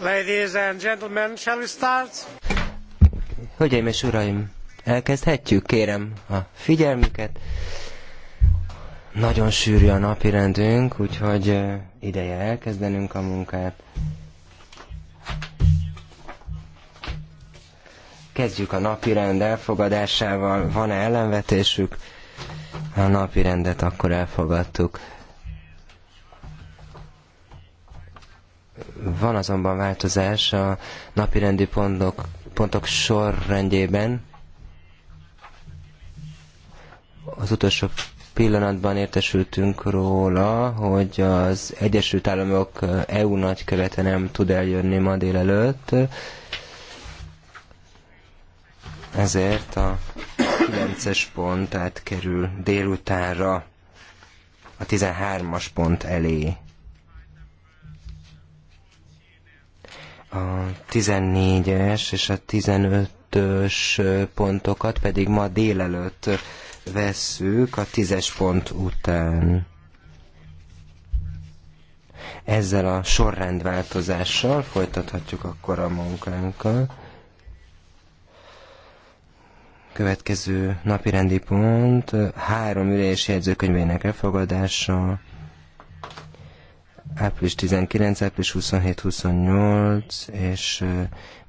Ladies and gentlemen, shall we start? Hölgyeim és uraim, elkezdhetjük, kérem a figyelmüket. Nagyon sűrű a napi rendünk, úgyhogy ideje elkezdenünk a munkát. Kezdjük a napi rend elfogadásával. Van-e ellenvetésük? A napi rendet akkor elfogadtuk. Van azonban változás a napirendi pontok pontok sorrendjében. Az utolsó pillanatban értesültünk róla, hogy az Egyesült Államok EU nagykövete nem tud eljönni ma délelőtt, ezért a 9-es pont átkerül délutánra a 13-as pont elé. a 14-es és a 15-ös pontokat pedig ma délelőtt vesszük a 10-es pont után. Ezzel a sorrendváltozással folytathatjuk akkor a munkánkkal. Következő napirendi pont három ülés jegyzőkönyvének elfogadása április 19, április 27-28 és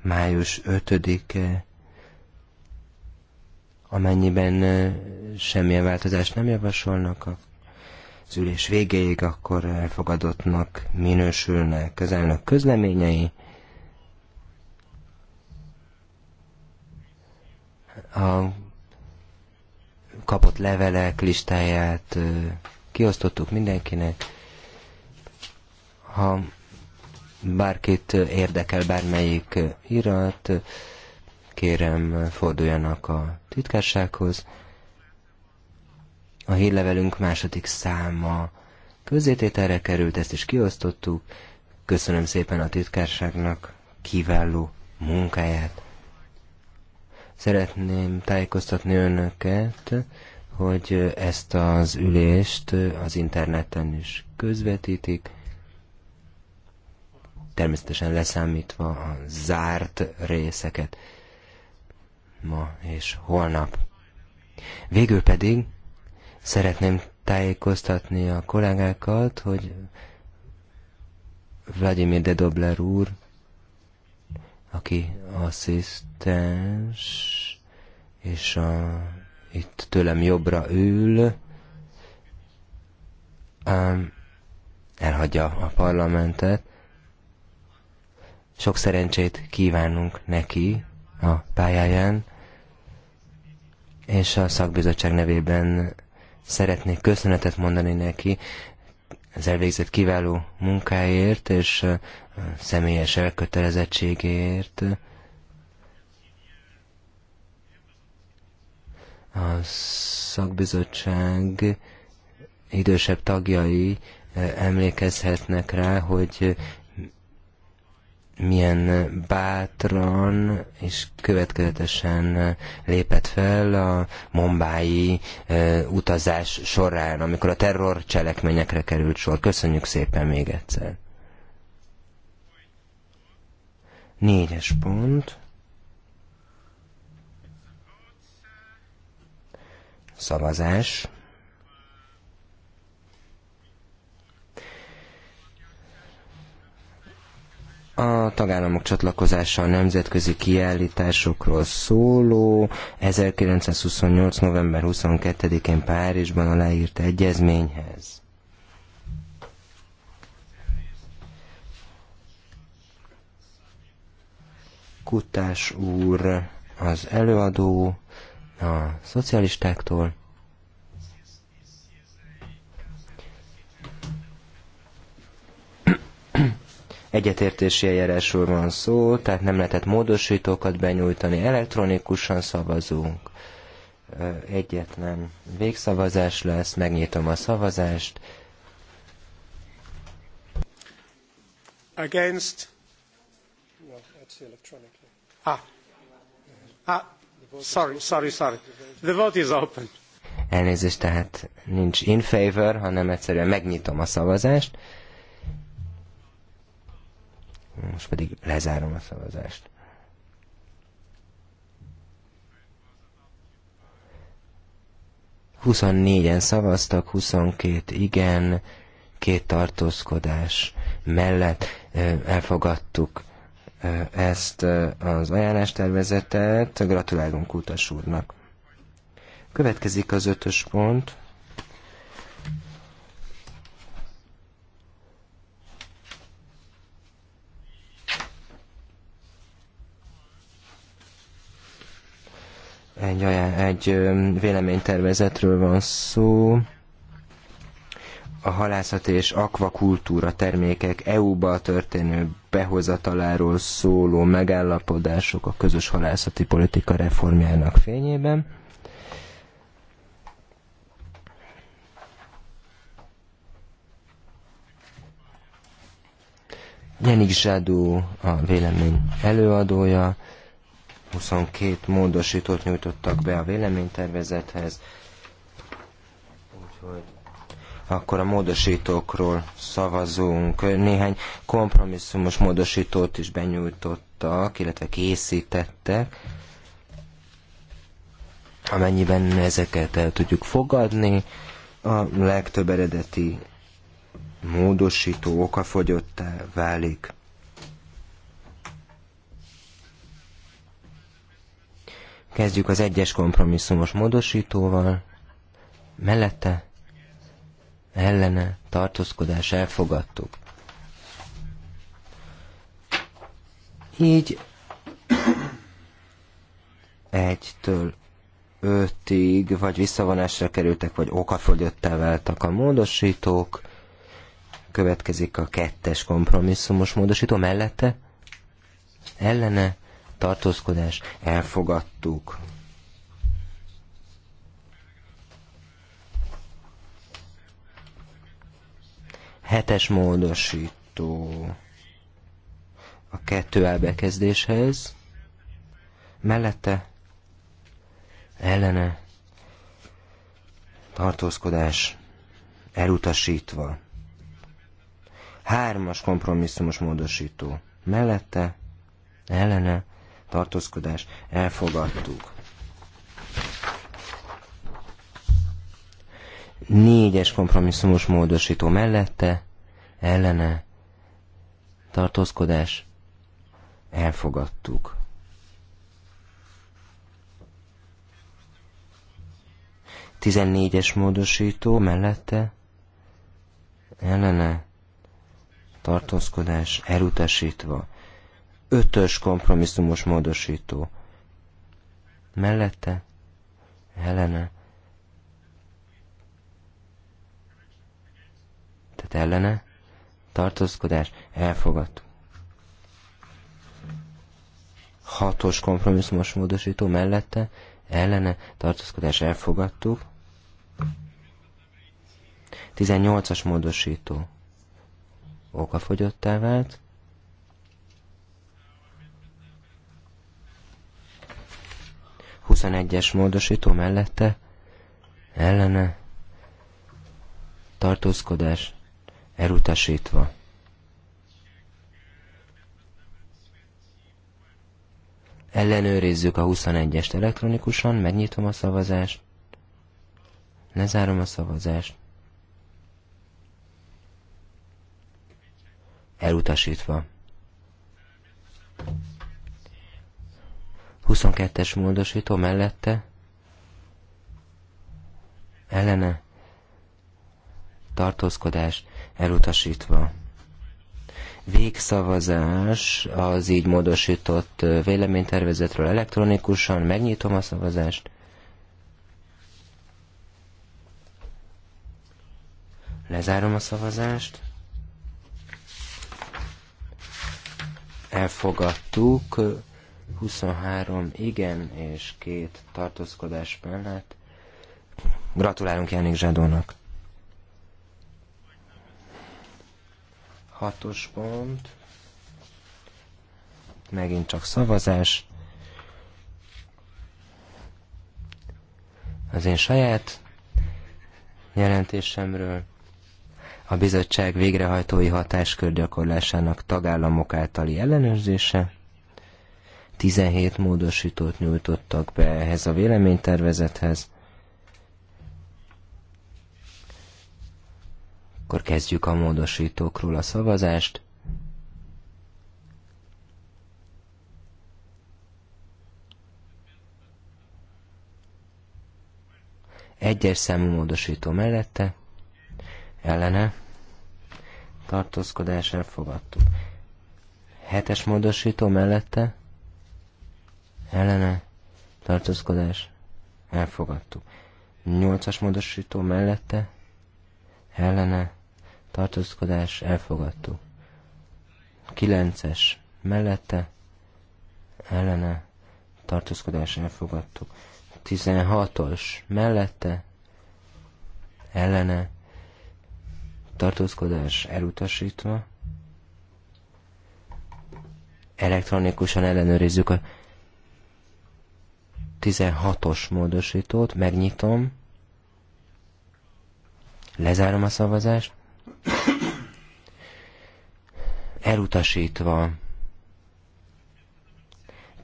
május 5-e, amennyiben semmilyen változást nem javasolnak, az ülés végéig akkor elfogadottnak minősülnek az elnök közleményei. A kapott levelek listáját kiosztottuk mindenkinek ha bárkit érdekel bármelyik irat, kérem forduljanak a titkársághoz. A hírlevelünk második száma közzétételre került, ezt is kiosztottuk. Köszönöm szépen a titkárságnak kiváló munkáját. Szeretném tájékoztatni önöket, hogy ezt az ülést az interneten is közvetítik természetesen leszámítva a zárt részeket ma és holnap. Végül pedig szeretném tájékoztatni a kollégákat, hogy Vladimir de Dobler úr, aki asszisztens, és a, itt tőlem jobbra ül, ám elhagyja a parlamentet, sok szerencsét kívánunk neki a pályáján, és a szakbizottság nevében szeretnék köszönetet mondani neki az elvégzett kiváló munkáért és személyes elkötelezettségéért. A szakbizottság idősebb tagjai eh, emlékezhetnek rá, hogy milyen bátran és következetesen lépett fel a Mumbai eh, utazás során, amikor a terror cselekményekre került sor. Köszönjük szépen még egyszer. Négyes pont. Szavazás. a tagállamok csatlakozása a nemzetközi kiállításokról szóló 1928. november 22-én Párizsban aláírt egyezményhez. Kutás úr az előadó a szocialistáktól egyetértési eljárásról van szó, tehát nem lehetett módosítókat benyújtani, elektronikusan szavazunk. Egyetlen végszavazás lesz, megnyitom a szavazást. Against. No, that's electronically. Ah. Ah. Sorry, sorry, sorry. The vote is open. Elnézést, tehát nincs in favor, hanem egyszerűen megnyitom a szavazást. Most pedig lezárom a szavazást. Huszonnégyen szavaztak, 22 igen, két tartózkodás mellett elfogadtuk ezt az ajánlástervezetet. Gratulálunk utas úrnak. Következik az ötös pont. Egy, egy véleménytervezetről van szó a halászat és akvakultúra termékek EU-ba történő behozataláról szóló megállapodások a közös halászati politika reformjának fényében. Jenik Zsadó a vélemény előadója, 22 módosítót nyújtottak be a véleménytervezethez, úgyhogy akkor a módosítókról szavazunk. Néhány kompromisszumos módosítót is benyújtottak, illetve készítettek. Amennyiben ezeket el tudjuk fogadni, a legtöbb eredeti módosító okafogyottá válik. Kezdjük az egyes kompromisszumos módosítóval. Mellette, ellene, tartózkodás elfogadtuk. Így egytől ötig vagy visszavonásra kerültek, vagy okafogyottá váltak a módosítók. Következik a kettes kompromisszumos módosító mellette, ellene tartózkodás, elfogadtuk. Hetes módosító a kettő elbekezdéshez, mellette, ellene, tartózkodás, elutasítva. Hármas kompromisszumos módosító. Mellette, ellene, tartózkodás, elfogadtuk. Négyes kompromisszumos módosító mellette, ellene, tartózkodás, elfogadtuk. Tizennégyes módosító mellette, ellene, tartózkodás elutasítva ötös kompromisszumos módosító. Mellette Helene. Tehát ellene tartózkodás elfogadtuk. Hatos kompromisszumos módosító mellette ellene tartózkodás elfogadtuk. 18-as módosító okafogyottá vált. 21-es módosító mellette ellene tartózkodás elutasítva. Ellenőrizzük a 21-est elektronikusan, megnyitom a szavazást, lezárom a szavazást. Elutasítva. 22-es módosító mellette ellene tartózkodás elutasítva. Végszavazás az így módosított véleménytervezetről elektronikusan. Megnyitom a szavazást. Lezárom a szavazást. Elfogadtuk. 23 igen és két tartózkodás mellett. Gratulálunk Jánik Zsadónak. Hatos pont. Megint csak szavazás. Az én saját jelentésemről a bizottság végrehajtói hatáskör gyakorlásának tagállamok általi ellenőrzése. 17 módosítót nyújtottak be ehhez a véleménytervezethez. Akkor kezdjük a módosítókról a szavazást. Egyes számú módosító mellette, ellene, tartózkodás elfogadtuk. Hetes módosító mellette, ellene, tartózkodás, elfogadtuk. Nyolcas módosító mellette, ellene, tartózkodás, elfogadtuk. Kilences mellette, ellene, tartózkodás, elfogadtuk. Tizenhatos mellette, ellene, tartózkodás elutasítva, elektronikusan ellenőrizzük a 16-os módosítót, megnyitom, lezárom a szavazást, elutasítva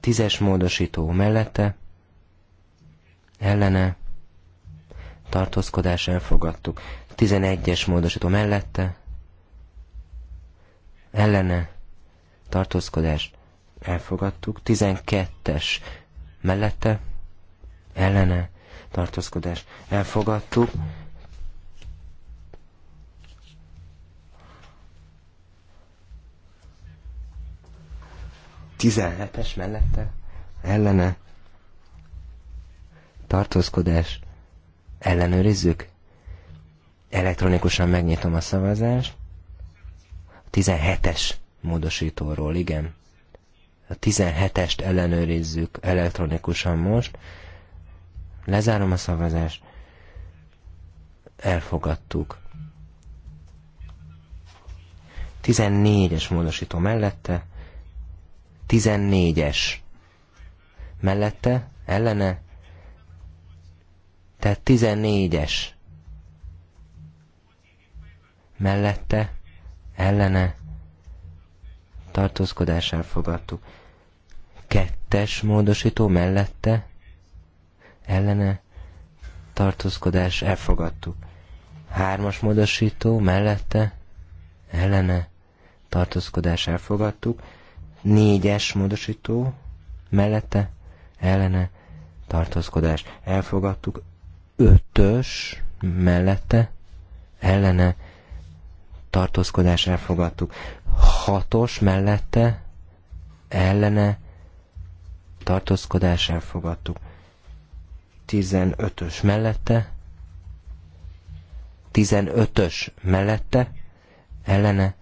10-es módosító mellette, ellene, tartózkodás elfogadtuk, 11-es módosító mellette, ellene, tartózkodás elfogadtuk, 12-es mellette, ellene, tartózkodás elfogadtuk. Tizenhetes mellette, ellene, tartózkodás, ellenőrizzük. Elektronikusan megnyitom a szavazást. 17-es módosítóról, igen. A 17-est ellenőrizzük elektronikusan most. Lezárom a szavazást. Elfogadtuk. 14-es módosító mellette. 14-es mellette, ellene. Tehát 14-es mellette, ellene tartózkodás fogadtuk. Kettes módosító mellette, ellene, tartózkodás elfogadtuk. Hármas módosító mellette, ellene, tartózkodás elfogadtuk. Négyes módosító mellette, ellene, tartózkodás elfogadtuk. Ötös mellette, ellene, tartózkodás elfogadtuk hatos mellette ellene tartózkodás elfogadtuk. 15-ös mellette 15-ös mellette ellene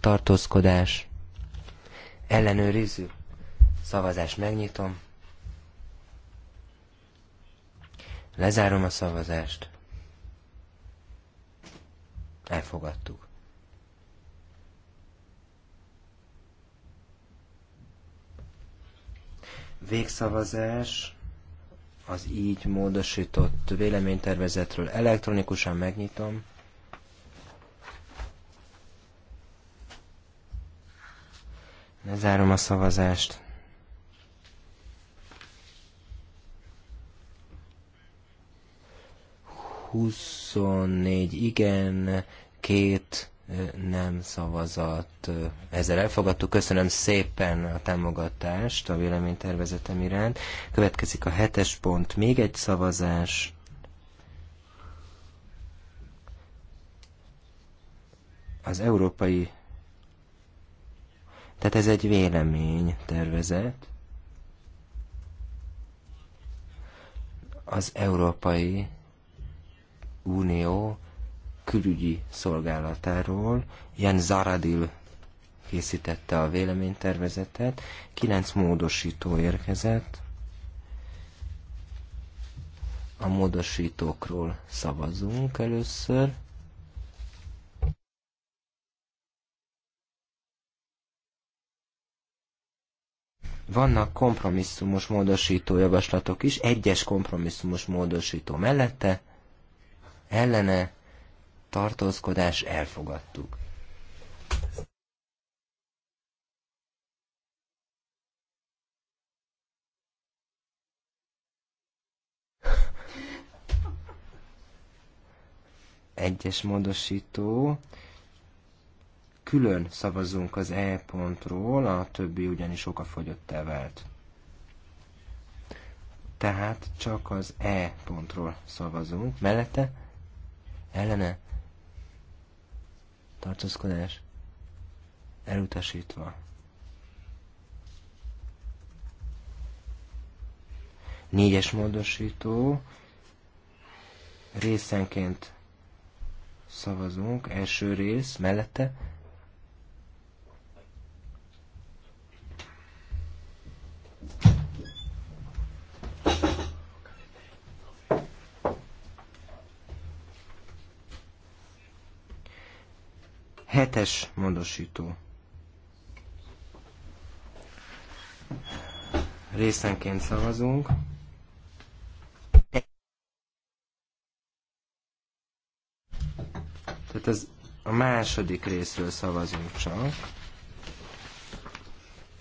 tartózkodás ellenőrizzük. Szavazást megnyitom. Lezárom a szavazást. Elfogadtuk. Végszavazás az így módosított véleménytervezetről elektronikusan megnyitom. zárom a szavazást. Huszonnégy igen, két nem szavazat. Ezzel elfogadtuk. Köszönöm szépen a támogatást a véleménytervezetem iránt. Következik a hetes pont. Még egy szavazás. Az európai... Tehát ez egy vélemény tervezet. Az Európai Unió külügyi szolgálatáról. Jan Zaradil készítette a véleménytervezetet, kilenc módosító érkezett, a módosítókról szavazunk először. Vannak kompromisszumos módosító javaslatok is, egyes kompromisszumos módosító mellette, ellene tartózkodás elfogadtuk. Egyes módosító. Külön szavazunk az E pontról, a többi ugyanis okafogyottá vált. Tehát csak az E pontról szavazunk. Mellette? Ellene? tartózkodás elutasítva. Négyes módosító részenként szavazunk, első rész mellette Hetes módosító. Részenként szavazunk. Tehát ez a második részről szavazunk csak.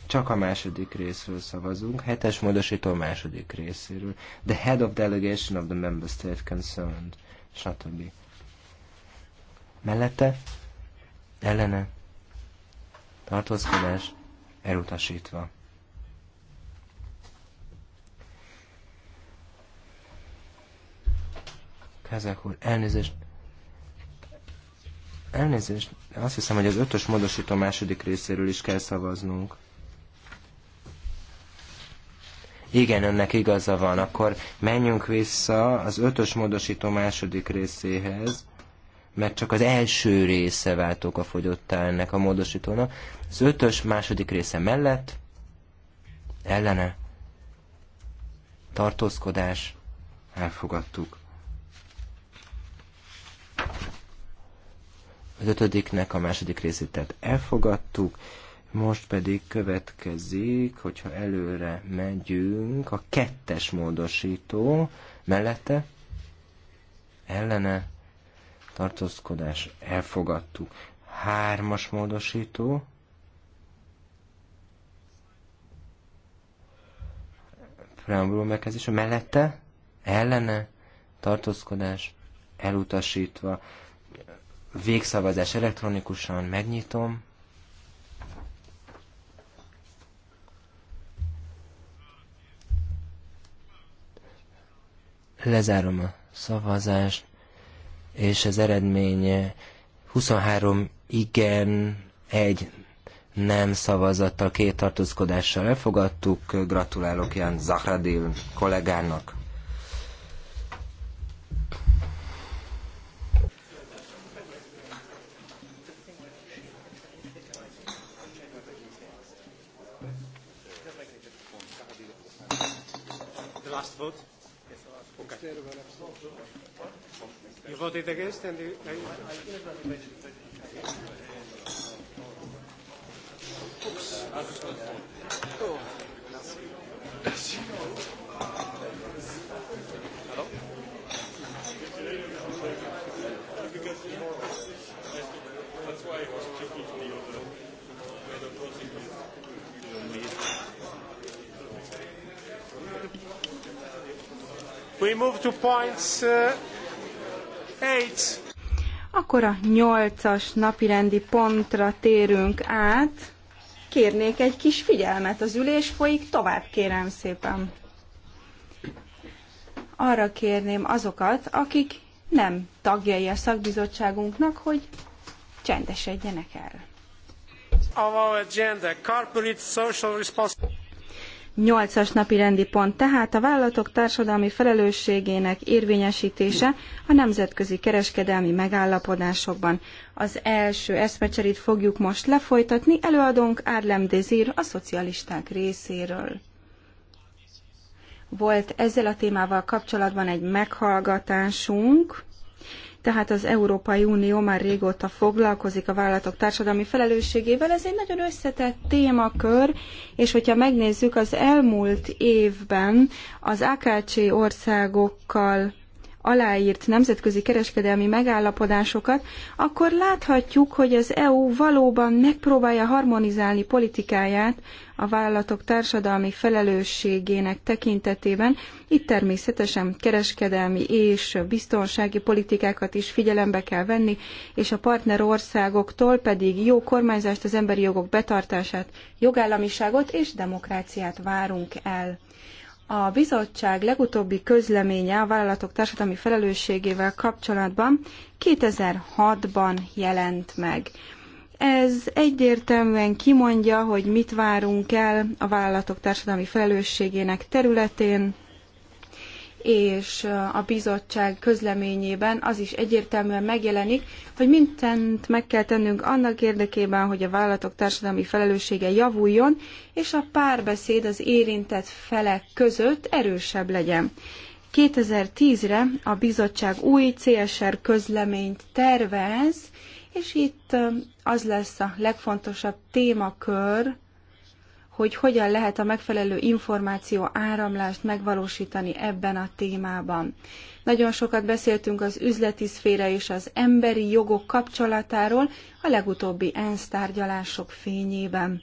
Csak a második részről szavazunk, hetes módosító a második részéről. The head of delegation of the member state concerned, stb. Mellette ellene, tartózkodás elutasítva. Kazák úr, elnézést. Elnézést. Azt hiszem, hogy az ötös módosító második részéről is kell szavaznunk. Igen, önnek igaza van. Akkor menjünk vissza az ötös módosító második részéhez mert csak az első része váltók a fogyottá ennek a módosítónak. Az ötös második része mellett ellene tartózkodás elfogadtuk. Az ötödiknek a második részét tehát elfogadtuk, most pedig következik, hogyha előre megyünk, a kettes módosító mellette ellene tartózkodás, elfogadtuk. Hármas módosító, preambulum megkezdése mellette, ellene, tartózkodás, elutasítva, végszavazás elektronikusan megnyitom, lezárom a szavazást, és az eredmény 23 igen, egy nem szavazattal, két tartózkodással elfogadtuk. Gratulálok Jan Zahradil kollégának. voted against and the, I, Oops. Oh. Merci. Alors That's why it was tricky to be on the, the crossing We move to points uh, akkor a nyolcas napirendi pontra térünk át. Kérnék egy kis figyelmet, az ülés folyik tovább, kérem szépen. Arra kérném azokat, akik nem tagjai a szakbizottságunknak, hogy csendesedjenek el. Our agenda, corporate social responsibility. Nyolcas napi rendi pont tehát a vállalatok társadalmi felelősségének érvényesítése a nemzetközi kereskedelmi megállapodásokban. Az első eszmecserét fogjuk most lefolytatni, előadónk Árlem Dezir a szocialisták részéről. Volt ezzel a témával kapcsolatban egy meghallgatásunk, tehát az Európai Unió már régóta foglalkozik a vállalatok társadalmi felelősségével. Ez egy nagyon összetett témakör, és hogyha megnézzük az elmúlt évben az AKC országokkal aláírt nemzetközi kereskedelmi megállapodásokat, akkor láthatjuk, hogy az EU valóban megpróbálja harmonizálni politikáját a vállalatok társadalmi felelősségének tekintetében. Itt természetesen kereskedelmi és biztonsági politikákat is figyelembe kell venni, és a partner országoktól pedig jó kormányzást, az emberi jogok betartását, jogállamiságot és demokráciát várunk el. A bizottság legutóbbi közleménye a vállalatok társadalmi felelősségével kapcsolatban 2006-ban jelent meg. Ez egyértelműen kimondja, hogy mit várunk el a vállalatok társadalmi felelősségének területén, és a bizottság közleményében az is egyértelműen megjelenik, hogy mindent meg kell tennünk annak érdekében, hogy a vállalatok társadalmi felelőssége javuljon, és a párbeszéd az érintett felek között erősebb legyen. 2010-re a bizottság új CSR közleményt tervez, és itt az lesz a legfontosabb témakör, hogy hogyan lehet a megfelelő információ áramlást megvalósítani ebben a témában. Nagyon sokat beszéltünk az üzleti szféra és az emberi jogok kapcsolatáról a legutóbbi ENSZ tárgyalások fényében.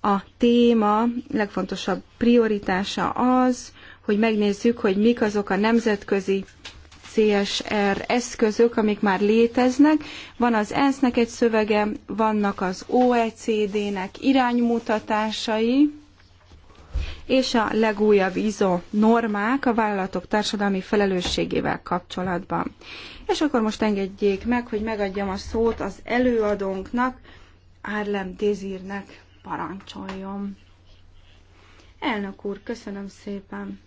A téma legfontosabb prioritása az, hogy megnézzük, hogy mik azok a nemzetközi CSR eszközök, amik már léteznek. Van az ENSZ-nek egy szövege, vannak az OECD-nek iránymutatásai, és a legújabb ISO normák a vállalatok társadalmi felelősségével kapcsolatban. És akkor most engedjék meg, hogy megadjam a szót az előadónknak, Árlem Dézírnek parancsoljon. Elnök úr, köszönöm szépen!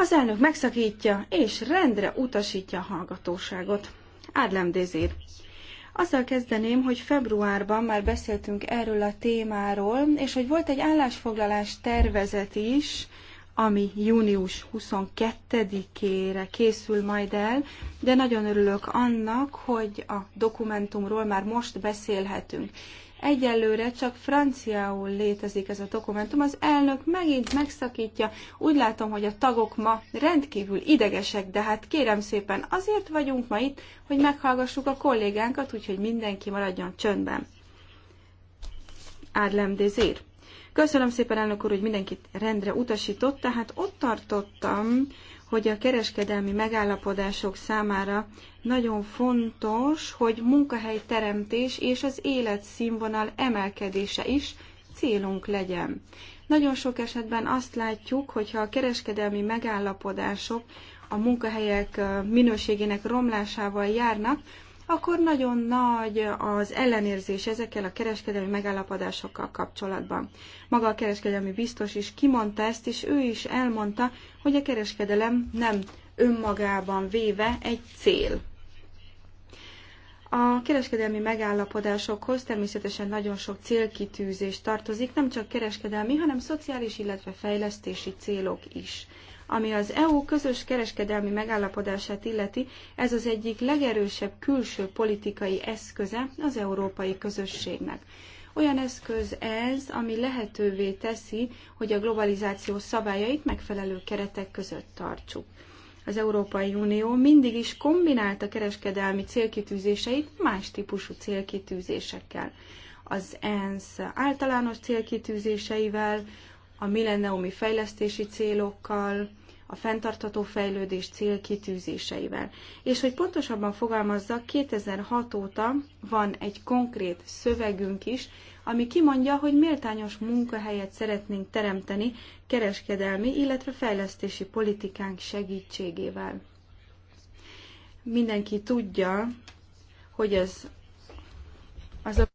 Az elnök megszakítja és rendre utasítja a hallgatóságot. Ádlem Dézér. Azzal kezdeném, hogy februárban már beszéltünk erről a témáról, és hogy volt egy állásfoglalás tervezet is, ami június 22-ére készül majd el, de nagyon örülök annak, hogy a dokumentumról már most beszélhetünk. Egyelőre csak franciául létezik ez a dokumentum. Az elnök megint megszakítja. Úgy látom, hogy a tagok ma rendkívül idegesek, de hát kérem szépen, azért vagyunk ma itt, hogy meghallgassuk a kollégánkat, úgyhogy mindenki maradjon csöndben. Ádlem Dezir. Köszönöm szépen, elnök úr, hogy mindenkit rendre utasított, tehát ott tartottam, hogy a kereskedelmi megállapodások számára nagyon fontos, hogy munkahelyteremtés és az életszínvonal emelkedése is célunk legyen. Nagyon sok esetben azt látjuk, hogyha a kereskedelmi megállapodások a munkahelyek minőségének romlásával járnak, akkor nagyon nagy az ellenérzés ezekkel a kereskedelmi megállapodásokkal kapcsolatban. Maga a kereskedelmi biztos is kimondta ezt, és ő is elmondta, hogy a kereskedelem nem önmagában véve egy cél. A kereskedelmi megállapodásokhoz természetesen nagyon sok célkitűzés tartozik, nem csak kereskedelmi, hanem szociális, illetve fejlesztési célok is. Ami az EU közös kereskedelmi megállapodását illeti, ez az egyik legerősebb külső politikai eszköze az európai közösségnek. Olyan eszköz ez, ami lehetővé teszi, hogy a globalizáció szabályait megfelelő keretek között tartsuk. Az Európai Unió mindig is kombinálta kereskedelmi célkitűzéseit más típusú célkitűzésekkel. Az ENSZ általános célkitűzéseivel, a milleniumi fejlesztési célokkal, a fenntartható fejlődés célkitűzéseivel. És hogy pontosabban fogalmazzak, 2006 óta van egy konkrét szövegünk is, ami kimondja, hogy méltányos munkahelyet szeretnénk teremteni kereskedelmi, illetve fejlesztési politikánk segítségével. Mindenki tudja, hogy ez az a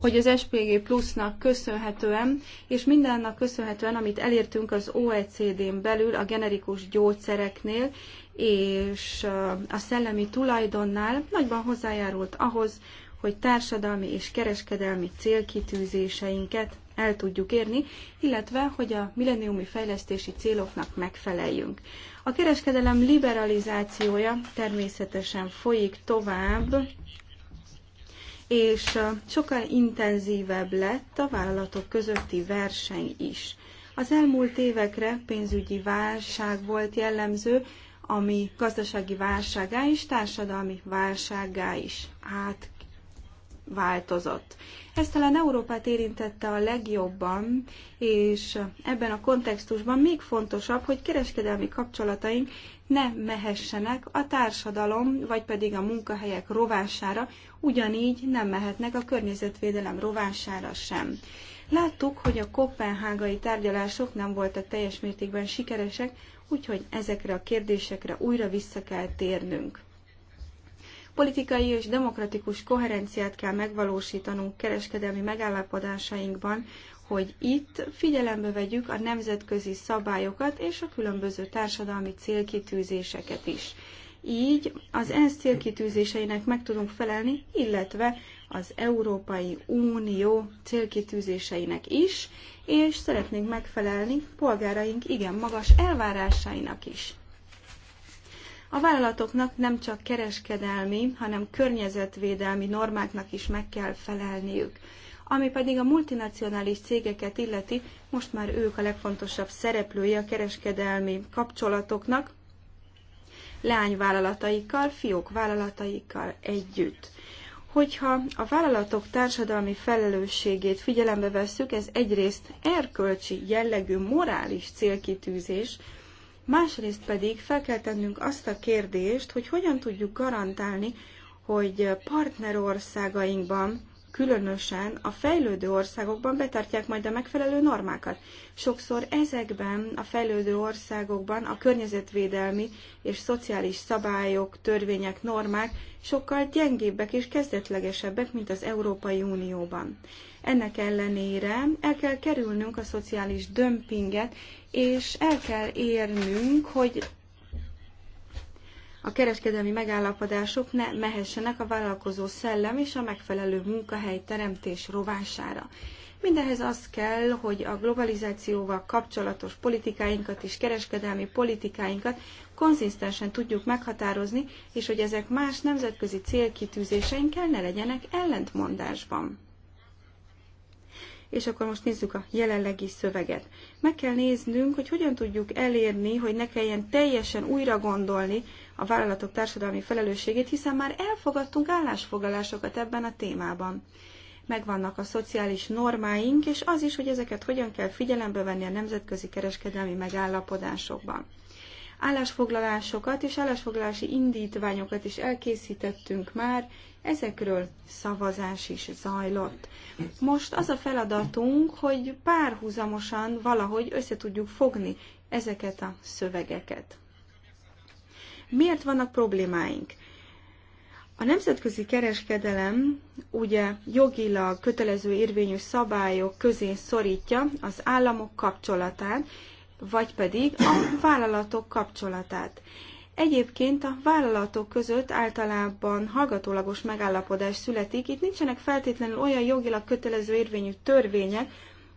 hogy az SPG plusznak köszönhetően, és mindennek köszönhetően, amit elértünk az OECD-n belül a generikus gyógyszereknél, és a szellemi tulajdonnál nagyban hozzájárult ahhoz, hogy társadalmi és kereskedelmi célkitűzéseinket el tudjuk érni, illetve hogy a milleniumi fejlesztési céloknak megfeleljünk. A kereskedelem liberalizációja természetesen folyik tovább, és sokkal intenzívebb lett a vállalatok közötti verseny is. Az elmúlt évekre pénzügyi válság volt jellemző, ami gazdasági válságá is társadalmi válságá is átváltozott. Ez talán Európát érintette a legjobban, és ebben a kontextusban még fontosabb, hogy kereskedelmi kapcsolataink ne mehessenek a társadalom, vagy pedig a munkahelyek rovására, ugyanígy nem mehetnek a környezetvédelem rovására sem. Láttuk, hogy a kopenhágai tárgyalások nem voltak teljes mértékben sikeresek, úgyhogy ezekre a kérdésekre újra vissza kell térnünk. Politikai és demokratikus koherenciát kell megvalósítanunk kereskedelmi megállapodásainkban, hogy itt figyelembe vegyük a nemzetközi szabályokat és a különböző társadalmi célkitűzéseket is. Így az ENSZ célkitűzéseinek meg tudunk felelni, illetve az Európai Unió célkitűzéseinek is, és szeretnénk megfelelni polgáraink igen magas elvárásainak is. A vállalatoknak nem csak kereskedelmi, hanem környezetvédelmi normáknak is meg kell felelniük. Ami pedig a multinacionális cégeket illeti, most már ők a legfontosabb szereplői a kereskedelmi kapcsolatoknak, leányvállalataikkal, fiók vállalataikkal együtt. Hogyha a vállalatok társadalmi felelősségét figyelembe vesszük, ez egyrészt erkölcsi jellegű morális célkitűzés, másrészt pedig fel kell tennünk azt a kérdést, hogy hogyan tudjuk garantálni, hogy partnerországainkban különösen a fejlődő országokban betartják majd a megfelelő normákat. Sokszor ezekben a fejlődő országokban a környezetvédelmi és szociális szabályok, törvények, normák sokkal gyengébbek és kezdetlegesebbek, mint az Európai Unióban. Ennek ellenére el kell kerülnünk a szociális dömpinget, és el kell érnünk, hogy a kereskedelmi megállapodások ne mehessenek a vállalkozó szellem és a megfelelő munkahely teremtés rovására. Mindenhez az kell, hogy a globalizációval kapcsolatos politikáinkat és kereskedelmi politikáinkat konzisztensen tudjuk meghatározni, és hogy ezek más nemzetközi célkitűzéseinkkel ne legyenek ellentmondásban. És akkor most nézzük a jelenlegi szöveget. Meg kell néznünk, hogy hogyan tudjuk elérni, hogy ne kelljen teljesen újra gondolni a vállalatok társadalmi felelősségét, hiszen már elfogadtunk állásfoglalásokat ebben a témában. Megvannak a szociális normáink, és az is, hogy ezeket hogyan kell figyelembe venni a nemzetközi kereskedelmi megállapodásokban. Állásfoglalásokat és állásfoglalási indítványokat is elkészítettünk már, ezekről szavazás is zajlott. Most az a feladatunk, hogy párhuzamosan valahogy összetudjuk fogni ezeket a szövegeket. Miért vannak problémáink? A nemzetközi kereskedelem ugye jogilag kötelező érvényű szabályok közé szorítja az államok kapcsolatát, vagy pedig a vállalatok kapcsolatát. Egyébként a vállalatok között általában hallgatólagos megállapodás születik, itt nincsenek feltétlenül olyan jogilag kötelező érvényű törvények,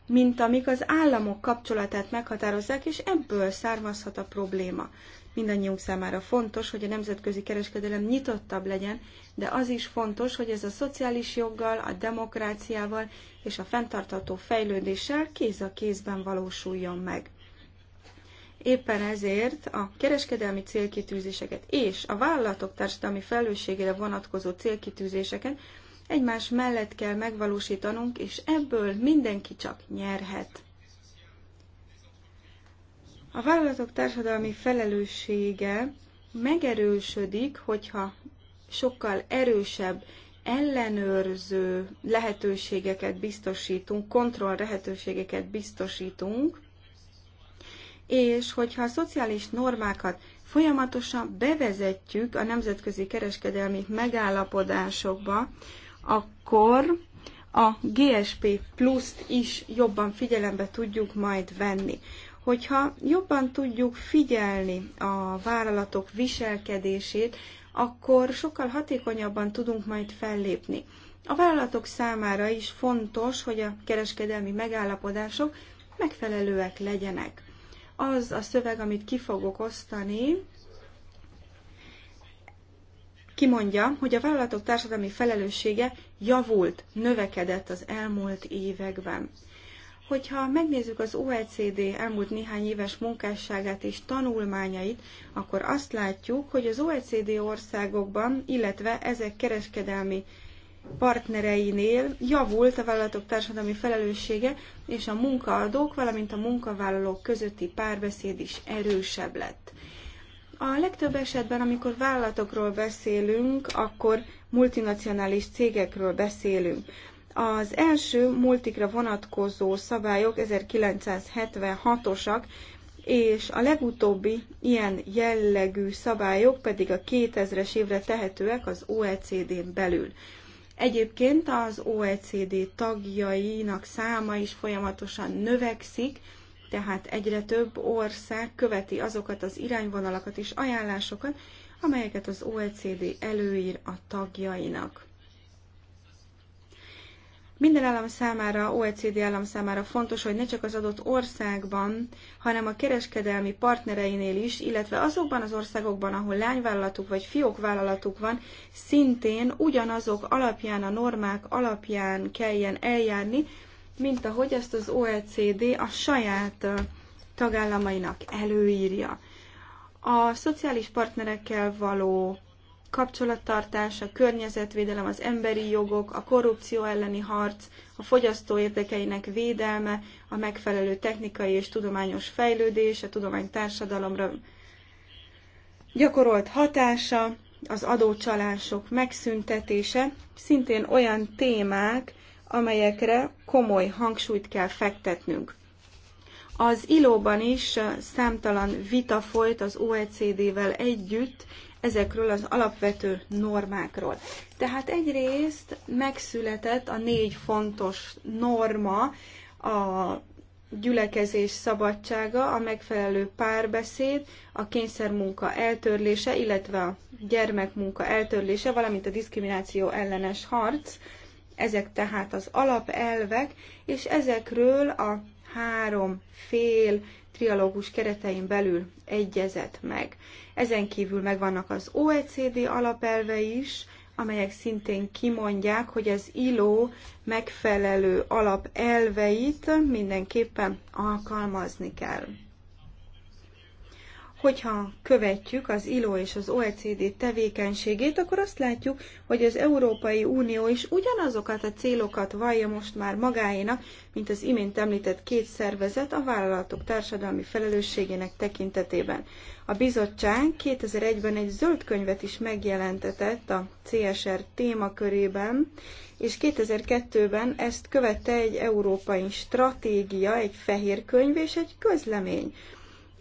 mint amik az államok kapcsolatát meghatározzák, és ebből származhat a probléma. Mindannyiunk számára fontos, hogy a nemzetközi kereskedelem nyitottabb legyen, de az is fontos, hogy ez a szociális joggal, a demokráciával és a fenntartató fejlődéssel kéz a kézben valósuljon meg. Éppen ezért a kereskedelmi célkitűzéseket és a vállalatok társadalmi felelősségére vonatkozó célkitűzéseket egymás mellett kell megvalósítanunk, és ebből mindenki csak nyerhet. A vállalatok társadalmi felelőssége megerősödik, hogyha sokkal erősebb ellenőrző lehetőségeket biztosítunk, kontroll lehetőségeket biztosítunk, és hogyha a szociális normákat folyamatosan bevezetjük a nemzetközi kereskedelmi megállapodásokba, akkor a GSP pluszt is jobban figyelembe tudjuk majd venni. Hogyha jobban tudjuk figyelni a vállalatok viselkedését, akkor sokkal hatékonyabban tudunk majd fellépni. A vállalatok számára is fontos, hogy a kereskedelmi megállapodások megfelelőek legyenek. Az a szöveg, amit ki fogok osztani, kimondja, hogy a vállalatok társadalmi felelőssége javult, növekedett az elmúlt években. Hogyha megnézzük az OECD elmúlt néhány éves munkásságát és tanulmányait, akkor azt látjuk, hogy az OECD országokban, illetve ezek kereskedelmi partnereinél javult a vállalatok társadalmi felelőssége, és a munkaadók, valamint a munkavállalók közötti párbeszéd is erősebb lett. A legtöbb esetben, amikor vállalatokról beszélünk, akkor multinacionális cégekről beszélünk. Az első multikra vonatkozó szabályok 1976-osak, és a legutóbbi ilyen jellegű szabályok pedig a 2000-es évre tehetőek az OECD-n belül. Egyébként az OECD tagjainak száma is folyamatosan növekszik, tehát egyre több ország követi azokat az irányvonalakat és ajánlásokat, amelyeket az OECD előír a tagjainak. Minden állam számára, OECD állam számára fontos, hogy ne csak az adott országban, hanem a kereskedelmi partnereinél is, illetve azokban az országokban, ahol lányvállalatuk vagy fiókvállalatuk van, szintén ugyanazok alapján, a normák alapján kelljen eljárni, mint ahogy ezt az OECD a saját tagállamainak előírja. A szociális partnerekkel való kapcsolattartás, a környezetvédelem, az emberi jogok, a korrupció elleni harc, a fogyasztó érdekeinek védelme, a megfelelő technikai és tudományos fejlődés, a tudomány társadalomra gyakorolt hatása, az adócsalások megszüntetése, szintén olyan témák, amelyekre komoly hangsúlyt kell fektetnünk. Az ILO-ban is számtalan vita folyt az OECD-vel együtt ezekről az alapvető normákról. Tehát egyrészt megszületett a négy fontos norma, a gyülekezés szabadsága, a megfelelő párbeszéd, a kényszermunka eltörlése, illetve a gyermekmunka eltörlése, valamint a diszkrimináció ellenes harc. Ezek tehát az alapelvek, és ezekről a három fél trialógus keretein belül egyezett meg. Ezen kívül megvannak az OECD alapelve is, amelyek szintén kimondják, hogy az ILO megfelelő alapelveit mindenképpen alkalmazni kell hogyha követjük az ILO és az OECD tevékenységét, akkor azt látjuk, hogy az Európai Unió is ugyanazokat a célokat vallja most már magáénak, mint az imént említett két szervezet a vállalatok társadalmi felelősségének tekintetében. A bizottság 2001-ben egy zöld könyvet is megjelentetett a CSR témakörében, és 2002-ben ezt követte egy európai stratégia, egy fehér könyv és egy közlemény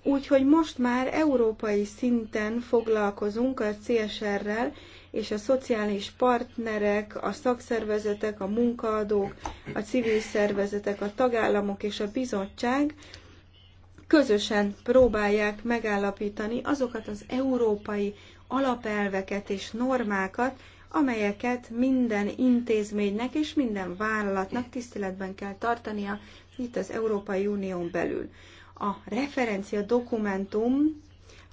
Úgyhogy most már európai szinten foglalkozunk a CSR-rel, és a szociális partnerek, a szakszervezetek, a munkaadók, a civil szervezetek, a tagállamok és a bizottság közösen próbálják megállapítani azokat az európai alapelveket és normákat, amelyeket minden intézménynek és minden vállalatnak tiszteletben kell tartania itt az Európai Unión belül. A referencia dokumentum,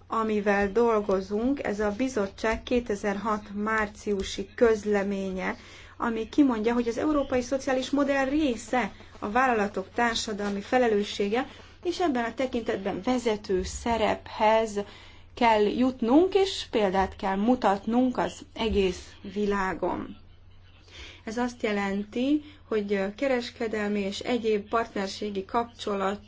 amivel dolgozunk, ez a bizottság 2006 márciusi közleménye, ami kimondja, hogy az európai szociális modell része a vállalatok társadalmi felelőssége, és ebben a tekintetben vezető szerephez kell jutnunk, és példát kell mutatnunk az egész világon. Ez azt jelenti, hogy kereskedelmi és egyéb partnerségi kapcsolat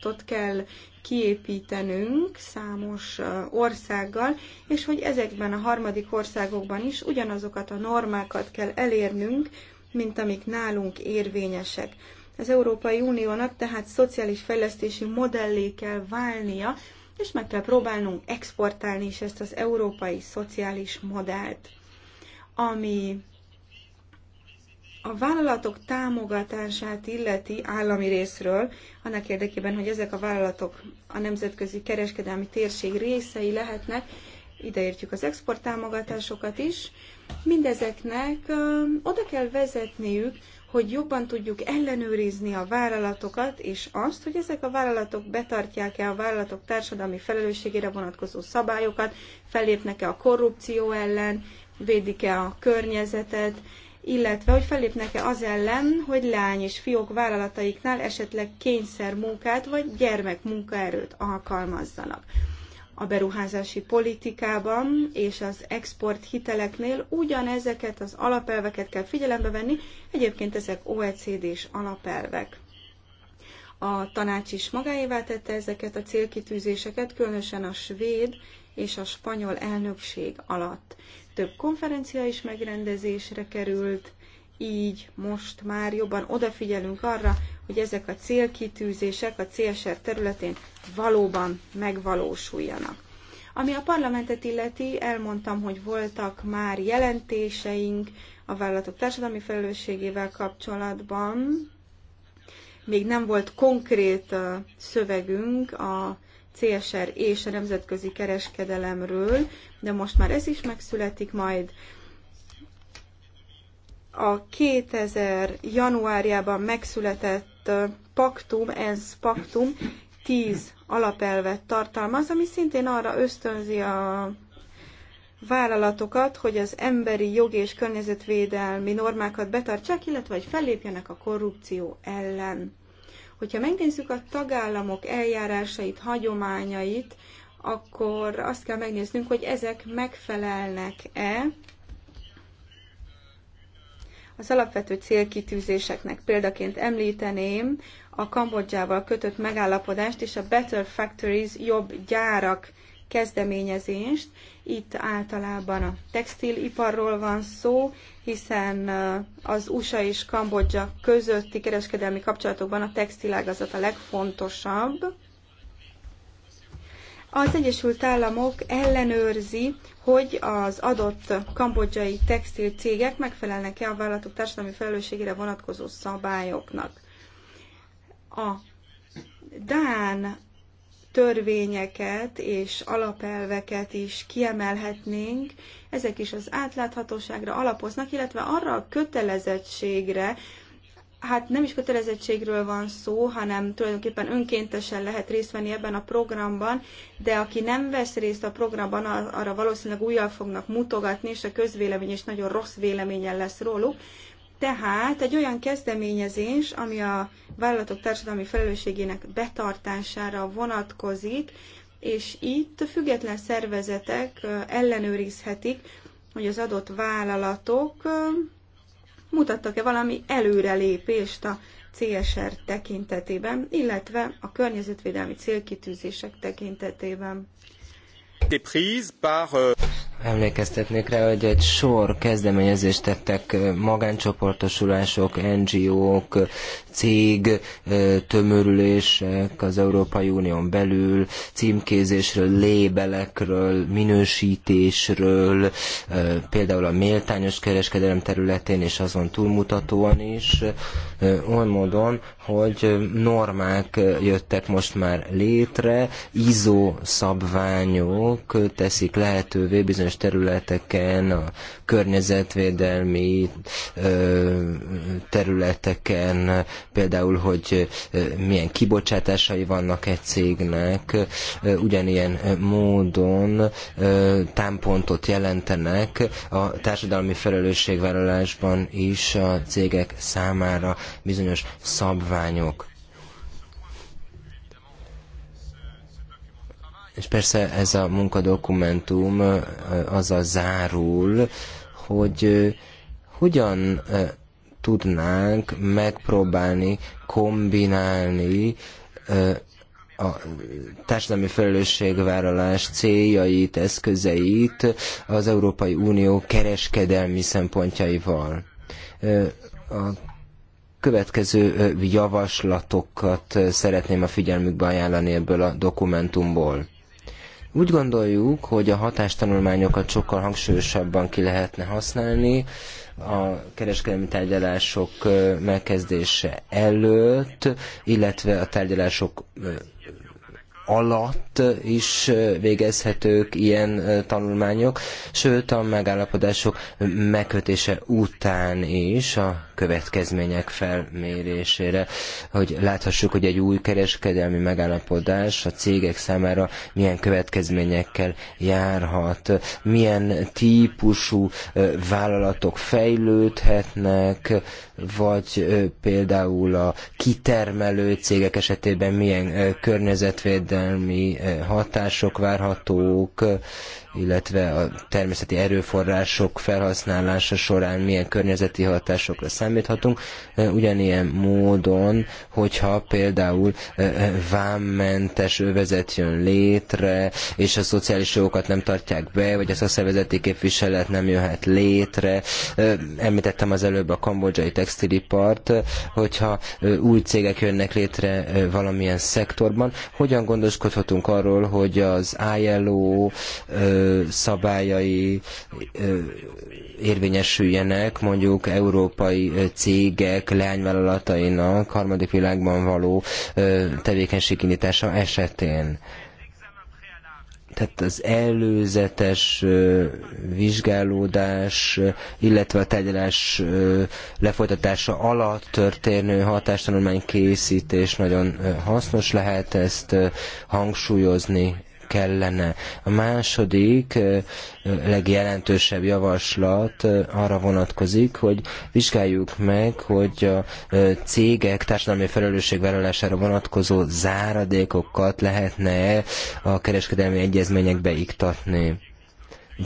kapcsolatot kell kiépítenünk számos országgal, és hogy ezekben a harmadik országokban is ugyanazokat a normákat kell elérnünk, mint amik nálunk érvényesek. Az Európai Uniónak tehát szociális fejlesztési modellé kell válnia, és meg kell próbálnunk exportálni is ezt az európai szociális modellt. Ami a vállalatok támogatását illeti állami részről, annak érdekében, hogy ezek a vállalatok a nemzetközi kereskedelmi térség részei lehetnek, ideértjük az export támogatásokat is, mindezeknek ö, oda kell vezetniük, hogy jobban tudjuk ellenőrizni a vállalatokat, és azt, hogy ezek a vállalatok betartják-e a vállalatok társadalmi felelősségére vonatkozó szabályokat, fellépnek-e a korrupció ellen, védik-e a környezetet, illetve hogy fellépnek-e az ellen, hogy lány és fiók vállalataiknál esetleg kényszermunkát vagy gyermekmunkaerőt alkalmazzanak. A beruházási politikában és az export hiteleknél ugyanezeket az alapelveket kell figyelembe venni, egyébként ezek OECD-s alapelvek. A tanács is magáévá tette ezeket a célkitűzéseket, különösen a svéd és a spanyol elnökség alatt több konferencia is megrendezésre került, így most már jobban odafigyelünk arra, hogy ezek a célkitűzések a CSR területén valóban megvalósuljanak. Ami a parlamentet illeti, elmondtam, hogy voltak már jelentéseink a vállalatok társadalmi felelősségével kapcsolatban. Még nem volt konkrét szövegünk a CSR és a nemzetközi kereskedelemről, de most már ez is megszületik majd. A 2000 januárjában megszületett paktum, ENSZ paktum 10 alapelvet tartalmaz, ami szintén arra ösztönzi a vállalatokat, hogy az emberi jogi és környezetvédelmi normákat betartsák, illetve hogy fellépjenek a korrupció ellen. Hogyha megnézzük a tagállamok eljárásait, hagyományait, akkor azt kell megnéznünk, hogy ezek megfelelnek-e az alapvető célkitűzéseknek. Példaként említeném a Kambodzsával kötött megállapodást és a Better Factories jobb gyárak kezdeményezést. Itt általában a textiliparról van szó, hiszen az USA és Kambodzsa közötti kereskedelmi kapcsolatokban a textilágazat a legfontosabb. Az Egyesült Államok ellenőrzi, hogy az adott kambodzsai textil cégek megfelelnek-e a vállalatok társadalmi felelősségére vonatkozó szabályoknak. A Dán törvényeket és alapelveket is kiemelhetnénk. Ezek is az átláthatóságra alapoznak, illetve arra a kötelezettségre, hát nem is kötelezettségről van szó, hanem tulajdonképpen önkéntesen lehet részt venni ebben a programban, de aki nem vesz részt a programban, arra valószínűleg újjal fognak mutogatni, és a közvélemény is nagyon rossz véleményen lesz róluk. Tehát egy olyan kezdeményezés, ami a vállalatok társadalmi felelősségének betartására vonatkozik, és itt független szervezetek ellenőrizhetik, hogy az adott vállalatok mutattak-e valami előrelépést a CSR tekintetében, illetve a környezetvédelmi célkitűzések tekintetében. Euh, Emlékeztetnék rá, hogy egy sor kezdeményezést tettek magáncsoportosulások, NGO-k, cég tömörülések az Európai Unión belül, címkézésről, lébelekről, minősítésről, például a méltányos kereskedelem területén és azon túlmutatóan is, oly módon, hogy normák jöttek most már létre, ISO szabványok teszik lehetővé bizonyos területeken, a környezetvédelmi területeken, például, hogy milyen kibocsátásai vannak egy cégnek, ugyanilyen módon támpontot jelentenek a társadalmi felelősségvállalásban is a cégek számára bizonyos szabványok. És persze ez a munkadokumentum azzal zárul, hogy hogyan tudnánk megpróbálni kombinálni a társadalmi felelősségvállalás céljait, eszközeit az Európai Unió kereskedelmi szempontjaival. A következő javaslatokat szeretném a figyelmükbe ajánlani ebből a dokumentumból. Úgy gondoljuk, hogy a hatástanulmányokat sokkal hangsúlyosabban ki lehetne használni a kereskedelmi tárgyalások megkezdése előtt, illetve a tárgyalások alatt is végezhetők ilyen tanulmányok, sőt a megállapodások megkötése után is a következmények felmérésére, hogy láthassuk, hogy egy új kereskedelmi megállapodás a cégek számára milyen következményekkel járhat, milyen típusú vállalatok fejlődhetnek, vagy például a kitermelő cégek esetében milyen környezetvédelmi kereskedelmi eh, hatások várhatók, illetve a természeti erőforrások felhasználása során milyen környezeti hatásokra számíthatunk. Ugyanilyen módon, hogyha például vámmentes övezet jön létre, és a szociális jogokat nem tartják be, vagy a szakszervezeti képviselet nem jöhet létre. Említettem az előbb a kambodzsai textilipart, hogyha új cégek jönnek létre valamilyen szektorban, hogyan gondoskodhatunk arról, hogy az ILO szabályai érvényesüljenek mondjuk európai cégek leányvállalatainak harmadik világban való tevékenységindítása esetén tehát az előzetes vizsgálódás, illetve a tárgyalás lefolytatása alatt történő hatástanulmány készítés nagyon hasznos lehet, ezt hangsúlyozni kellene. A második legjelentősebb javaslat arra vonatkozik, hogy vizsgáljuk meg, hogy a cégek társadalmi felelősségvállalására vonatkozó záradékokat lehetne a kereskedelmi egyezményekbe iktatni.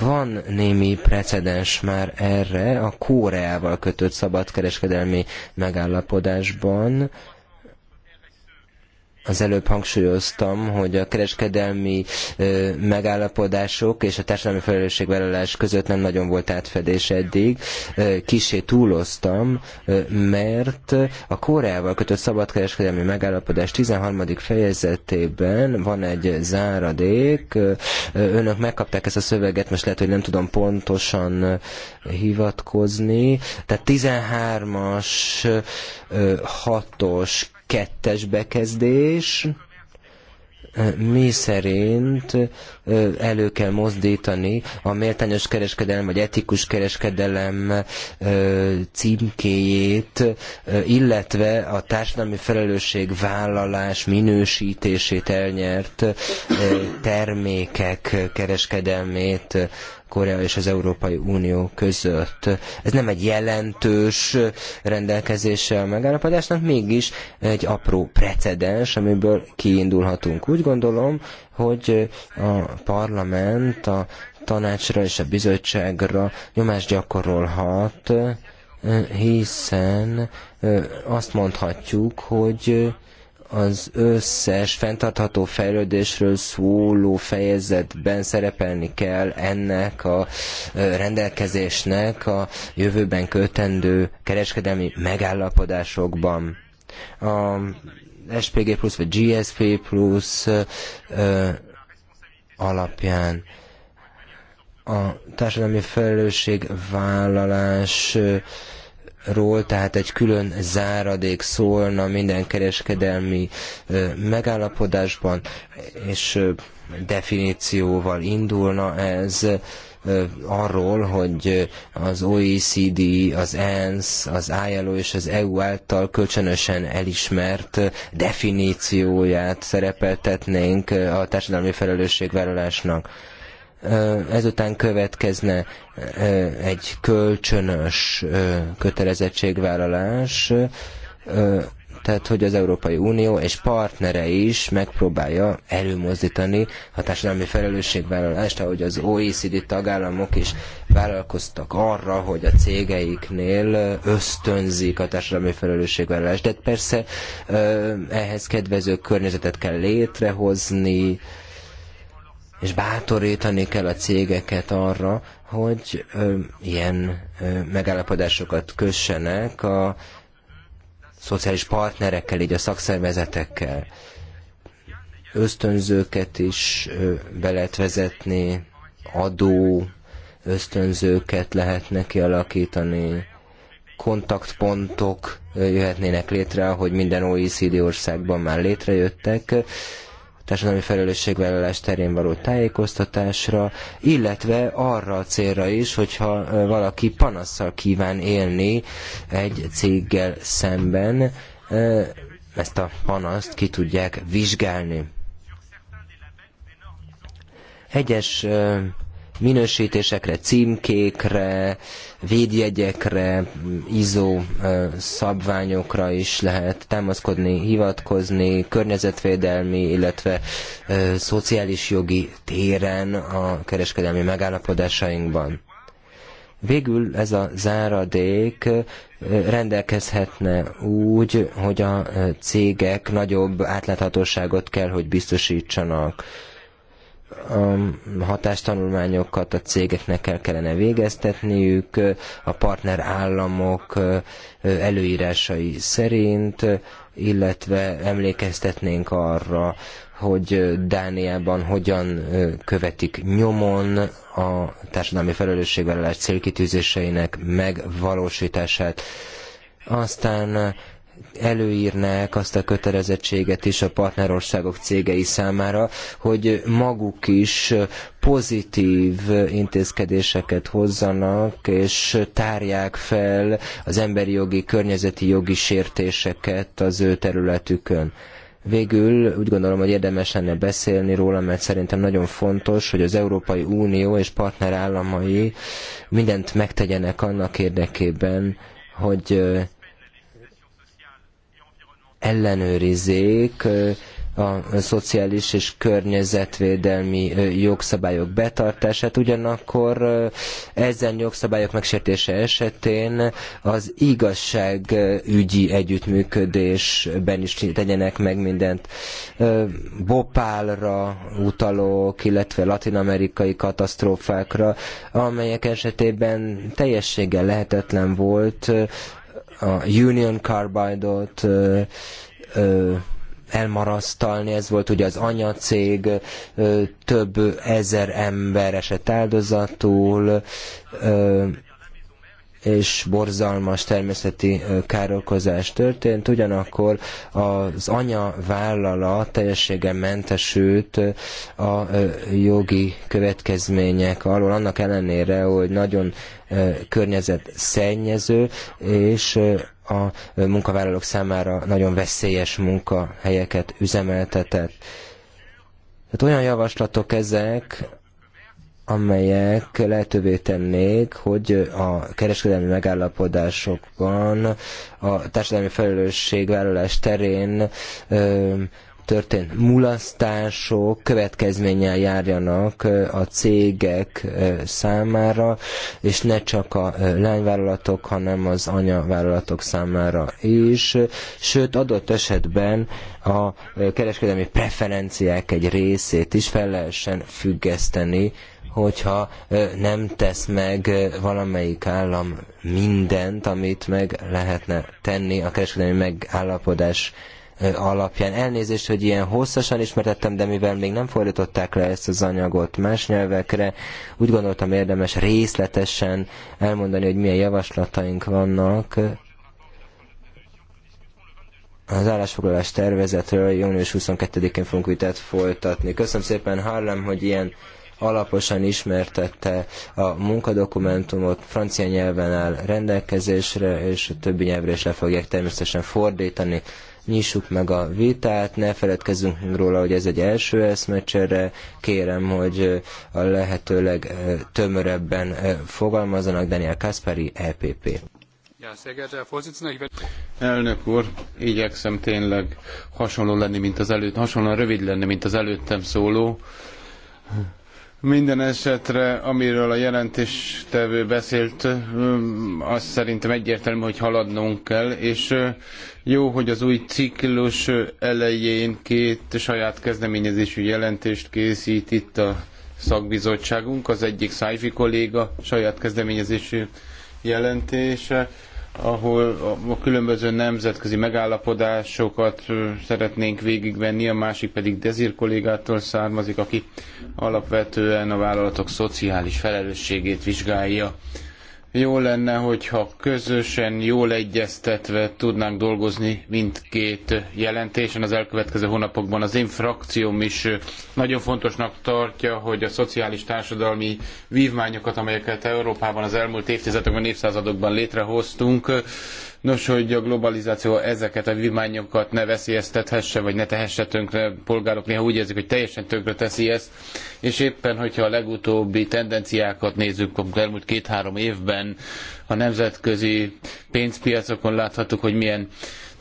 Van némi precedens már erre a Kóreával kötött szabadkereskedelmi megállapodásban, az előbb hangsúlyoztam, hogy a kereskedelmi megállapodások és a társadalmi felelősségvállalás között nem nagyon volt átfedés eddig. Kisé túloztam, mert a Koreával kötött szabadkereskedelmi megállapodás 13. fejezetében van egy záradék. Önök megkapták ezt a szöveget, most lehet, hogy nem tudom pontosan hivatkozni. Tehát 13-as, 6-os, kettes bekezdés, mi szerint elő kell mozdítani a méltányos kereskedelem vagy etikus kereskedelem címkéjét, illetve a társadalmi felelősségvállalás minősítését elnyert termékek kereskedelmét Korea és az Európai Unió között. Ez nem egy jelentős rendelkezése a megállapodásnak, mégis egy apró precedens, amiből kiindulhatunk. Úgy gondolom, hogy a parlament a tanácsra és a bizottságra nyomást gyakorolhat, hiszen azt mondhatjuk, hogy az összes fenntartható fejlődésről szóló fejezetben szerepelni kell ennek a rendelkezésnek a jövőben kötendő kereskedelmi megállapodásokban. A SPG plusz vagy GSP plusz alapján a társadalmi felelősségvállalás vállalás ról, tehát egy külön záradék szólna minden kereskedelmi megállapodásban, és definícióval indulna ez arról, hogy az OECD, az ENSZ, az ILO és az EU által kölcsönösen elismert definícióját szerepeltetnénk a társadalmi felelősségvállalásnak ezután következne egy kölcsönös kötelezettségvállalás, tehát hogy az Európai Unió és partnere is megpróbálja előmozdítani a társadalmi felelősségvállalást, ahogy az OECD tagállamok is vállalkoztak arra, hogy a cégeiknél ösztönzik a társadalmi felelősségvállalást. De persze ehhez kedvező környezetet kell létrehozni, és bátorítani kell a cégeket arra, hogy ö, ilyen ö, megállapodásokat kössenek a szociális partnerekkel, így a szakszervezetekkel. Ösztönzőket is ö, be lehet vezetni, adó ösztönzőket lehetne kialakítani, kontaktpontok jöhetnének létre, ahogy minden OECD országban már létrejöttek társadalmi felelősségvállalás terén való tájékoztatásra, illetve arra a célra is, hogyha valaki panasszal kíván élni egy céggel szemben, ezt a panaszt ki tudják vizsgálni. Egyes minősítésekre, címkékre, védjegyekre, izó szabványokra is lehet támaszkodni, hivatkozni, környezetvédelmi, illetve szociális jogi téren a kereskedelmi megállapodásainkban. Végül ez a záradék rendelkezhetne úgy, hogy a cégek nagyobb átláthatóságot kell, hogy biztosítsanak a hatástanulmányokat a cégeknek el kellene végeztetniük, a partner államok előírásai szerint, illetve emlékeztetnénk arra, hogy Dániában hogyan követik nyomon a társadalmi felelősségvállalás célkitűzéseinek megvalósítását. Aztán előírnák azt a kötelezettséget is a partnerországok cégei számára, hogy maguk is pozitív intézkedéseket hozzanak, és tárják fel az emberi jogi, környezeti jogi sértéseket az ő területükön. Végül úgy gondolom, hogy érdemes lenne beszélni róla, mert szerintem nagyon fontos, hogy az Európai Unió és partnerállamai mindent megtegyenek annak érdekében, hogy ellenőrizzék a szociális és környezetvédelmi jogszabályok betartását, ugyanakkor ezen jogszabályok megsértése esetén az igazságügyi együttműködésben is tegyenek meg mindent. Bopálra utalok, illetve latinamerikai katasztrófákra, amelyek esetében teljességgel lehetetlen volt a Union Carbide-ot elmarasztalni, ez volt ugye az anyacég, több ezer ember esett áldozatul, és borzalmas természeti károkozás történt, ugyanakkor az anya vállala teljesen mentesült a jogi következmények alól, annak ellenére, hogy nagyon környezet szennyező, és a munkavállalók számára nagyon veszélyes munkahelyeket üzemeltetett. Tehát olyan javaslatok ezek, amelyek lehetővé tennék, hogy a kereskedelmi megállapodásokban a társadalmi felelősségvállalás terén történt mulasztások következménnyel járjanak a cégek számára, és ne csak a lányvállalatok, hanem az anyavállalatok számára is. Sőt, adott esetben a kereskedelmi preferenciák egy részét is fel lehessen függeszteni hogyha nem tesz meg valamelyik állam mindent, amit meg lehetne tenni a kereskedelmi megállapodás alapján. Elnézést, hogy ilyen hosszasan ismertettem, de mivel még nem fordították le ezt az anyagot más nyelvekre, úgy gondoltam érdemes részletesen elmondani, hogy milyen javaslataink vannak. Az állásfoglalás tervezetről június 22-én fogunk vitát folytatni. Köszönöm szépen, Harlem, hogy ilyen alaposan ismertette a munkadokumentumot, francia nyelven áll rendelkezésre, és a többi nyelvre is le fogják természetesen fordítani. Nyissuk meg a vitát, ne feledkezzünk róla, hogy ez egy első eszmecsere. Kérem, hogy a lehetőleg tömörebben fogalmazzanak Daniel Kaspari, EPP. Elnök úr, igyekszem tényleg hasonló lenni, mint az előtt, hasonlóan rövid lenni, mint az előttem szóló. Minden esetre, amiről a jelentéstevő beszélt, azt szerintem egyértelmű, hogy haladnunk kell, és jó, hogy az új ciklus elején két saját kezdeményezésű jelentést készít itt a szakbizottságunk, az egyik Szájfi kolléga saját kezdeményezésű jelentése, ahol a különböző nemzetközi megállapodásokat szeretnénk végigvenni, a másik pedig Dezir kollégától származik, aki alapvetően a vállalatok szociális felelősségét vizsgálja. Jó lenne, hogyha közösen, jól egyeztetve tudnánk dolgozni mindkét jelentésen az elkövetkező hónapokban. Az én frakcióm is nagyon fontosnak tartja, hogy a szociális társadalmi vívmányokat, amelyeket Európában az elmúlt évtizedekben, évszázadokban létrehoztunk, Nos, hogy a globalizáció ezeket a vívmányokat ne veszélyeztethesse, vagy ne tehesse tönkre, polgárok néha úgy érzik, hogy teljesen tönkre teszi ezt, és éppen, hogyha a legutóbbi tendenciákat nézzük, az elmúlt két-három évben a nemzetközi pénzpiacokon láthattuk, hogy milyen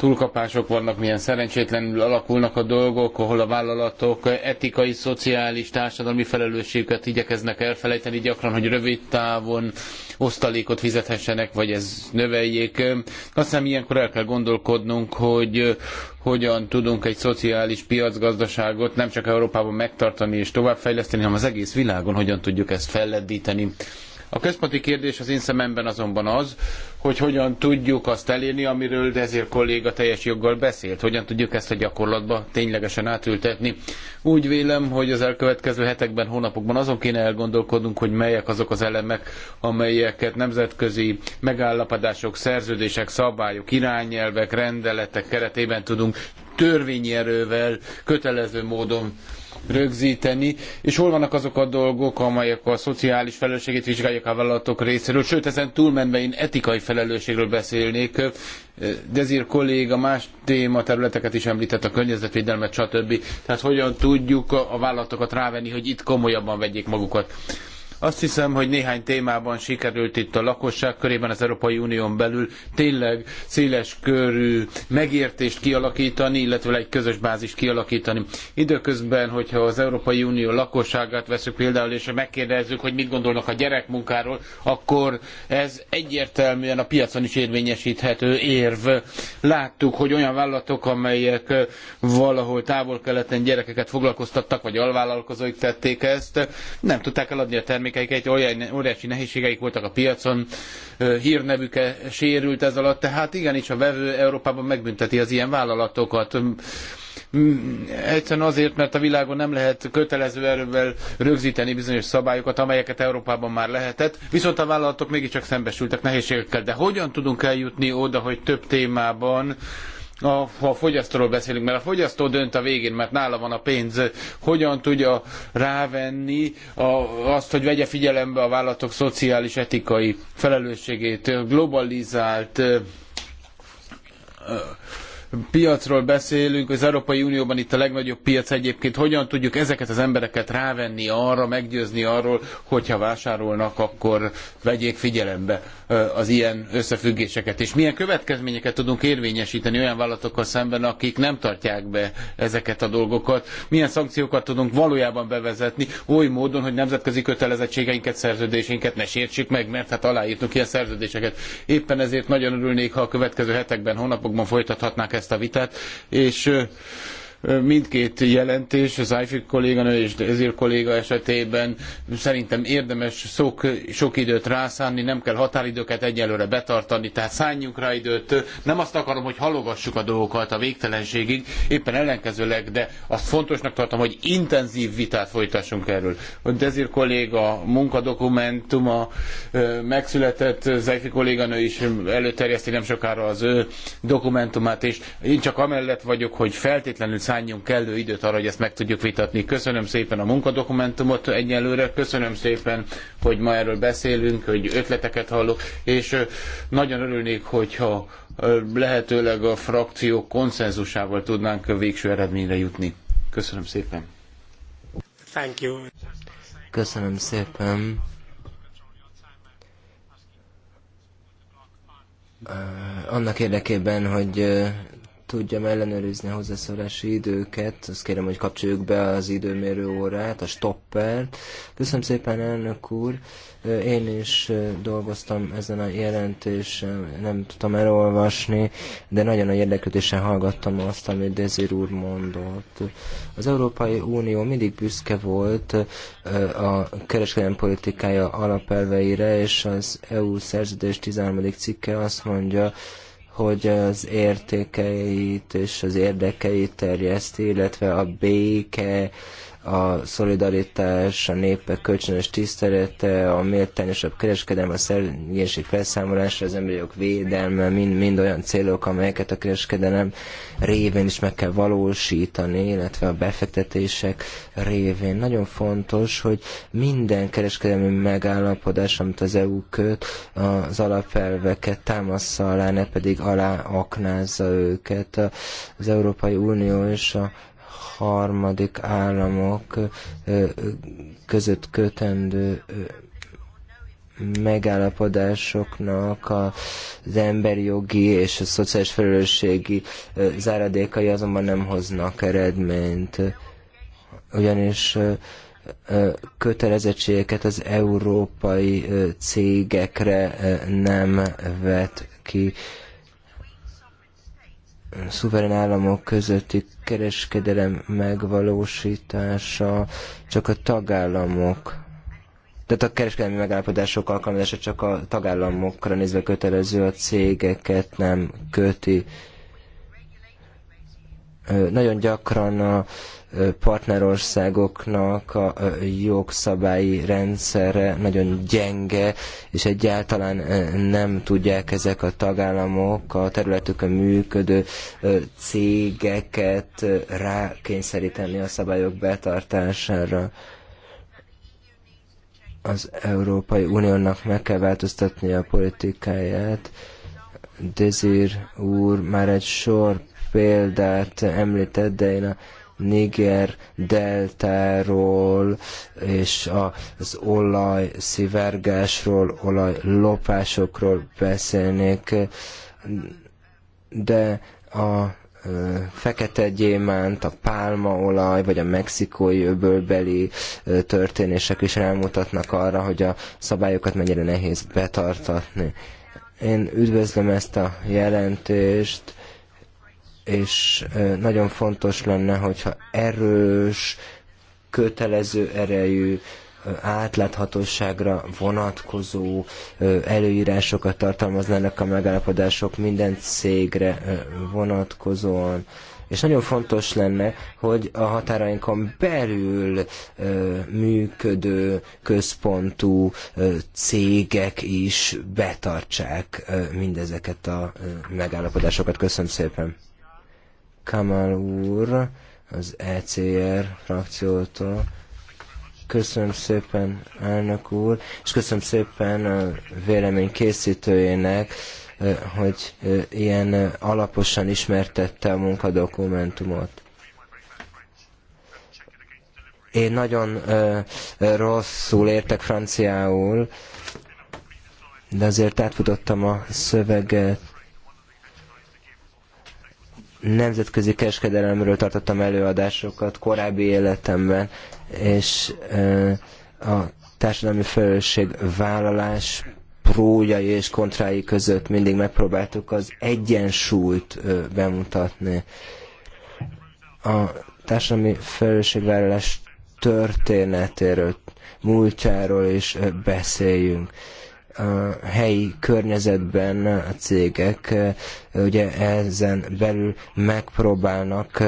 túlkapások vannak, milyen szerencsétlenül alakulnak a dolgok, ahol a vállalatok etikai, szociális, társadalmi felelősségüket igyekeznek elfelejteni gyakran, hogy rövid távon osztalékot fizethessenek, vagy ez növeljék. Azt hiszem ilyenkor el kell gondolkodnunk, hogy eh, hogyan tudunk egy szociális piacgazdaságot nem csak Európában megtartani és továbbfejleszteni, hanem az egész világon hogyan tudjuk ezt fellendíteni. A központi kérdés az én szememben azonban az, hogy hogyan tudjuk azt elérni, amiről Dezér kolléga teljes joggal beszélt. Hogyan tudjuk ezt a gyakorlatba ténylegesen átültetni. Úgy vélem, hogy az elkövetkező hetekben, hónapokban azon kéne elgondolkodnunk, hogy melyek azok az elemek, amelyeket nemzetközi megállapodások, szerződések, szabályok, irányelvek, rendeletek keretében tudunk törvényi erővel, kötelező módon rögzíteni, és hol vannak azok a dolgok, amelyek a szociális felelősségét vizsgálják a vállalatok részéről, sőt, ezen túlmenve én etikai felelősségről beszélnék. Dezir kolléga más tématerületeket is említett, a környezetvédelmet, stb. Tehát hogyan tudjuk a vállalatokat rávenni, hogy itt komolyabban vegyék magukat. Azt hiszem, hogy néhány témában sikerült itt a lakosság körében az Európai Unión belül tényleg széles körű megértést kialakítani, illetve egy közös bázist kialakítani. Időközben, hogyha az Európai Unió lakosságát veszük például, és megkérdezzük, hogy mit gondolnak a gyerekmunkáról, akkor ez egyértelműen a piacon is érvényesíthető érv. Láttuk, hogy olyan vállalatok, amelyek valahol távol-keleten gyerekeket foglalkoztattak, vagy alvállalkozóik tették ezt, nem tudták eladni a terméket termékeiket, olyan óriási nehézségeik voltak a piacon, hírnevüke sérült ez alatt, tehát igenis a vevő Európában megbünteti az ilyen vállalatokat. Egyszerűen azért, mert a világon nem lehet kötelező erővel rögzíteni bizonyos szabályokat, amelyeket Európában már lehetett, viszont a vállalatok mégiscsak szembesültek nehézségekkel. De hogyan tudunk eljutni oda, hogy több témában a, a fogyasztóról beszélünk, mert a fogyasztó dönt a végén, mert nála van a pénz, hogyan tudja rávenni a, azt, hogy vegye figyelembe a vállalatok szociális etikai felelősségét, globalizált ö, ö, piacról beszélünk, az Európai Unióban itt a legnagyobb piac egyébként, hogyan tudjuk ezeket az embereket rávenni arra, meggyőzni arról, hogyha vásárolnak, akkor vegyék figyelembe az ilyen összefüggéseket, és milyen következményeket tudunk érvényesíteni olyan vállalatokkal szemben, akik nem tartják be ezeket a dolgokat, milyen szankciókat tudunk valójában bevezetni, oly módon, hogy nemzetközi kötelezettségeinket, szerződéseinket ne sértsük meg, mert hát aláírtunk ilyen szerződéseket. Éppen ezért nagyon örülnék, ha a következő hetekben, hónapokban folytathatnánk ezt ezt a vitát, és Mindkét jelentés, az IFIC kolléganő és Dezir kolléga esetében szerintem érdemes sok, sok időt rászánni, nem kell határidőket egyelőre betartani, tehát szánjunk rá időt. Nem azt akarom, hogy halogassuk a dolgokat a végtelenségig, éppen ellenkezőleg, de azt fontosnak tartom, hogy intenzív vitát folytassunk erről. Dezir kolléga munkadokumentuma megszületett, Zajfi kolléganő is előterjeszti nem sokára az ő dokumentumát, és én csak amellett vagyok, hogy feltétlenül szálljunk kellő időt arra, hogy ezt meg tudjuk vitatni. Köszönöm szépen a munkadokumentumot egyelőre, köszönöm szépen, hogy ma erről beszélünk, hogy ötleteket hallok, és nagyon örülnék, hogyha lehetőleg a frakciók konszenzusával tudnánk a végső eredményre jutni. Köszönöm szépen. Thank you. Köszönöm szépen. annak érdekében, hogy tudjam ellenőrizni a hozzászólási időket, azt kérem, hogy kapcsoljuk be az időmérő órát, a stoppert. Köszönöm szépen, elnök úr. Én is dolgoztam ezen a jelentésen, nem tudtam elolvasni, de nagyon a érdeklődésen hallgattam azt, amit Dezir úr mondott. Az Európai Unió mindig büszke volt a kereskedelmi politikája alapelveire, és az EU szerződés 13. cikke azt mondja, hogy az értékeit és az érdekeit terjeszti, illetve a béke a szolidaritás, a népek kölcsönös tisztelete, a méltányosabb kereskedelem, a szegénység felszámolása, az emberi jog védelme, mind, mind olyan célok, amelyeket a kereskedelem révén is meg kell valósítani, illetve a befektetések révén. Nagyon fontos, hogy minden kereskedelmi megállapodás, amit az EU köt, az alapelveket támaszza alá, ne pedig alá aknázza őket. Az Európai Unió és a harmadik államok között kötendő megállapodásoknak az emberi jogi és a szociális felelősségi záradékai azonban nem hoznak eredményt, ugyanis kötelezettségeket az európai cégekre nem vet ki szuverén államok közötti kereskedelem megvalósítása csak a tagállamok tehát a kereskedelmi megállapodások alkalmazása csak a tagállamokra nézve kötelező, a cégeket nem köti. Nagyon gyakran a partnerországoknak a jogszabályi rendszere nagyon gyenge, és egyáltalán nem tudják ezek a tagállamok a területükön működő cégeket rákényszeríteni a szabályok betartására az Európai Uniónak meg kell változtatnia a politikáját. Dezir úr már egy sor példát említett, de én a Niger deltáról és az olaj szivárgásról, olaj lopásokról beszélnék, de a fekete gyémánt, a pálmaolaj, vagy a mexikói öbölbeli történések is rámutatnak arra, hogy a szabályokat mennyire nehéz betartatni. Én üdvözlöm ezt a jelentést, és nagyon fontos lenne, hogyha erős, kötelező erejű, átláthatóságra vonatkozó előírásokat tartalmaznának a megállapodások minden cégre vonatkozóan. És nagyon fontos lenne, hogy a határainkon belül működő központú cégek is betartsák mindezeket a megállapodásokat. Köszönöm szépen! Kamal úr az ECR frakciótól. Köszönöm szépen, elnök úr, és köszönöm szépen a vélemény készítőjének, hogy ilyen alaposan ismertette a munkadokumentumot én nagyon ö, rosszul értek franciául, de azért átfutottam a szöveget nemzetközi kereskedelemről tartottam előadásokat korábbi életemben, és a társadalmi felelősség vállalás prójai és kontrái között mindig megpróbáltuk az egyensúlyt bemutatni. A társadalmi felelősségvállalás történetéről, múltjáról is beszéljünk helyi környezetben a cégek ugye ezen belül megpróbálnak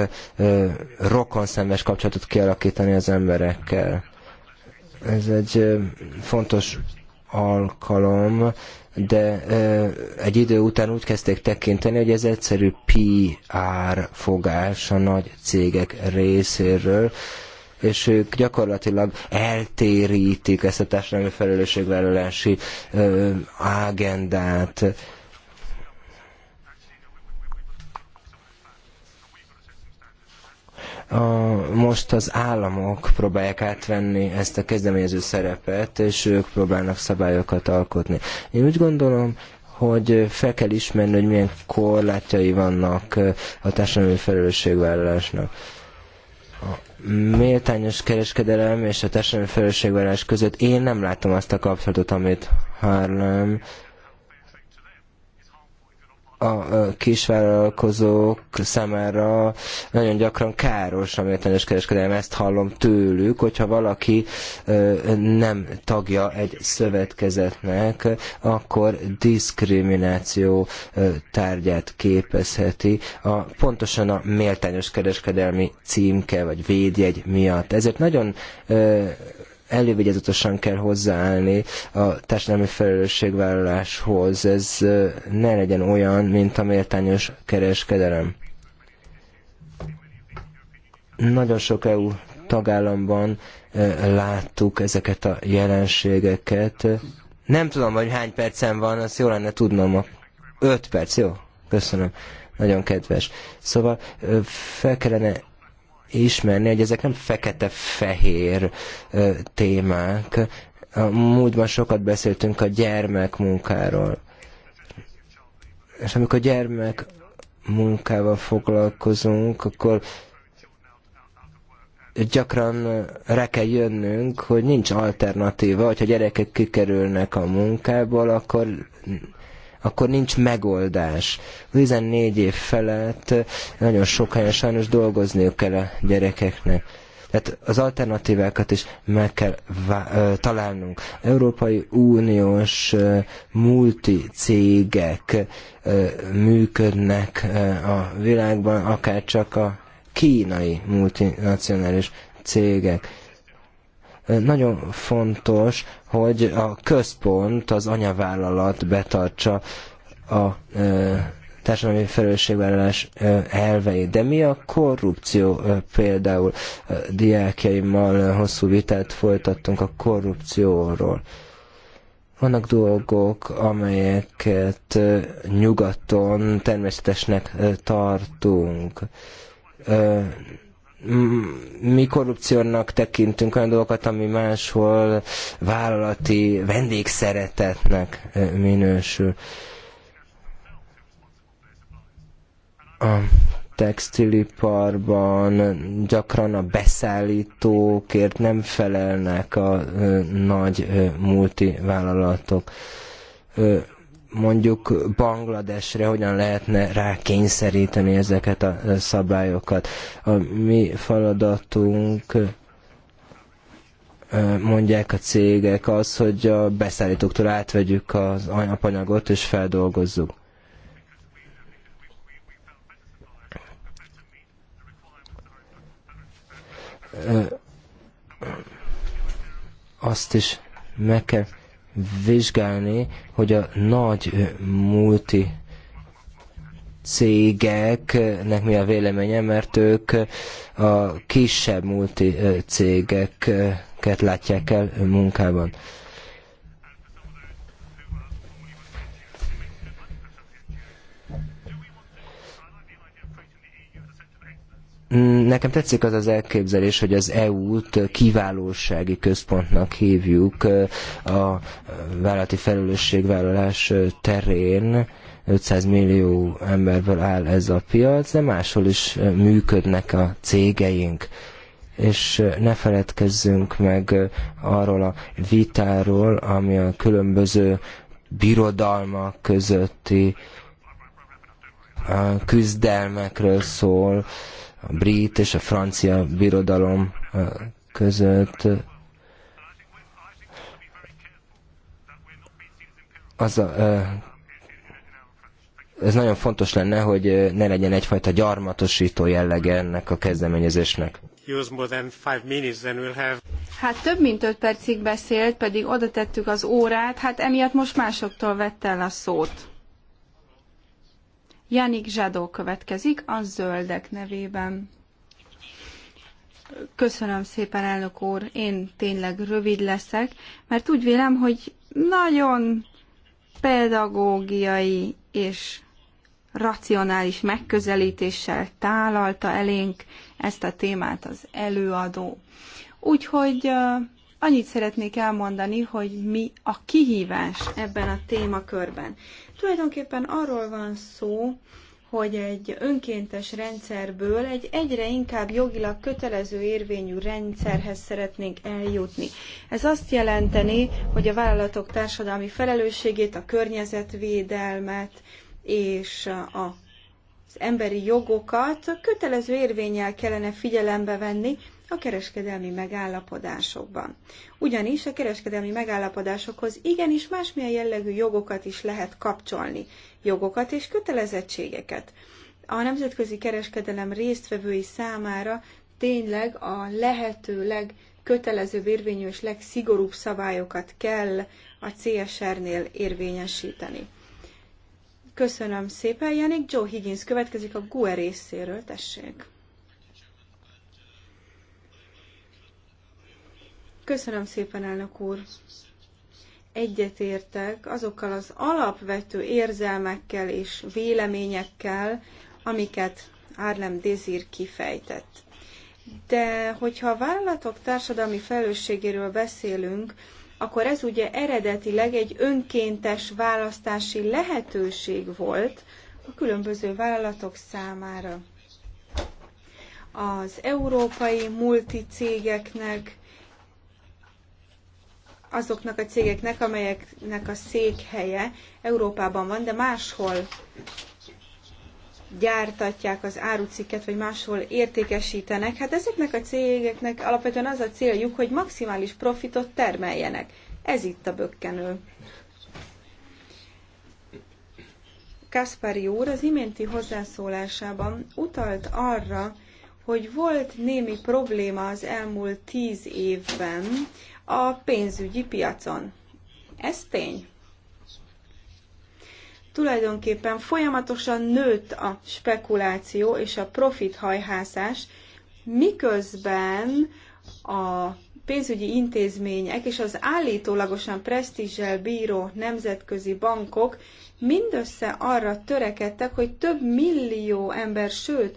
rokonszenves kapcsolatot kialakítani az emberekkel. Ez egy fontos alkalom, de egy idő után úgy kezdték tekinteni, hogy ez egyszerű PR fogás a nagy cégek részéről, és ők gyakorlatilag eltérítik ezt a társadalmi felelősségvállalási ö, ágendát. a, most az államok próbálják átvenni ezt a kezdeményező szerepet, és ők próbálnak szabályokat alkotni. Én úgy gondolom, hogy fel kell ismerni, hogy milyen korlátjai vannak a társadalmi felelősségvállalásnak a méltányos kereskedelem és a társadalmi felelősségvállalás között én nem látom azt a kapcsolatot, amit Harlem a kisvállalkozók számára nagyon gyakran káros a méltányos kereskedelem. Ezt hallom tőlük, hogyha valaki nem tagja egy szövetkezetnek, akkor diszkrimináció tárgyát képezheti a, pontosan a méltányos kereskedelmi címke vagy védjegy miatt. Ezért nagyon elővigyázatosan kell hozzáállni a társadalmi felelősségvállaláshoz. Ez ne legyen olyan, mint a méltányos kereskedelem. Nagyon sok EU tagállamban láttuk ezeket a jelenségeket. Nem tudom, hogy hány percen van, azt jó lenne tudnom. Öt perc, jó? Köszönöm. Nagyon kedves. Szóval fel kellene ismerni, hogy ezek nem fekete-fehér témák. A múltban sokat beszéltünk a gyermekmunkáról. És amikor gyermek munkával foglalkozunk, akkor gyakran rá kell jönnünk, hogy nincs alternatíva, hogyha gyerekek kikerülnek a munkából, akkor akkor nincs megoldás. 14 év felett nagyon sok helyen sajnos dolgozniuk kell a gyerekeknek. Tehát az alternatívákat is meg kell találnunk. Európai Uniós multicégek működnek a világban, akár csak a kínai multinacionális cégek nagyon fontos, hogy a központ, az anyavállalat betartsa a társadalmi felelősségvállalás elveit. De mi a korrupció például? Diákjaimmal hosszú vitát folytattunk a korrupcióról. Vannak dolgok, amelyeket nyugaton természetesnek tartunk mi korrupciónak tekintünk olyan dolgokat, ami máshol vállalati vendégszeretetnek minősül. A textiliparban gyakran a beszállítókért nem felelnek a nagy multivállalatok mondjuk Bangladesre hogyan lehetne rákényszeríteni ezeket a eh, szabályokat. A mi feladatunk eh, mondják a cégek az, hogy a beszállítóktól átvegyük az anyapanyagot és feldolgozzuk. Eh, azt is meg kell vizsgálni, hogy a nagy multi cégeknek mi a véleménye, mert ők a kisebb multi cégeket látják el munkában. Mm, nekem tetszik az az elképzelés, hogy az EU-t kiválósági központnak hívjuk a vállalati felelősségvállalás terén. 500 millió emberből áll ez a piac, de máshol is működnek a cégeink. És ne feledkezzünk meg arról a vitáról, ami a különböző birodalmak közötti küzdelmekről szól, a brit és a francia birodalom között az a, ez nagyon fontos lenne, hogy ne legyen egyfajta gyarmatosító jellege ennek a kezdeményezésnek. Hát több mint öt percig beszélt, pedig oda tettük az órát, hát emiatt most másoktól vette el a szót. Janik Zsadó következik a zöldek nevében. Köszönöm szépen, elnök úr. Én tényleg rövid leszek, mert úgy vélem, hogy nagyon pedagógiai és racionális megközelítéssel tálalta elénk ezt a témát az előadó. Úgyhogy uh, Annyit szeretnék elmondani, hogy mi a kihívás ebben a témakörben. Tulajdonképpen arról van szó, hogy egy önkéntes rendszerből egy egyre inkább jogilag kötelező érvényű rendszerhez szeretnénk eljutni. Ez azt jelenteni, hogy a vállalatok társadalmi felelősségét, a környezetvédelmet és a az emberi jogokat kötelező érvényel kellene figyelembe venni, a kereskedelmi megállapodásokban. Ugyanis a kereskedelmi megállapodásokhoz igenis másmilyen jellegű jogokat is lehet kapcsolni, jogokat és kötelezettségeket. A nemzetközi kereskedelem résztvevői számára tényleg a lehető legkötelezőbb érvényű és legszigorúbb szabályokat kell a CSR-nél érvényesíteni. Köszönöm szépen, Janik. Joe Higgins következik a GUE részéről, tessék. Köszönöm szépen, elnök úr! Egyetértek azokkal az alapvető érzelmekkel és véleményekkel, amiket Árlem Dézír kifejtett. De hogyha a vállalatok társadalmi felelősségéről beszélünk, akkor ez ugye eredetileg egy önkéntes választási lehetőség volt a különböző vállalatok számára. Az európai multicégeknek azoknak a cégeknek, amelyeknek a székhelye Európában van, de máshol gyártatják az árucikket, vagy máshol értékesítenek. Hát ezeknek a cégeknek alapvetően az a céljuk, hogy maximális profitot termeljenek. Ez itt a bökkenő. Kaspari úr az iménti hozzászólásában utalt arra, hogy volt némi probléma az elmúlt tíz évben a pénzügyi piacon. Ez tény. Tulajdonképpen folyamatosan nőtt a spekuláció és a profithajhászás, miközben a pénzügyi intézmények és az állítólagosan presztízsel bíró nemzetközi bankok mindössze arra törekedtek, hogy több millió ember, sőt,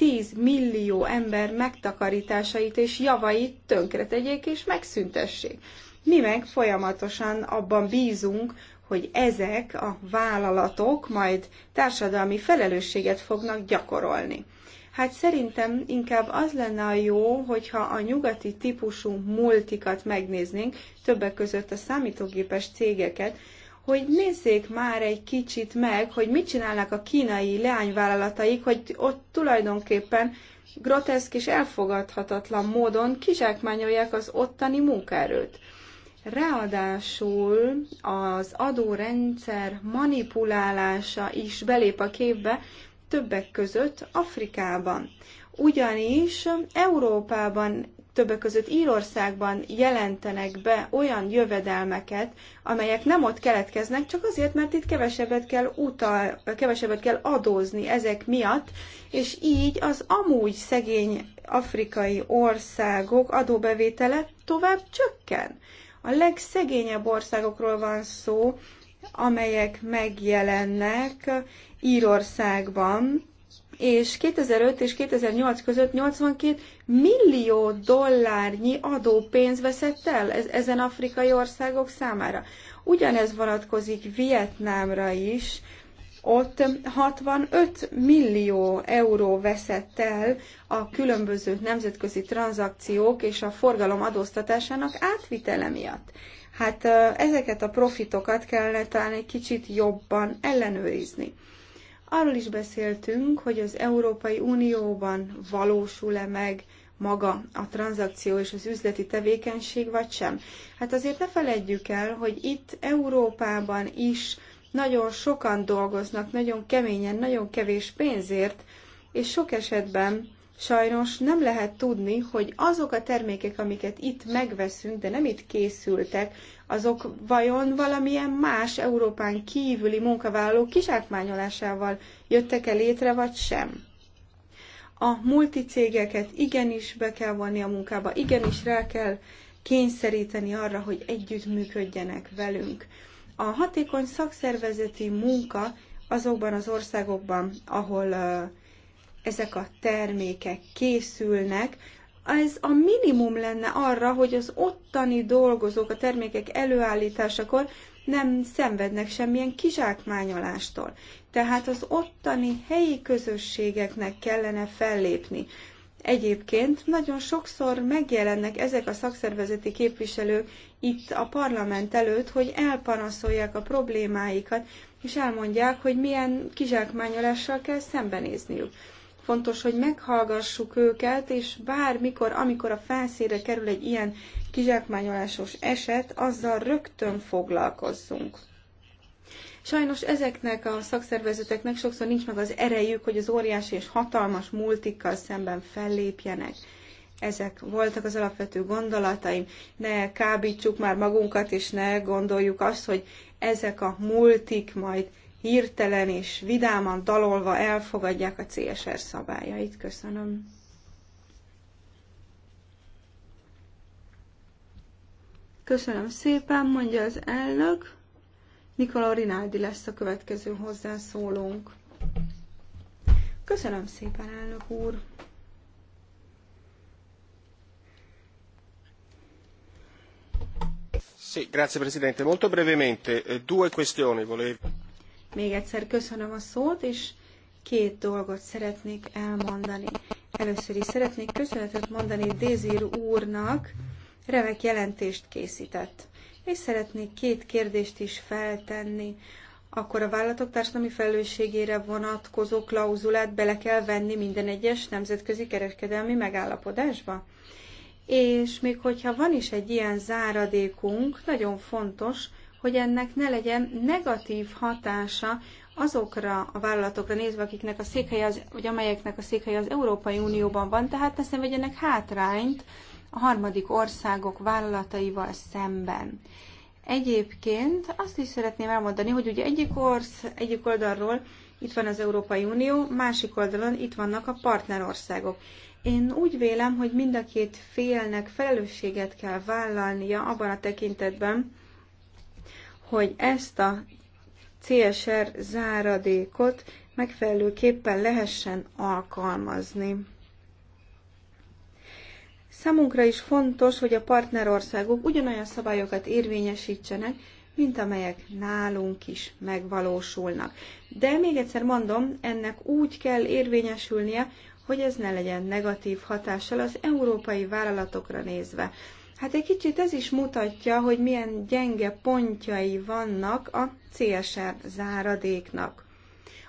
10 millió ember megtakarításait és javait tönkretegyék és megszüntessék. Mi meg folyamatosan abban bízunk, hogy ezek a vállalatok majd társadalmi felelősséget fognak gyakorolni. Hát szerintem inkább az lenne a jó, hogyha a nyugati típusú multikat megnéznénk, többek között a számítógépes cégeket, hogy nézzék már egy kicsit meg, hogy mit csinálnak a kínai leányvállalataik, hogy ott tulajdonképpen groteszk és elfogadhatatlan módon kizsákmányolják az ottani munkaerőt. Ráadásul az adórendszer manipulálása is belép a képbe, többek között Afrikában. Ugyanis Európában többek között Írországban jelentenek be olyan jövedelmeket, amelyek nem ott keletkeznek, csak azért, mert itt kevesebbet kell, utal, kevesebbet kell adózni ezek miatt, és így az amúgy szegény afrikai országok adóbevétele tovább csökken. A legszegényebb országokról van szó, amelyek megjelennek Írországban, és 2005 és 2008 között 82 millió dollárnyi adópénz veszett el ezen afrikai országok számára. Ugyanez vonatkozik Vietnámra is, ott 65 millió euró veszett el a különböző nemzetközi tranzakciók és a forgalom adóztatásának átvitele miatt. Hát ezeket a profitokat kellene talán egy kicsit jobban ellenőrizni. Arról is beszéltünk, hogy az Európai Unióban valósul-e meg maga a tranzakció és az üzleti tevékenység, vagy sem. Hát azért ne feledjük el, hogy itt Európában is nagyon sokan dolgoznak, nagyon keményen, nagyon kevés pénzért, és sok esetben sajnos nem lehet tudni, hogy azok a termékek, amiket itt megveszünk, de nem itt készültek, azok vajon valamilyen más Európán kívüli munkavállalók kizsákmányolásával jöttek el létre, vagy sem. A multicégeket igenis be kell vonni a munkába, igenis rá kell kényszeríteni arra, hogy együttműködjenek velünk. A hatékony szakszervezeti munka azokban az országokban, ahol uh, ezek a termékek készülnek, ez a minimum lenne arra, hogy az ottani dolgozók a termékek előállításakor nem szenvednek semmilyen kizsákmányolástól. Tehát az ottani helyi közösségeknek kellene fellépni. Egyébként nagyon sokszor megjelennek ezek a szakszervezeti képviselők itt a parlament előtt, hogy elpanaszolják a problémáikat, és elmondják, hogy milyen kizsákmányolással kell szembenézniük fontos, hogy meghallgassuk őket, és bármikor, amikor a felszére kerül egy ilyen kizsákmányolásos eset, azzal rögtön foglalkozzunk. Sajnos ezeknek a szakszervezeteknek sokszor nincs meg az erejük, hogy az óriási és hatalmas multikkal szemben fellépjenek. Ezek voltak az alapvető gondolataim. Ne kábítsuk már magunkat, és ne gondoljuk azt, hogy ezek a multik majd hirtelen és vidáman dalolva elfogadják a CSR szabályait. Köszönöm. Köszönöm szépen, mondja az elnök. Nikola Rinaldi lesz a következő hozzászólónk. Köszönöm szépen, elnök úr. Sì, grazie Presidente. Molto brevemente, eh, due questioni volevo. Még egyszer köszönöm a szót, és két dolgot szeretnék elmondani. Először is szeretnék köszönetet mondani Dézír úrnak, remek jelentést készített. És szeretnék két kérdést is feltenni. Akkor a vállalatok társadalmi felelősségére vonatkozó klauzulát bele kell venni minden egyes nemzetközi kereskedelmi megállapodásba? És még hogyha van is egy ilyen záradékunk, nagyon fontos, hogy ennek ne legyen negatív hatása azokra a vállalatokra nézve, akiknek a székhelye az, vagy amelyeknek a székhelye az Európai Unióban van, tehát ne szenvedjenek hátrányt a harmadik országok vállalataival szemben. Egyébként azt is szeretném elmondani, hogy ugye egyik, orsz, egyik oldalról itt van az Európai Unió, másik oldalon itt vannak a partnerországok. Én úgy vélem, hogy mind a két félnek felelősséget kell vállalnia abban a tekintetben, hogy ezt a CSR záradékot megfelelőképpen lehessen alkalmazni. Számunkra is fontos, hogy a partnerországok ugyanolyan szabályokat érvényesítsenek, mint amelyek nálunk is megvalósulnak. De még egyszer mondom, ennek úgy kell érvényesülnie, hogy ez ne legyen negatív hatással az európai vállalatokra nézve. Hát egy kicsit ez is mutatja, hogy milyen gyenge pontjai vannak a CSR záradéknak.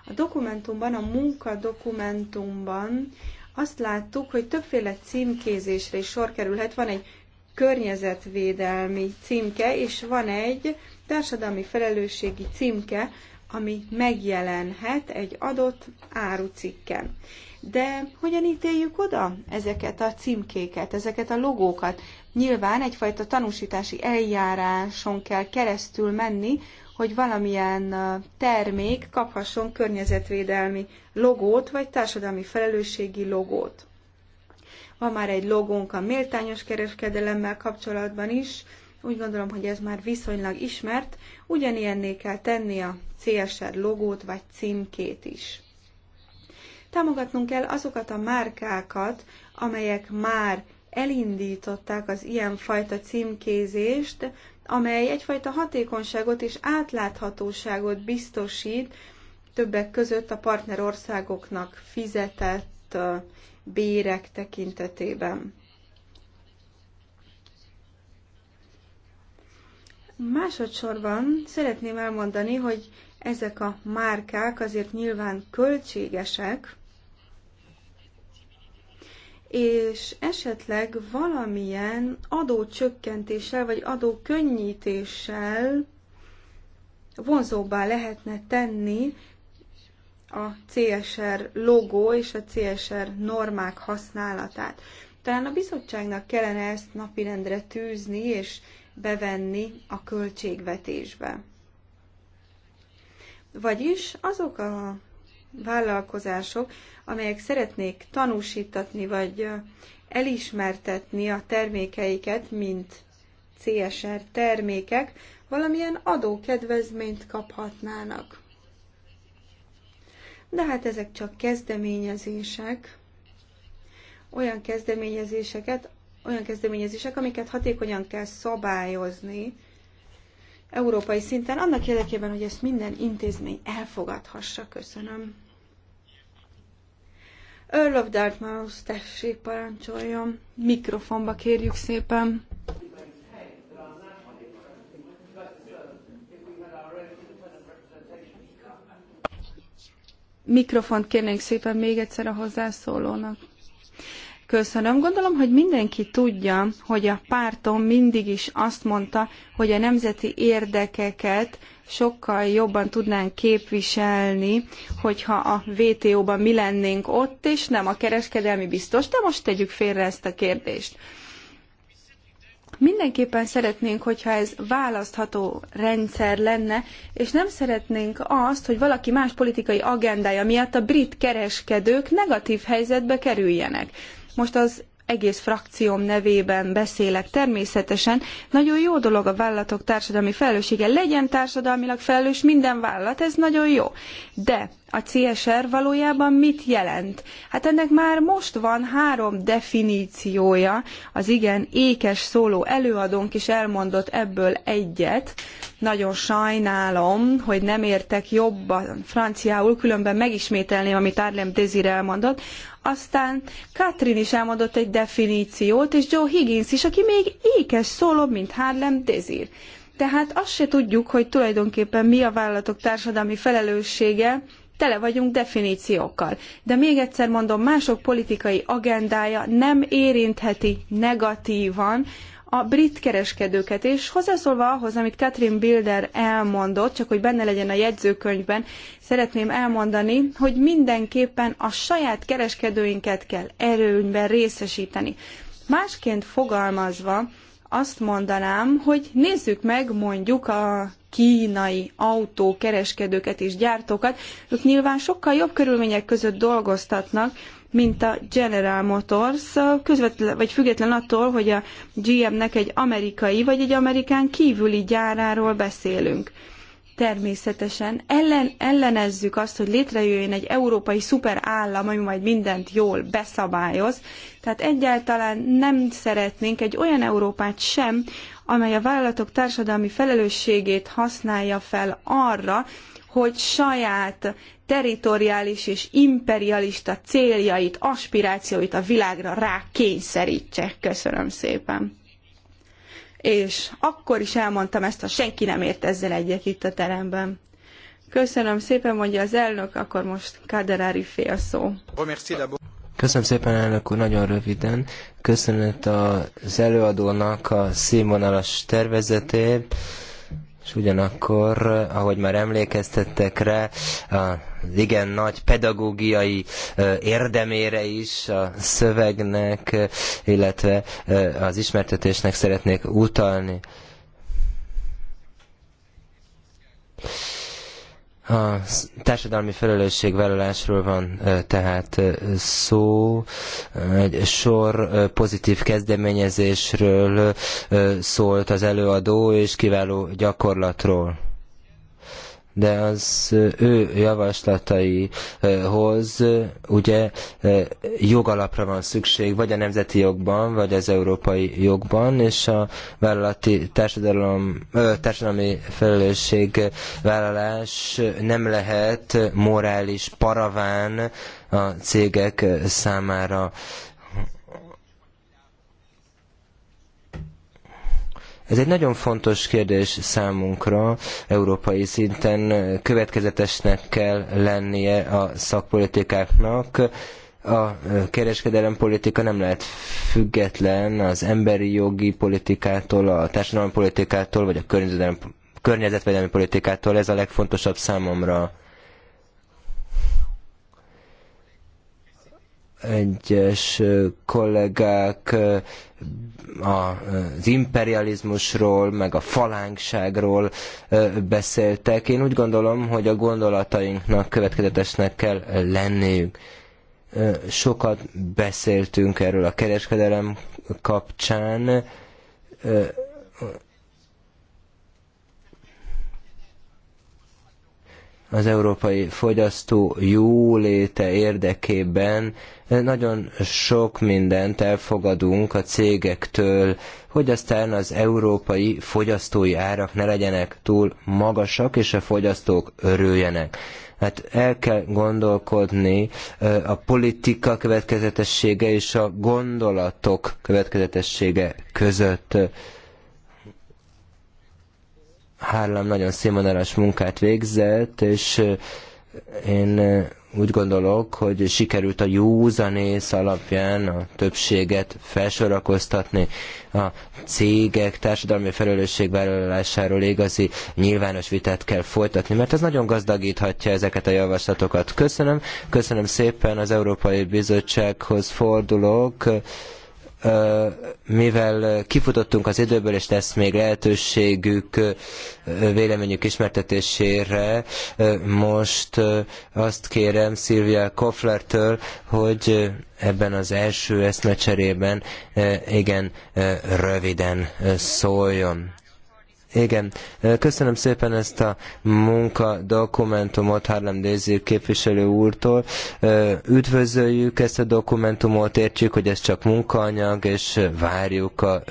A dokumentumban, a munkadokumentumban azt láttuk, hogy többféle címkézésre is sor kerülhet. Van egy környezetvédelmi címke, és van egy társadalmi felelősségi címke, ami megjelenhet egy adott árucikken. De hogyan ítéljük oda ezeket a címkéket, ezeket a logókat? Nyilván egyfajta tanúsítási eljáráson kell keresztül menni, hogy valamilyen termék kaphasson környezetvédelmi logót, vagy társadalmi felelősségi logót. Van már egy logónk a méltányos kereskedelemmel kapcsolatban is, úgy gondolom, hogy ez már viszonylag ismert, ugyanilyennél kell tenni a CSR logót vagy címkét is. Támogatnunk kell azokat a márkákat, amelyek már elindították az ilyenfajta címkézést, amely egyfajta hatékonyságot és átláthatóságot biztosít többek között a partnerországoknak fizetett bérek tekintetében. Másodszorban szeretném elmondani, hogy ezek a márkák azért nyilván költségesek, és esetleg valamilyen adócsökkentéssel vagy adókönnyítéssel vonzóbbá lehetne tenni a CSR logó és a CSR normák használatát. Talán a bizottságnak kellene ezt napirendre tűzni és bevenni a költségvetésbe. Vagyis azok a vállalkozások, amelyek szeretnék tanúsítatni vagy elismertetni a termékeiket, mint CSR termékek, valamilyen adókedvezményt kaphatnának. De hát ezek csak kezdeményezések, olyan kezdeményezéseket, olyan kezdeményezések, amiket hatékonyan kell szabályozni európai szinten, annak érdekében, hogy ezt minden intézmény elfogadhassa. Köszönöm. Earl of Dartmouth, tessék, parancsoljon. Mikrofonba kérjük szépen. Mikrofont kérnénk szépen még egyszer a hozzászólónak. Köszönöm. Gondolom, hogy mindenki tudja, hogy a pártom mindig is azt mondta, hogy a nemzeti érdekeket sokkal jobban tudnánk képviselni, hogyha a WTO-ban mi lennénk ott, és nem a kereskedelmi biztos, de most tegyük félre ezt a kérdést. Mindenképpen szeretnénk, hogyha ez választható rendszer lenne, és nem szeretnénk azt, hogy valaki más politikai agendája miatt a brit kereskedők negatív helyzetbe kerüljenek most az egész frakcióm nevében beszélek természetesen. Nagyon jó dolog a vállalatok társadalmi felelőssége. Legyen társadalmilag felelős minden vállalat, ez nagyon jó. De a CSR valójában mit jelent? Hát ennek már most van három definíciója. Az igen ékes szóló előadónk is elmondott ebből egyet. Nagyon sajnálom, hogy nem értek jobban franciául, különben megismételném, amit Árlem Désir elmondott. Aztán Katrin is elmondott egy definíciót, és Joe Higgins is, aki még ékes szóló, mint Harlem Desir. Tehát azt se tudjuk, hogy tulajdonképpen mi a vállalatok társadalmi felelőssége, tele vagyunk definíciókkal. De még egyszer mondom, mások politikai agendája nem érintheti negatívan a brit kereskedőket, és hozzászólva ahhoz, amit Katrin Bilder elmondott, csak hogy benne legyen a jegyzőkönyvben, szeretném elmondani, hogy mindenképpen a saját kereskedőinket kell erőnyben részesíteni. Másként fogalmazva, azt mondanám, hogy nézzük meg mondjuk a kínai autókereskedőket és gyártókat, ők nyilván sokkal jobb körülmények között dolgoztatnak, mint a General Motors, közvetlen, vagy független attól, hogy a GM-nek egy amerikai vagy egy amerikán kívüli gyáráról beszélünk. Természetesen ellen, ellenezzük azt, hogy létrejöjjön egy európai szuperállam, ami majd mindent jól beszabályoz. Tehát egyáltalán nem szeretnénk egy olyan Európát sem, amely a vállalatok társadalmi felelősségét használja fel arra, hogy saját teritoriális és imperialista céljait, aspirációit a világra rákényszerítse. Köszönöm szépen. És akkor is elmondtam ezt, ha senki nem ért ezzel egyet itt a teremben. Köszönöm szépen, mondja az elnök, akkor most Kaderári fél szó. Köszönöm szépen, elnök úr, nagyon röviden. Köszönet az előadónak a színvonalas tervezetét és ugyanakkor, ahogy már emlékeztettek rá, az igen nagy pedagógiai érdemére is a szövegnek, illetve az ismertetésnek szeretnék utalni. A társadalmi felelősségvállalásról van tehát szó, egy sor pozitív kezdeményezésről szólt az előadó és kiváló gyakorlatról de az ő javaslataihoz ugye jogalapra van szükség, vagy a nemzeti jogban, vagy az európai jogban, és a vállalati társadalom, társadalmi felelősség vállalás nem lehet morális paraván a cégek számára Ez egy nagyon fontos kérdés számunkra, európai szinten következetesnek kell lennie a szakpolitikáknak, a kereskedelempolitika nem lehet független az emberi jogi politikától, a társadalmi politikától, vagy a környezetvédelmi politikától. Ez a legfontosabb számomra. egyes kollégák az imperializmusról, meg a falánkságról beszéltek. Én úgy gondolom, hogy a gondolatainknak következetesnek kell lenniük. Sokat beszéltünk erről a kereskedelem kapcsán. Az európai fogyasztó jóléte érdekében nagyon sok mindent elfogadunk a cégektől, hogy aztán az európai fogyasztói árak ne legyenek túl magasak, és a fogyasztók örüljenek. Hát el kell gondolkodni a politika következetessége és a gondolatok következetessége között. Hárlam nagyon színvonalas munkát végzett, és én eh, úgy gondolok, hogy sikerült a józanész alapján a többséget felsorakoztatni a cégek társadalmi felelősségvállalásáról igazi nyilvános vitát kell folytatni, mert ez nagyon gazdagíthatja ezeket a javaslatokat. Köszönöm, köszönöm szépen az Európai Bizottsághoz fordulok mivel kifutottunk az időből, és lesz még lehetőségük véleményük ismertetésére, most azt kérem Szilvia Kofflertől, hogy ebben az első eszmecserében igen röviden szóljon. Igen, köszönöm szépen ezt a munkadokumentumot Harlem dézi képviselő úrtól. Üdvözöljük ezt a dokumentumot, értjük, hogy ez csak munkaanyag, és várjuk a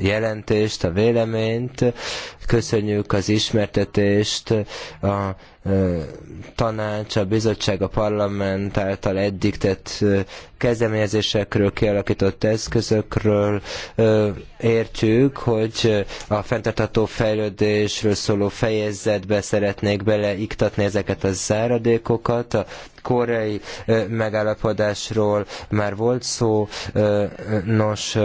jelentést, a véleményt. Köszönjük az ismertetést a tanács, a bizottság, a parlament által eddig tett kezdeményezésekről, kialakított eszközökről értjük, hogy a fenntartható fejlődésről szóló fejezetbe szeretnék beleiktatni ezeket a záradékokat, a koreai megállapodásról már volt szó, nos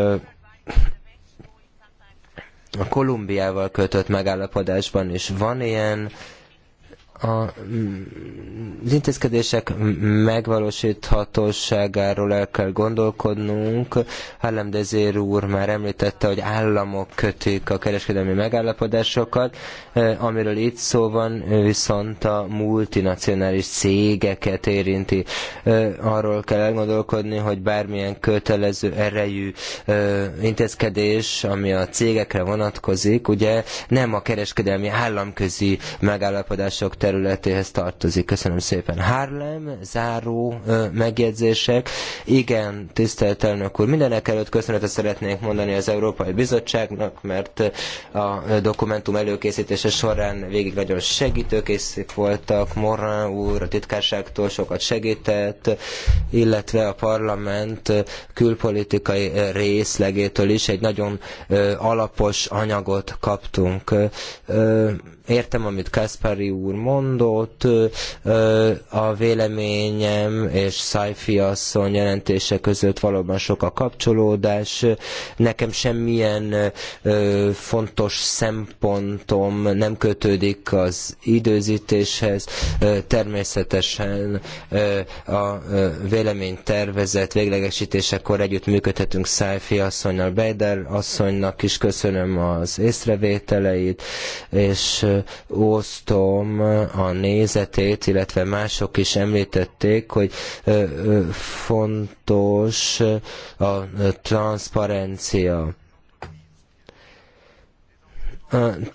a Kolumbiával kötött megállapodásban is van ilyen, az intézkedések megvalósíthatóságáról el kell gondolkodnunk. Hallem Dezér úr már említette, hogy államok kötik a kereskedelmi megállapodásokat, e, amiről itt szó van, viszont a multinacionális cégeket érinti. E, arról kell elgondolkodni, hogy bármilyen kötelező erejű e, intézkedés, ami a cégekre vonatkozik, ugye nem a kereskedelmi államközi megállapodások területén területéhez tartozik. Köszönöm szépen. Harlem, záró megjegyzések. Igen, tisztelt elnök úr, mindenek előtt köszönetet szeretnék mondani az Európai Bizottságnak, mert a dokumentum előkészítése során végig nagyon segítőkészek voltak. Morán úr a titkárságtól sokat segített, illetve a parlament külpolitikai részlegétől is egy nagyon alapos anyagot kaptunk értem, amit Kaspari úr mondott, a véleményem és Szájfi asszony jelentése között valóban sok a kapcsolódás. Nekem semmilyen fontos szempontom nem kötődik az időzítéshez. Természetesen a véleménytervezet véglegesítésekor együtt működhetünk Szájfi asszonynal, Beider asszonynak is köszönöm az észrevételeit, és osztom a nézetét, illetve mások is említették, hogy fontos a transzparencia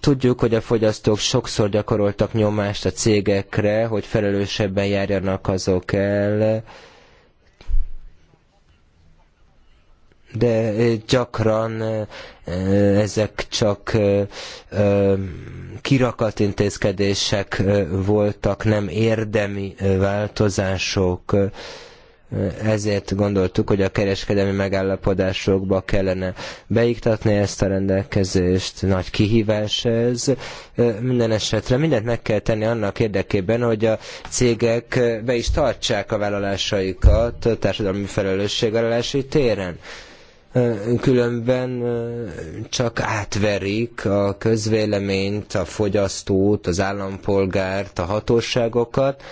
tudjuk, hogy a fogyasztók sokszor gyakoroltak nyomást a cégekre, hogy felelősebben járjanak azok el, de gyakran ezek csak kirakat intézkedések voltak, nem érdemi változások. Ezért gondoltuk, hogy a kereskedelmi megállapodásokba kellene beiktatni ezt a rendelkezést. Nagy kihívás ez. Minden esetre mindent meg kell tenni annak érdekében, hogy a cégek be is tartsák a vállalásaikat a társadalmi felelősségvállalási téren különben csak átverik a közvéleményt, a fogyasztót, az állampolgárt, a hatóságokat,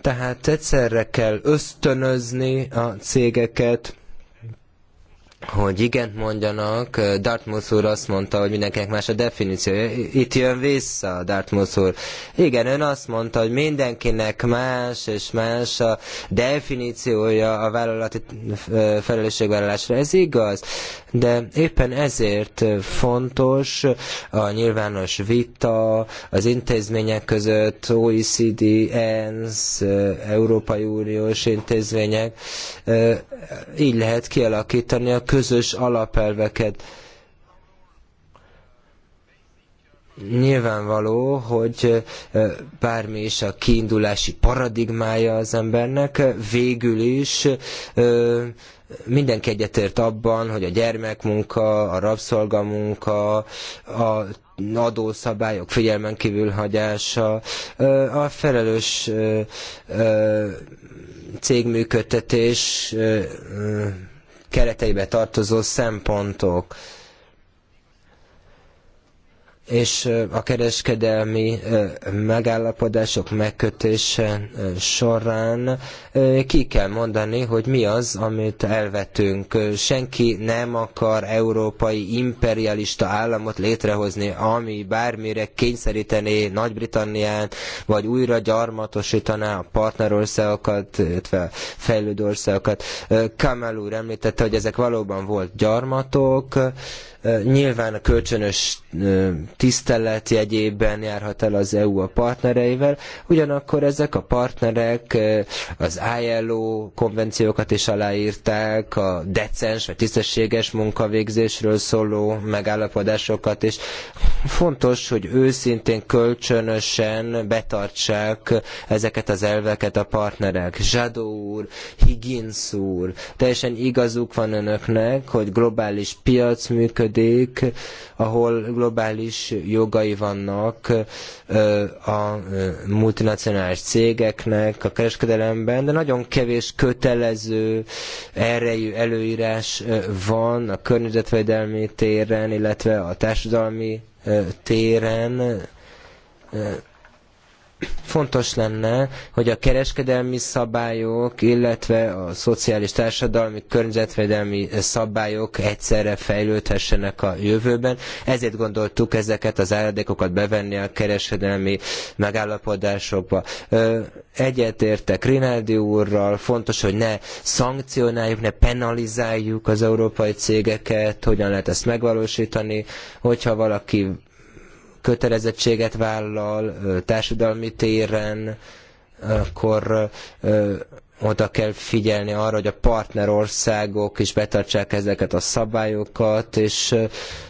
tehát egyszerre kell ösztönözni a cégeket, hogy igent mondjanak. Dartmouth úr azt mondta, hogy mindenkinek más a definíciója. Itt jön vissza Dartmouth úr. Igen, ön azt mondta, hogy mindenkinek más és más a definíciója a vállalati felelősségvállalásra. Ez igaz, de éppen ezért fontos a nyilvános vita az intézmények között, OECD, ENSZ, Európai Uniós intézmények. Így lehet kialakítani a közös alapelveket. Nyilvánvaló, hogy bármi is a kiindulási paradigmája az embernek, végül is mindenki egyetért abban, hogy a gyermekmunka, a rabszolgamunka, a adószabályok figyelmen kívül hagyása, a felelős cégműködtetés kereteibe tartozó szempontok és a kereskedelmi megállapodások megkötése során ki kell mondani, hogy mi az, amit elvetünk. Senki nem akar európai imperialista államot létrehozni, ami bármire kényszerítené Nagy-Britanniát, vagy újra gyarmatosítaná a partnerországokat, illetve fejlődő országokat. Kamel úr említette, hogy ezek valóban volt gyarmatok, nyilván a kölcsönös tisztelet jegyében járhat el az EU a partnereivel, ugyanakkor ezek a partnerek az ILO konvenciókat is aláírták, a decens vagy tisztességes munkavégzésről szóló megállapodásokat, és fontos, hogy őszintén, kölcsönösen betartsák ezeket az elveket a partnerek. Zsadó úr, Higgins úr, teljesen igazuk van önöknek, hogy globális piac működik, ahol globális jogai vannak a multinacionális cégeknek a kereskedelemben, de nagyon kevés kötelező erejű előírás van a környezetvédelmi téren, illetve a társadalmi téren fontos lenne, hogy a kereskedelmi szabályok, illetve a szociális társadalmi környezetvédelmi szabályok egyszerre fejlődhessenek a jövőben. Ezért gondoltuk ezeket az áradékokat bevenni a kereskedelmi megállapodásokba. Egyetértek Rinaldi úrral, fontos, hogy ne szankcionáljuk, ne penalizáljuk az európai cégeket, hogyan lehet ezt megvalósítani, hogyha valaki kötelezettséget vállal társadalmi téren, akkor oda kell figyelni arra, hogy a partnerországok is betartsák ezeket a szabályokat, és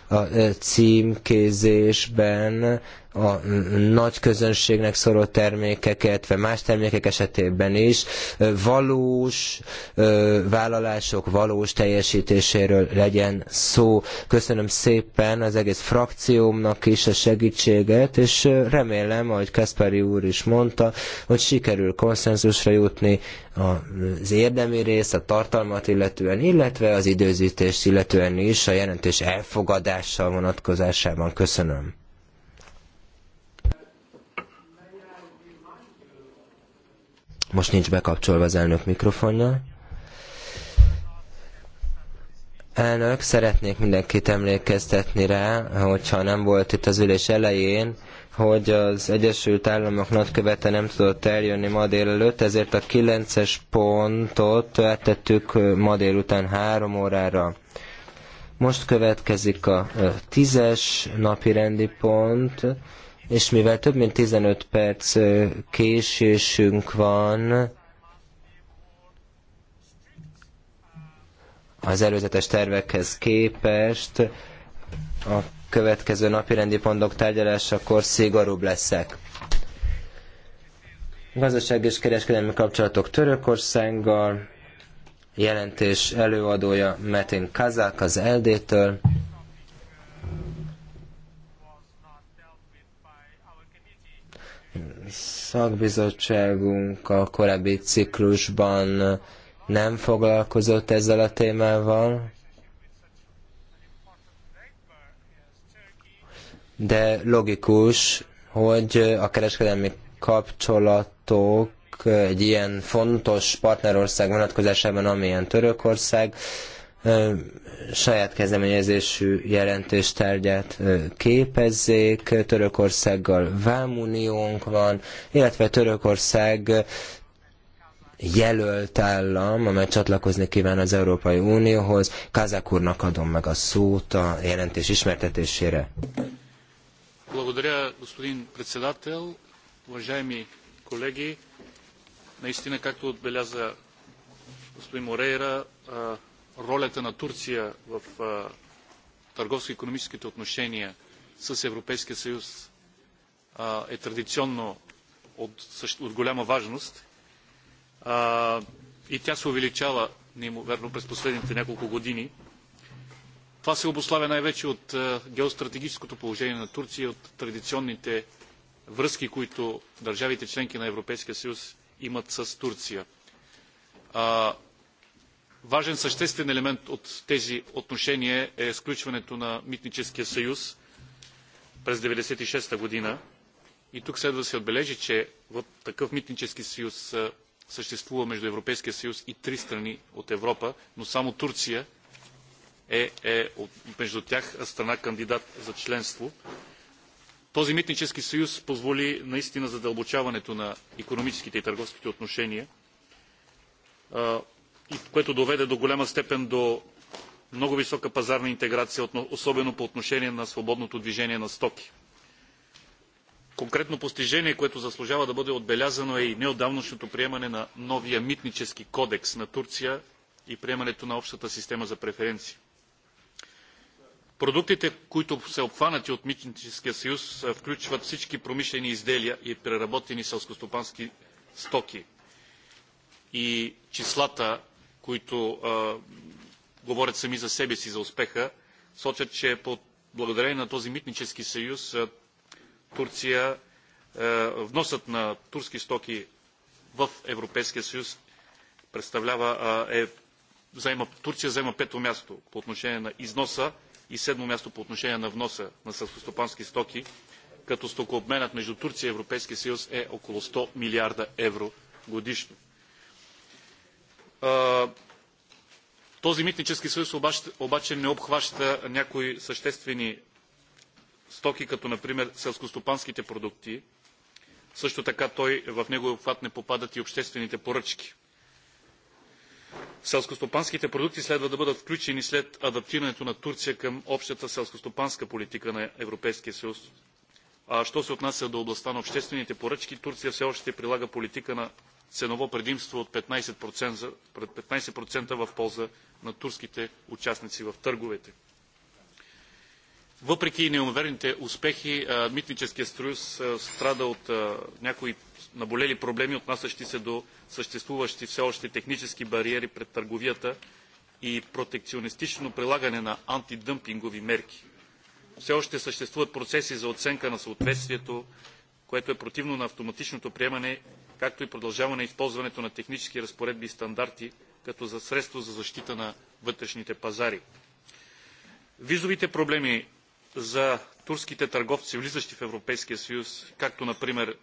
a címkézésben a nagy közönségnek szóló termékeket, vagy más termékek esetében is valós vállalások valós teljesítéséről legyen szó. Köszönöm szépen az egész frakciómnak is a segítséget, és remélem, ahogy Kaspari úr is mondta, hogy sikerül konszenzusra jutni az érdemi rész, a tartalmat illetően, illetve az időzítést illetően is a jelentés elfogadással vonatkozásában. Köszönöm. Most nincs bekapcsolva az elnök mikrofonja. Elnök, szeretnék mindenkit emlékeztetni rá, hogyha nem volt itt az ülés elején, hogy az Egyesült Államok nagykövete nem tudott eljönni ma délelőtt, ezért a 9-es pontot áttettük ma délután 3 órára. Most következik a 10-es napi rendi pont és mivel több mint 15 perc késésünk van, az előzetes tervekhez képest a következő napi rendi pontok tárgyalásakor szigorúbb leszek. Gazdaság és kereskedelmi kapcsolatok Törökországgal, jelentés előadója Metin Kazák az LD-től, szakbizottságunk a korábbi ciklusban nem foglalkozott ezzel a témával, de logikus, hogy a kereskedelmi kapcsolatok egy ilyen fontos partnerország vonatkozásában, amilyen Törökország, saját kezdeményezésű jelentéstárgyát képezzék, Törökországgal vámuniónk van, illetve Törökország jelölt állam, amely csatlakozni kíván az Európai Unióhoz. Kazák úrnak adom meg a szót a jelentés ismertetésére. Köszönöm, господин председател. Уважаеми колеги, наистина, както отбеляза господин Морейра, ролята на Турция в търговско-економическите отношения с Европейския съюз е традиционно от, от голяма важност и тя се увеличава неимоверно през последните няколко години. Това се обославя най-вече от геостратегическото положение на Турция, от традиционните връзки, които държавите членки на Европейския съюз имат с Турция. Важен съществен елемент от тези отношения е сключването на Митническия съюз през 1996 година. И тук следва да се отбележи, че в такъв митнически съюз съществува между Европейския съюз и три страни от Европа, но само Турция е, е между тях страна кандидат за членство. Този митнически съюз позволи наистина задълбочаването на економическите и търговските отношения което доведе до голяма степен до много висока пазарна интеграция, особено по отношение на свободното движение на стоки. Конкретно постижение, което заслужава да бъде отбелязано е и неотдавнашното приемане на новия митнически кодекс на Турция и приемането на общата система за преференции. Продуктите, които са обхванати от Митническия съюз, включват всички промишлени изделия и преработени селскостопански стоки. И числата които а, говорят сами за себе си, за успеха, сочат, че под благодарение на този митнически съюз а, Турция а, вносът на турски стоки в Европейския съюз представлява е, заема, Турция заема пето място по отношение на износа и седмо място по отношение на вноса на селскостопански стоки, като стокообменът между Турция и Европейския съюз е около 100 милиарда евро годишно. Този митнически съюз обаче не обхваща някои съществени стоки, като например селскостопанските продукти. Също така той в неговия обхват не попадат и обществените поръчки. Селскостопанските продукти следва да бъдат включени след адаптирането на Турция към общата селскостопанска политика на Европейския съюз. А що се отнася до областта на обществените поръчки, Турция все още прилага политика на ценово предимство от 15%, 15 в полза на турските участници в търговете. Въпреки неумерените успехи, Митническия съюз страда от някои наболели проблеми, отнасящи се до съществуващи все още технически бариери пред търговията и протекционистично прилагане на антидъмпингови мерки. Все още съществуват процеси за оценка на съответствието, което е противно на автоматичното приемане както и продължаване използването на технически разпоредби и стандарти като за средство за защита на вътрешните пазари. Визовите проблеми за турските търговци, влизащи в Европейския съюз, както например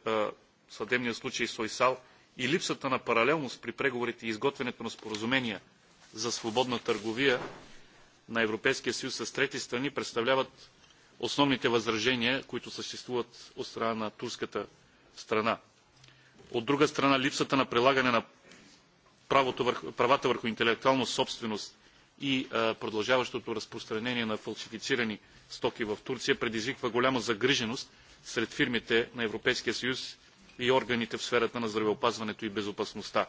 съдебния случай Сойсал и липсата на паралелност при преговорите и изготвянето на споразумения за свободна търговия на Европейския съюз с трети страни представляват основните възражения, които съществуват от страна на турската страна от друга страна липсата на прилагане на правата върху интелектуална собственост и продължаващото разпространение на фалшифицирани стоки в Турция предизвиква голяма загриженост сред фирмите на Европейския съюз и органите в сферата на здравеопазването и безопасността.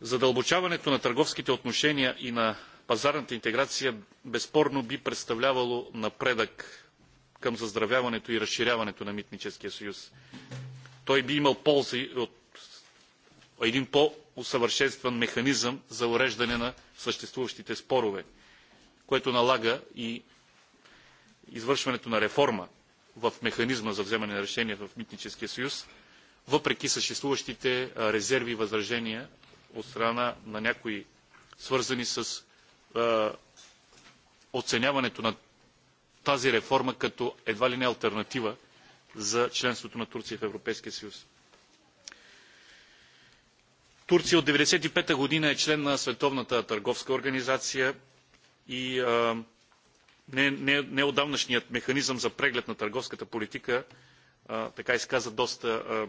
Задълбочаването на търговските отношения и на пазарната интеграция безспорно би представлявало напредък към заздравяването и разширяването на митническия съюз той би имал ползи от един по усъвършенстван механизъм за уреждане на съществуващите спорове което налага и извършването на реформа в механизма за вземане на решения в митническия съюз въпреки съществуващите резерви и възражения от страна на някои свързани с оценяването на тази реформа като едва ли не алтернатива за членството на Турция в Европейския съюз. Турция от 1995 година е член на Световната търговска организация и а, не, не, механизъм за преглед на търговската политика а, така изказа доста а,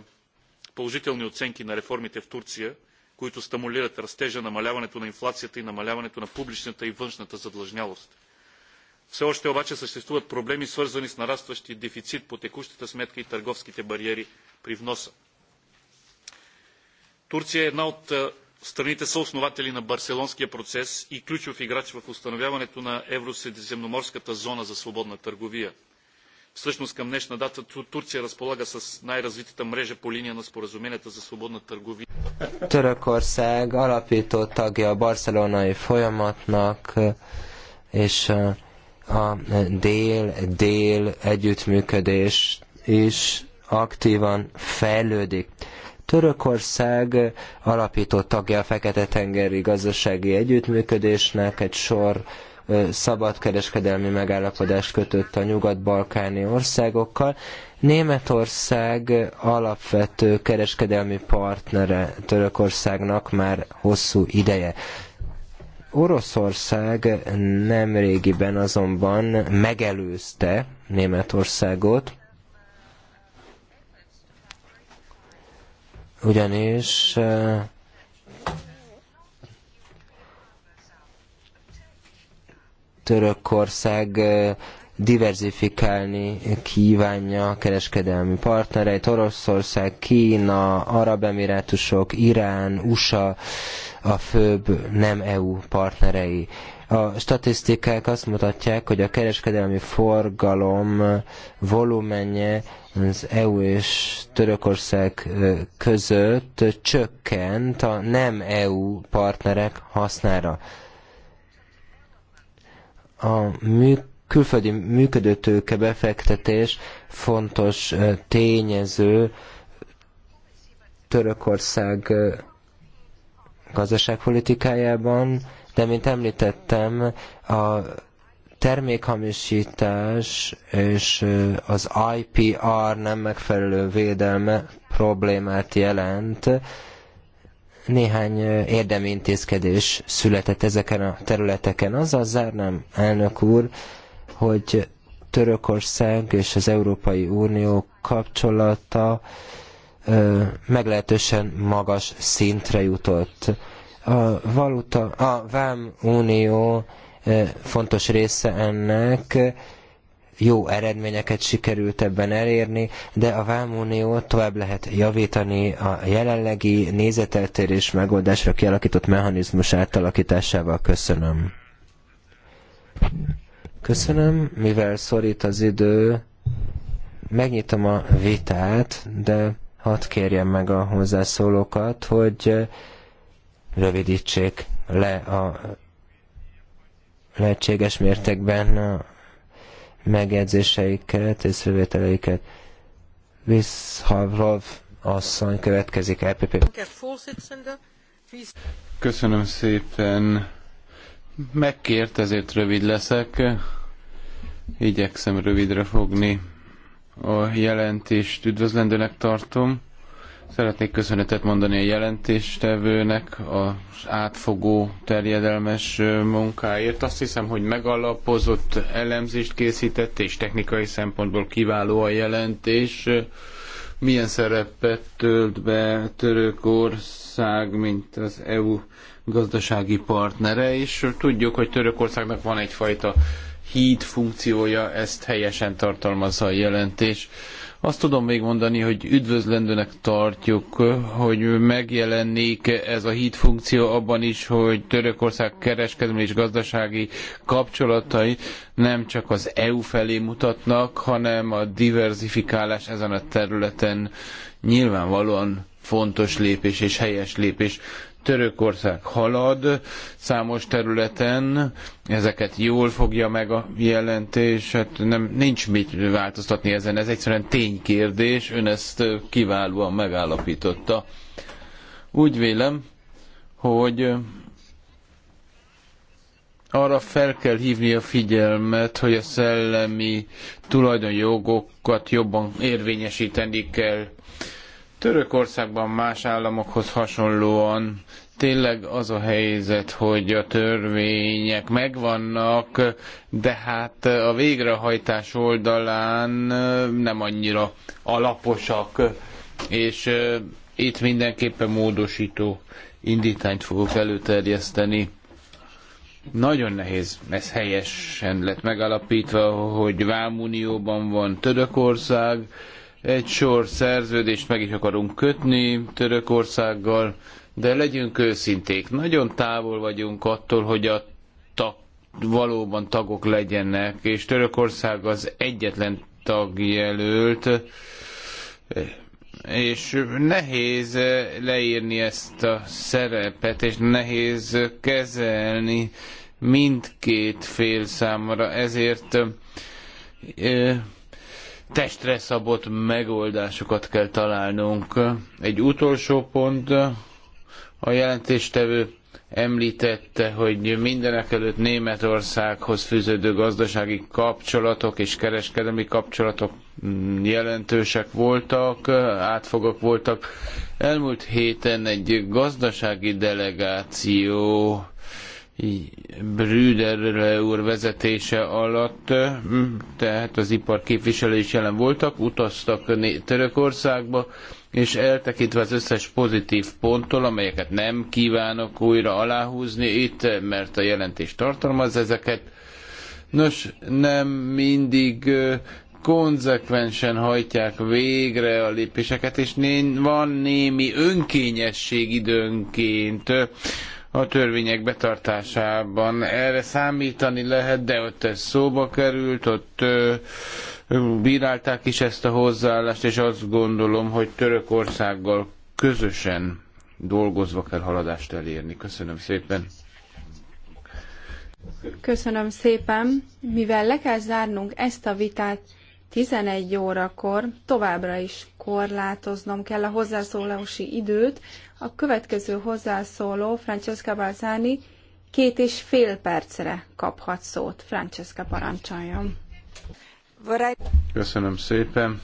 положителни оценки на реформите в Турция, които стимулират растежа, намаляването на инфлацията и намаляването на публичната и външната задлъжнялост. Все още обаче съществуват проблеми, свързани с нарастващия дефицит по текущата сметка и търговските бариери при вноса. Турция е една от страните съоснователи на Барселонския процес и ключов играч в установяването на Евросредиземноморската зона за свободна търговия. Всъщност към днешна дата Турция разполага с най-развитата мрежа по линия на споразуменията за свободна търговия. Törökország alapító tagja a barcelonai folyamatnak, és a a dél-dél együttműködés is aktívan fejlődik. Törökország alapított tagja a Fekete-tengeri gazdasági együttműködésnek, egy sor szabadkereskedelmi megállapodást kötött a nyugat-balkáni országokkal. Németország alapvető kereskedelmi partnere Törökországnak már hosszú ideje. Oroszország nemrégiben azonban megelőzte Németországot, ugyanis Törökország diverzifikálni kívánja a kereskedelmi partnereit, Oroszország, Kína, Arab Emirátusok, Irán, USA, a főbb nem EU partnerei. A statisztikák azt mutatják, hogy a kereskedelmi forgalom volumenje az EU és Törökország között csökkent a nem EU partnerek hasznára. A mű, külföldi működőtőke befektetés fontos tényező Törökország gazdaságpolitikájában, de mint említettem, a termékhamisítás és az IPR nem megfelelő védelme problémát jelent. Néhány érdemi intézkedés született ezeken a területeken. Azzal zárnám, elnök úr, hogy Törökország és az Európai Unió kapcsolata meglehetősen magas szintre jutott. A valuta, a vám unió fontos része ennek, jó eredményeket sikerült ebben elérni, de a vámuniót tovább lehet javítani a jelenlegi nézeteltérés megoldásra kialakított mechanizmus átalakításával. Köszönöm. Köszönöm, mivel szorít az idő, megnyitom a vitát, de hadd kérjem meg a hozzászólókat, hogy rövidítsék le a lehetséges mértékben a megjegyzéseiket, szövételeiket. Visszhavrov asszony következik LPP. Köszönöm szépen. Megkért, ezért rövid leszek. Igyekszem rövidre fogni a jelentést üdvözlendőnek tartom. Szeretnék köszönetet mondani a jelentéstevőnek az átfogó, terjedelmes munkáért. Azt hiszem, hogy megalapozott elemzést készített, és technikai szempontból kiváló a jelentés. Milyen szerepet tölt be Törökország, mint az EU gazdasági partnere, és tudjuk, hogy Törökországnak van egyfajta híd funkciója, ezt helyesen tartalmazza a jelentés. Azt tudom még mondani, hogy üdvözlendőnek tartjuk, hogy megjelenik ez a híd funkció abban is, hogy Törökország kereskedelmi és gazdasági kapcsolatai nem csak az EU felé mutatnak, hanem a diverzifikálás ezen a területen nyilvánvalóan fontos lépés és helyes lépés. Törökország halad számos területen, ezeket jól fogja meg a jelentés, hát nem, nincs mit változtatni ezen, ez egyszerűen ténykérdés, ön ezt kiválóan megállapította. Úgy vélem, hogy arra fel kell hívni a figyelmet, hogy a szellemi tulajdonjogokat jobban érvényesíteni kell. Törökországban más államokhoz hasonlóan tényleg az a helyzet, hogy a törvények megvannak, de hát a végrehajtás oldalán nem annyira alaposak, és itt mindenképpen módosító indítványt fogok előterjeszteni. Nagyon nehéz, ez helyesen lett megalapítva, hogy Vámunióban van Törökország, egy sor szerződést meg is akarunk kötni Törökországgal, de legyünk őszinték, nagyon távol vagyunk attól, hogy a tag, valóban tagok legyenek, és Törökország az egyetlen tagjelölt, és nehéz leírni ezt a szerepet, és nehéz kezelni mindkét fél számára, ezért testre szabott megoldásokat kell találnunk. Egy utolsó pont, a jelentéstevő említette, hogy mindenek előtt Németországhoz fűződő gazdasági kapcsolatok és kereskedelmi kapcsolatok jelentősek voltak, átfogok voltak. Elmúlt héten egy gazdasági delegáció Brüder úr vezetése alatt, hm, tehát az ipar képviselői is jelen voltak, utaztak Törökországba, és eltekintve az összes pozitív ponttól, amelyeket nem kívánok újra aláhúzni itt, mert a jelentés tartalmaz ezeket. Nos, nem mindig konzekvensen hajtják végre a lépéseket, és van némi önkényesség időnként a törvények betartásában. Erre számítani lehet, de ott ez szóba került, ott ö, bírálták is ezt a hozzáállást, és azt gondolom, hogy Törökországgal közösen dolgozva kell haladást elérni. Köszönöm szépen! Köszönöm szépen! Mivel le kell zárnunk ezt a vitát, 11 órakor továbbra is korlátoznom kell a hozzászólási időt. A következő hozzászóló, Francesca Balzani, két és fél percre kaphat szót. Francesca, parancsoljon. Köszönöm szépen.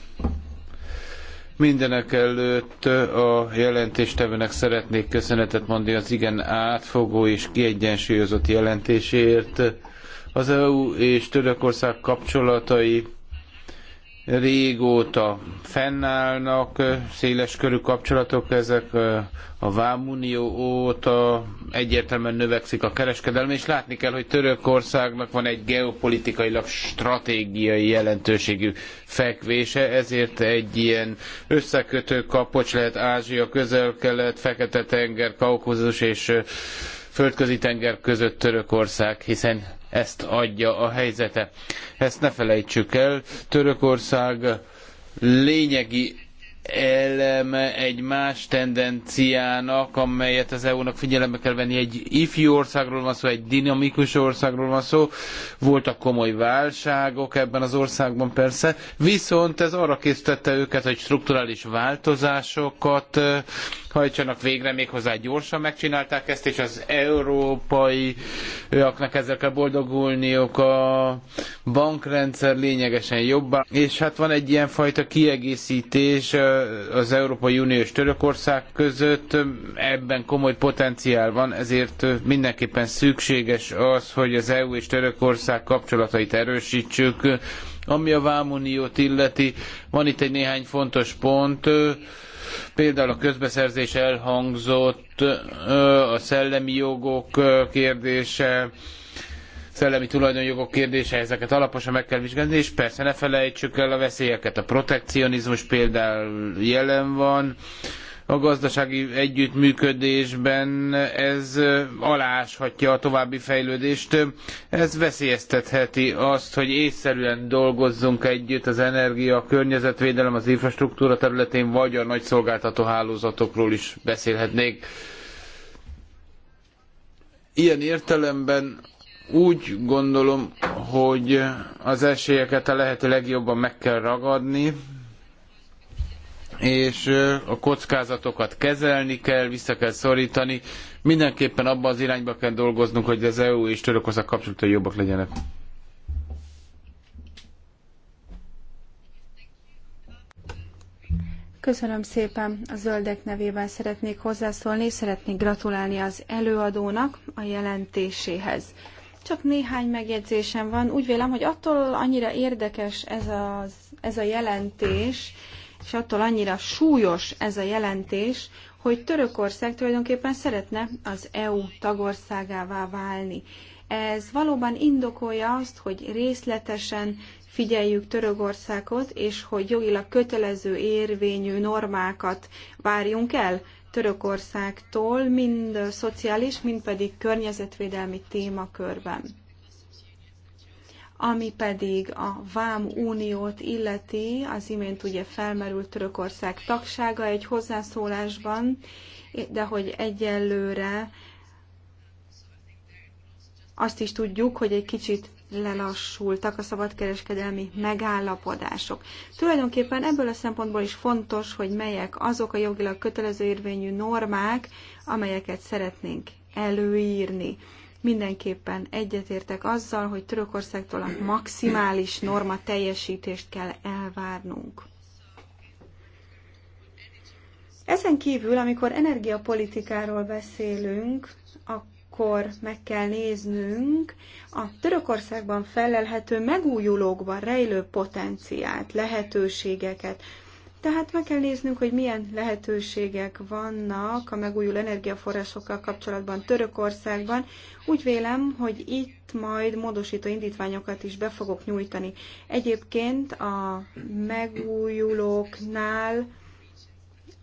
Mindenek előtt a jelentéstevőnek szeretnék köszönetet mondani az igen átfogó és kiegyensúlyozott jelentésért, Az EU és Törökország kapcsolatai régóta fennállnak, széles körű kapcsolatok ezek, a Vámunió óta egyértelműen növekszik a kereskedelem, és látni kell, hogy Törökországnak van egy geopolitikailag stratégiai jelentőségű fekvése, ezért egy ilyen összekötő kapocs lehet Ázsia, közel-kelet, Fekete-tenger, Kaukazus és földközi tenger között Törökország, hiszen ezt adja a helyzete. Ezt ne felejtsük el. Törökország lényegi eleme egy más tendenciának, amelyet az EU-nak figyelembe kell venni. Egy ifjú országról van szó, egy dinamikus országról van szó. Voltak komoly válságok ebben az országban persze, viszont ez arra késztette őket, hogy strukturális változásokat hajtsanak végre, méghozzá gyorsan megcsinálták ezt, és az európaiaknak ezzel kell boldogulniuk, a bankrendszer lényegesen jobbá, és hát van egy ilyen fajta kiegészítés, az Európai Unió és Törökország között. Ebben komoly potenciál van, ezért mindenképpen szükséges az, hogy az EU és Törökország kapcsolatait erősítsük. Ami a Vámuniót illeti, van itt egy néhány fontos pont, például a közbeszerzés elhangzott, a szellemi jogok kérdése, szellemi tulajdonjogok kérdése, ezeket alaposan meg kell vizsgálni, és persze ne felejtsük el a veszélyeket. A protekcionizmus például jelen van, a gazdasági együttműködésben ez aláshatja a további fejlődést. Ez veszélyeztetheti azt, hogy észszerűen dolgozzunk együtt az energia, a környezetvédelem, az infrastruktúra területén, vagy a nagy szolgáltató hálózatokról is beszélhetnék. Ilyen értelemben úgy gondolom, hogy az esélyeket a lehető legjobban meg kell ragadni, és a kockázatokat kezelni kell, vissza kell szorítani. Mindenképpen abban az irányba kell dolgoznunk, hogy az EU és Törökország kapcsolatai jobbak legyenek. Köszönöm szépen. A zöldek nevében szeretnék hozzászólni, szeretnék gratulálni az előadónak a jelentéséhez. Csak néhány megjegyzésem van. Úgy vélem, hogy attól annyira érdekes ez, az, ez a jelentés, és attól annyira súlyos ez a jelentés, hogy Törökország tulajdonképpen szeretne az EU tagországává válni. Ez valóban indokolja azt, hogy részletesen figyeljük Törökországot, és hogy jogilag kötelező érvényű normákat várjunk el Törökországtól, mind szociális, mind pedig környezetvédelmi témakörben. Ami pedig a Vám Uniót illeti, az imént ugye felmerült Törökország tagsága egy hozzászólásban, de hogy egyelőre azt is tudjuk, hogy egy kicsit lelassultak a szabadkereskedelmi megállapodások. Tulajdonképpen ebből a szempontból is fontos, hogy melyek azok a jogilag kötelező érvényű normák, amelyeket szeretnénk előírni. Mindenképpen egyetértek azzal, hogy Törökországtól a maximális norma teljesítést kell elvárnunk. Ezen kívül, amikor energiapolitikáról beszélünk, akkor meg kell néznünk a Törökországban felelhető megújulókban rejlő potenciált, lehetőségeket. Tehát meg kell néznünk, hogy milyen lehetőségek vannak a megújuló energiaforrásokkal kapcsolatban Törökországban. Úgy vélem, hogy itt majd módosító indítványokat is be fogok nyújtani. Egyébként a megújulóknál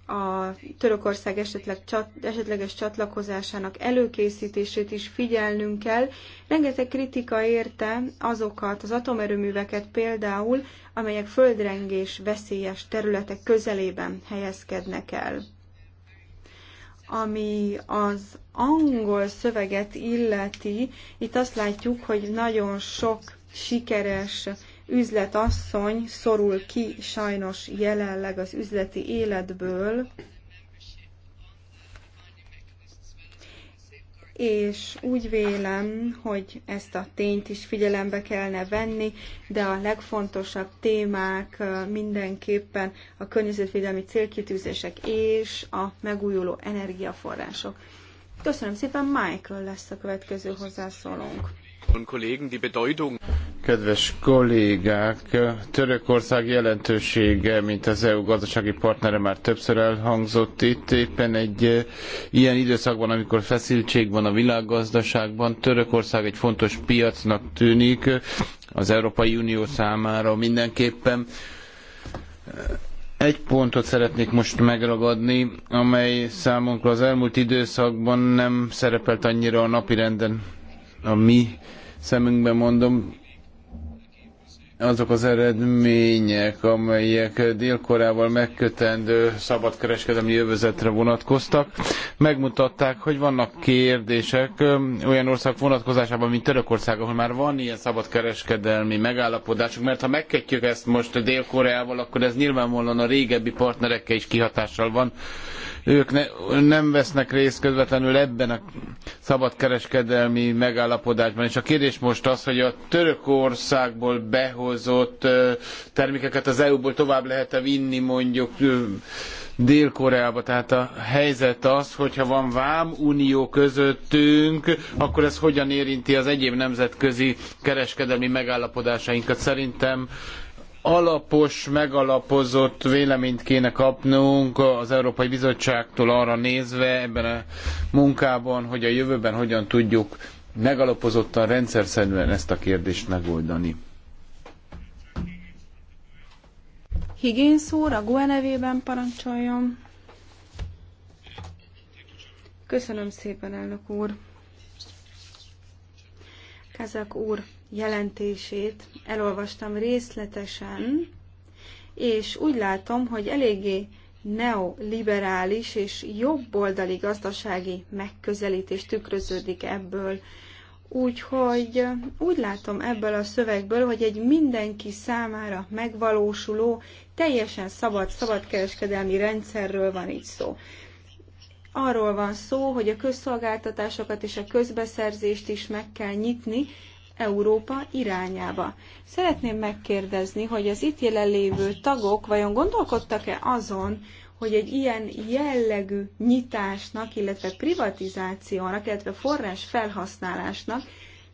a Törökország esetleg csat, esetleges csatlakozásának előkészítését is figyelnünk kell. Rengeteg kritika érte azokat az atomerőműveket például, amelyek földrengés veszélyes területek közelében helyezkednek el. Ami az angol szöveget illeti, itt azt látjuk, hogy nagyon sok sikeres üzletasszony szorul ki sajnos jelenleg az üzleti életből, és úgy vélem, hogy ezt a tényt is figyelembe kellene venni, de a legfontosabb témák mindenképpen a környezetvédelmi célkitűzések és a megújuló energiaforrások. Köszönöm szépen, Michael lesz a következő hozzászólónk. Kedves kollégák, Törökország jelentősége, mint az EU gazdasági partnere már többször elhangzott itt, éppen egy eh, ilyen időszakban, amikor feszültség van a világgazdaságban, Törökország egy fontos piacnak tűnik az Európai Unió számára mindenképpen. Egy pontot szeretnék most megragadni, amely számunkra az elmúlt időszakban nem szerepelt annyira a napirenden a mi szemünkben mondom, azok az eredmények, amelyek délkorával megkötendő szabadkereskedelmi jövezetre vonatkoztak, megmutatták, hogy vannak kérdések olyan ország vonatkozásában, mint Törökország, ahol már van ilyen szabadkereskedelmi megállapodásuk, mert ha megkötjük ezt most a Dél-Koreával, akkor ez nyilvánvalóan a régebbi partnerekkel is kihatással van ők ne, nem vesznek részt közvetlenül ebben a szabadkereskedelmi megállapodásban. És a kérdés most az, hogy a Törökországból behozott termékeket az EU-ból tovább lehet-e vinni mondjuk Dél-Koreába. Tehát a helyzet az, hogyha van vám unió közöttünk, akkor ez hogyan érinti az egyéb nemzetközi kereskedelmi megállapodásainkat. Szerintem alapos, megalapozott véleményt kéne kapnunk az Európai Bizottságtól arra nézve ebben a munkában, hogy a jövőben hogyan tudjuk megalapozottan, rendszerszerűen ezt a kérdést megoldani. Higgins úr, a GUE nevében parancsoljon. Köszönöm szépen, elnök úr. Kezek úr, jelentését elolvastam részletesen, és úgy látom, hogy eléggé neoliberális és jobboldali gazdasági megközelítés tükröződik ebből. Úgyhogy úgy látom ebből a szövegből, hogy egy mindenki számára megvalósuló, teljesen szabad, szabadkereskedelmi rendszerről van itt szó. Arról van szó, hogy a közszolgáltatásokat és a közbeszerzést is meg kell nyitni, Európa irányába. Szeretném megkérdezni, hogy az itt jelenlévő tagok vajon gondolkodtak-e azon, hogy egy ilyen jellegű nyitásnak, illetve privatizációnak, illetve forrás felhasználásnak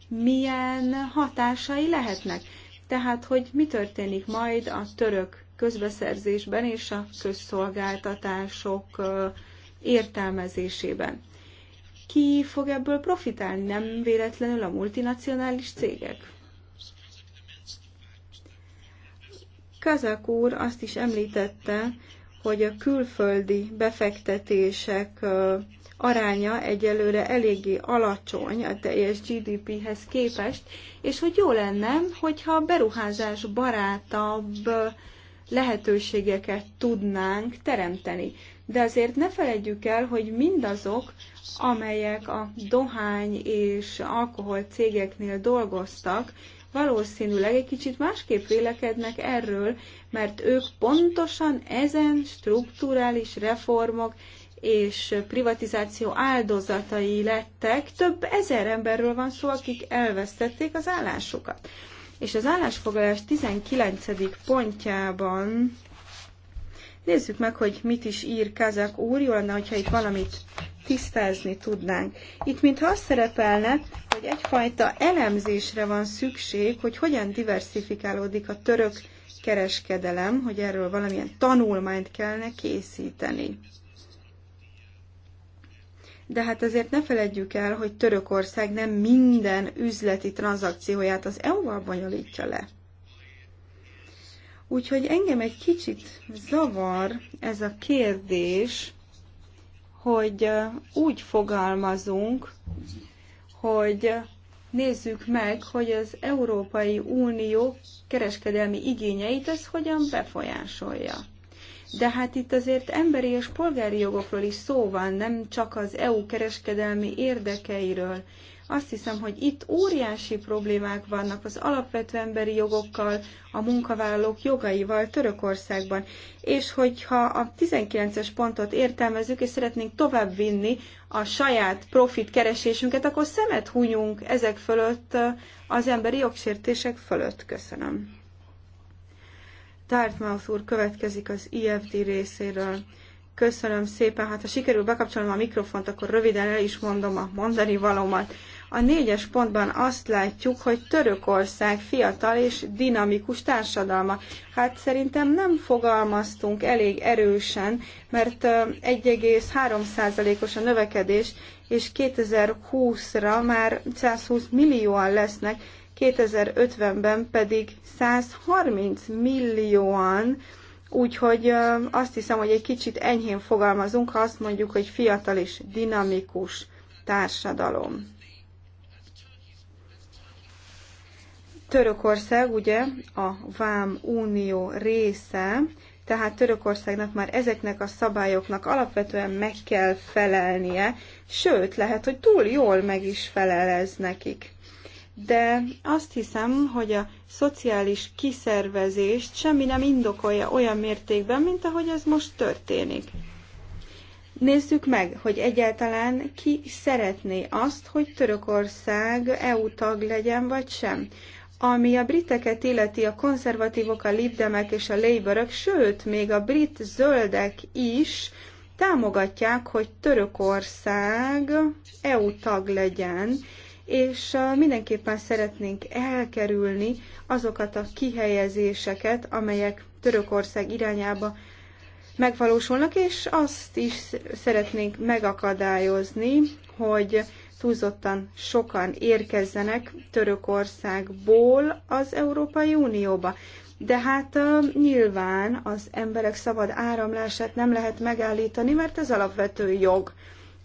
milyen hatásai lehetnek. Tehát, hogy mi történik majd a török közbeszerzésben és a közszolgáltatások értelmezésében. Ki fog ebből profitálni? Nem véletlenül a multinacionális cégek? Kazak úr azt is említette, hogy a külföldi befektetések aránya egyelőre eléggé alacsony a teljes GDP-hez képest, és hogy jó lenne, hogyha beruházás barátabb lehetőségeket tudnánk teremteni de azért ne feledjük el, hogy mindazok, amelyek a dohány és alkohol cégeknél dolgoztak, valószínűleg egy kicsit másképp vélekednek erről, mert ők pontosan ezen strukturális reformok és privatizáció áldozatai lettek. Több ezer emberről van szó, akik elvesztették az állásukat. És az állásfoglalás 19. pontjában Nézzük meg, hogy mit is ír Kazak úr, jó lenne, hogyha itt valamit tisztázni tudnánk. Itt mintha azt szerepelne, hogy egyfajta elemzésre van szükség, hogy hogyan diversifikálódik a török kereskedelem, hogy erről valamilyen tanulmányt kellene készíteni. De hát azért ne feledjük el, hogy Törökország nem minden üzleti tranzakcióját az EU-val bonyolítja le. Úgyhogy engem egy kicsit zavar ez a kérdés, hogy úgy fogalmazunk, hogy nézzük meg, hogy az Európai Unió kereskedelmi igényeit ez hogyan befolyásolja. De hát itt azért emberi és polgári jogokról is szó van, nem csak az EU kereskedelmi érdekeiről. Azt hiszem, hogy itt óriási problémák vannak az alapvető emberi jogokkal, a munkavállalók jogaival Törökországban. És hogyha a 19-es pontot értelmezzük, és szeretnénk tovább vinni a saját profit keresésünket, akkor szemet hunyunk ezek fölött, az emberi jogsértések fölött. Köszönöm. Dartmouth úr következik az IFD részéről. Köszönöm szépen, hát ha sikerül bekapcsolnom a mikrofont, akkor röviden el is mondom a mondani valómat. A négyes pontban azt látjuk, hogy Törökország fiatal és dinamikus társadalma. Hát szerintem nem fogalmaztunk elég erősen, mert 1,3%-os a növekedés, és 2020-ra már 120 millióan lesznek, 2050-ben pedig 130 millióan, úgyhogy azt hiszem, hogy egy kicsit enyhén fogalmazunk, ha azt mondjuk, hogy fiatal és dinamikus társadalom. Törökország ugye a Vám Unió része, tehát Törökországnak már ezeknek a szabályoknak alapvetően meg kell felelnie, sőt, lehet, hogy túl jól meg is felel ez nekik. De azt hiszem, hogy a szociális kiszervezést semmi nem indokolja olyan mértékben, mint ahogy ez most történik. Nézzük meg, hogy egyáltalán ki szeretné azt, hogy Törökország EU tag legyen vagy sem. Ami a briteket illeti, a konzervatívok, a libdemek és a labourök, sőt, még a brit zöldek is támogatják, hogy Törökország EU tag legyen, és mindenképpen szeretnénk elkerülni azokat a kihelyezéseket, amelyek Törökország irányába megvalósulnak, és azt is szeretnénk megakadályozni, hogy túlzottan sokan érkezzenek Törökországból az Európai Unióba. De hát nyilván az emberek szabad áramlását nem lehet megállítani, mert ez alapvető jog.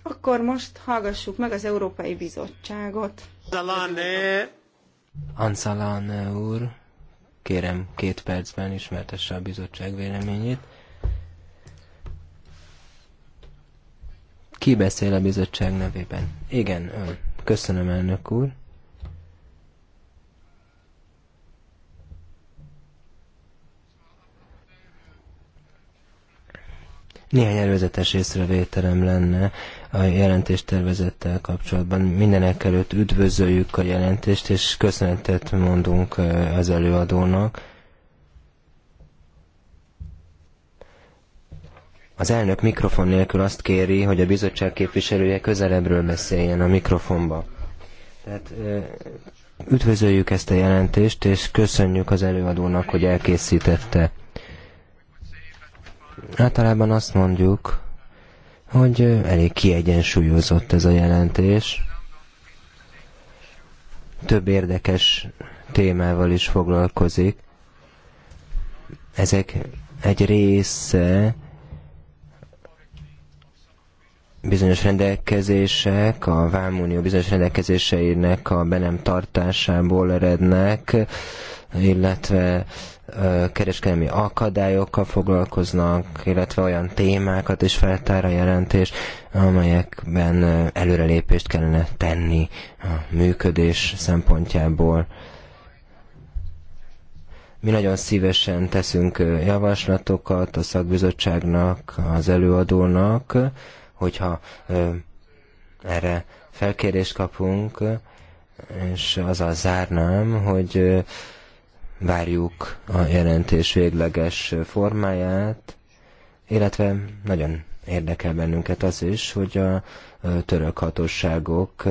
Akkor most hallgassuk meg az Európai Bizottságot. Zalane. Anzalane úr, kérem két percben ismertesse a bizottság véleményét. Ki beszél a bizottság nevében? Igen, ön. Köszönöm, elnök úr. Néhány előzetes észrevételem lenne a jelentéstervezettel kapcsolatban. Mindenek előtt üdvözöljük a jelentést, és köszönetet mondunk az előadónak. Az elnök mikrofon nélkül azt kéri, hogy a bizottság képviselője közelebbről beszéljen a mikrofonba. Tehát üdvözöljük ezt a jelentést, és köszönjük az előadónak, hogy elkészítette. Általában azt mondjuk, hogy elég kiegyensúlyozott ez a jelentés. Több érdekes témával is foglalkozik. Ezek egy része bizonyos rendelkezések, a Vámunió bizonyos rendelkezéseinek a be nem tartásából erednek, illetve kereskedelmi akadályokkal foglalkoznak, illetve olyan témákat is feltár a jelentés, amelyekben előrelépést kellene tenni a működés szempontjából. Mi nagyon szívesen teszünk javaslatokat a szakbizottságnak, az előadónak, hogyha erre felkérést kapunk, és azzal zárnám, hogy várjuk a jelentés végleges formáját, illetve nagyon érdekel bennünket az is, hogy a török hatóságok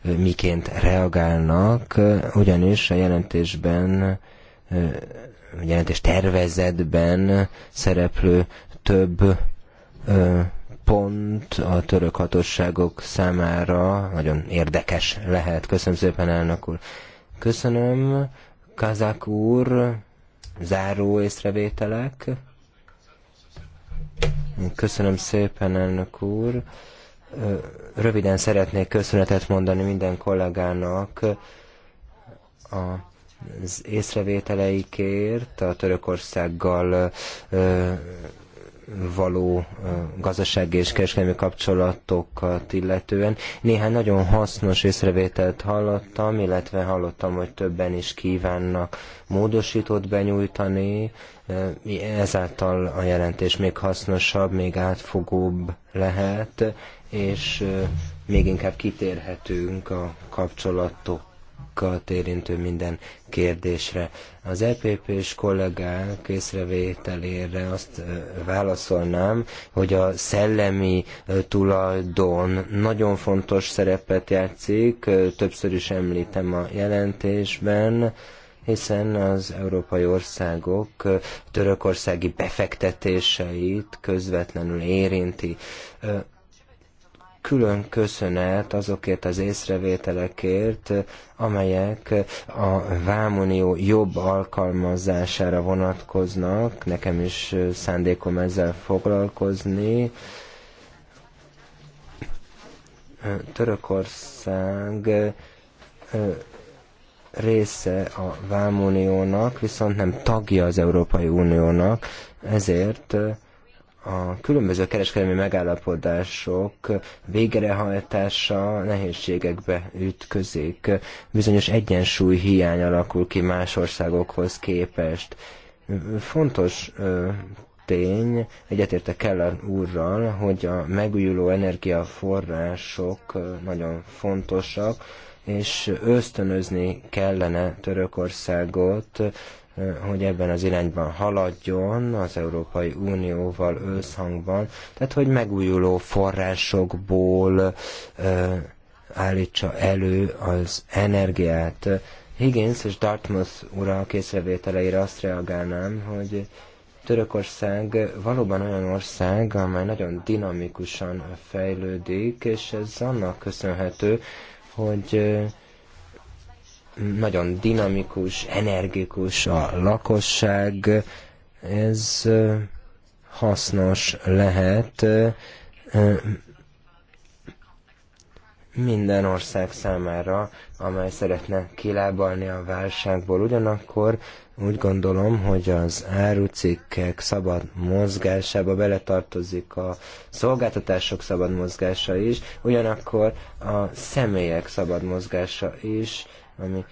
miként reagálnak, ugyanis a jelentésben, a jelentés tervezetben szereplő több pont a török hatóságok számára nagyon érdekes lehet. Köszönöm szépen, elnök úr. Köszönöm, Kazak úr, záró észrevételek. Köszönöm szépen, elnök úr. Röviden szeretnék köszönetet mondani minden kollégának az észrevételeikért, a Törökországgal való gazdasági és kereskedelmi kapcsolatokat illetően. Néhány nagyon hasznos észrevételt hallottam, illetve hallottam, hogy többen is kívánnak módosított benyújtani, ezáltal a jelentés még hasznosabb, még átfogóbb lehet, és még inkább kitérhetünk a kapcsolatok kollégákat érintő minden kérdésre. Az EPP-s kollégák észrevételére azt válaszolnám, hogy a szellemi tulajdon nagyon fontos szerepet játszik, többször is említem a jelentésben, hiszen az európai országok törökországi befektetéseit közvetlenül érinti külön köszönet azokért az észrevételekért, amelyek a Vámunió jobb alkalmazására vonatkoznak. Nekem is szándékom ezzel foglalkozni. Törökország része a Vámuniónak, viszont nem tagja az Európai Uniónak, ezért a különböző kereskedelmi megállapodások végrehajtása nehézségekbe ütközik. Bizonyos egyensúly hiány alakul ki más országokhoz képest. Fontos tény, egyetértek Keller úrral, hogy a megújuló energiaforrások nagyon fontosak, és ösztönözni kellene Törökországot, hogy ebben az irányban haladjon az Európai Unióval összhangban, tehát hogy megújuló forrásokból állítsa elő az energiát. Higgins és Dartmouth ura készrevételeire azt reagálnám, hogy Törökország valóban olyan ország, amely nagyon dinamikusan fejlődik, és ez annak köszönhető, hogy nagyon dinamikus, energikus a lakosság, ez hasznos lehet minden ország számára, amely szeretne kilábalni a válságból. Ugyanakkor úgy gondolom, hogy az árucikkek szabad mozgásába beletartozik a szolgáltatások szabad mozgása is, ugyanakkor a személyek szabad mozgása is, ami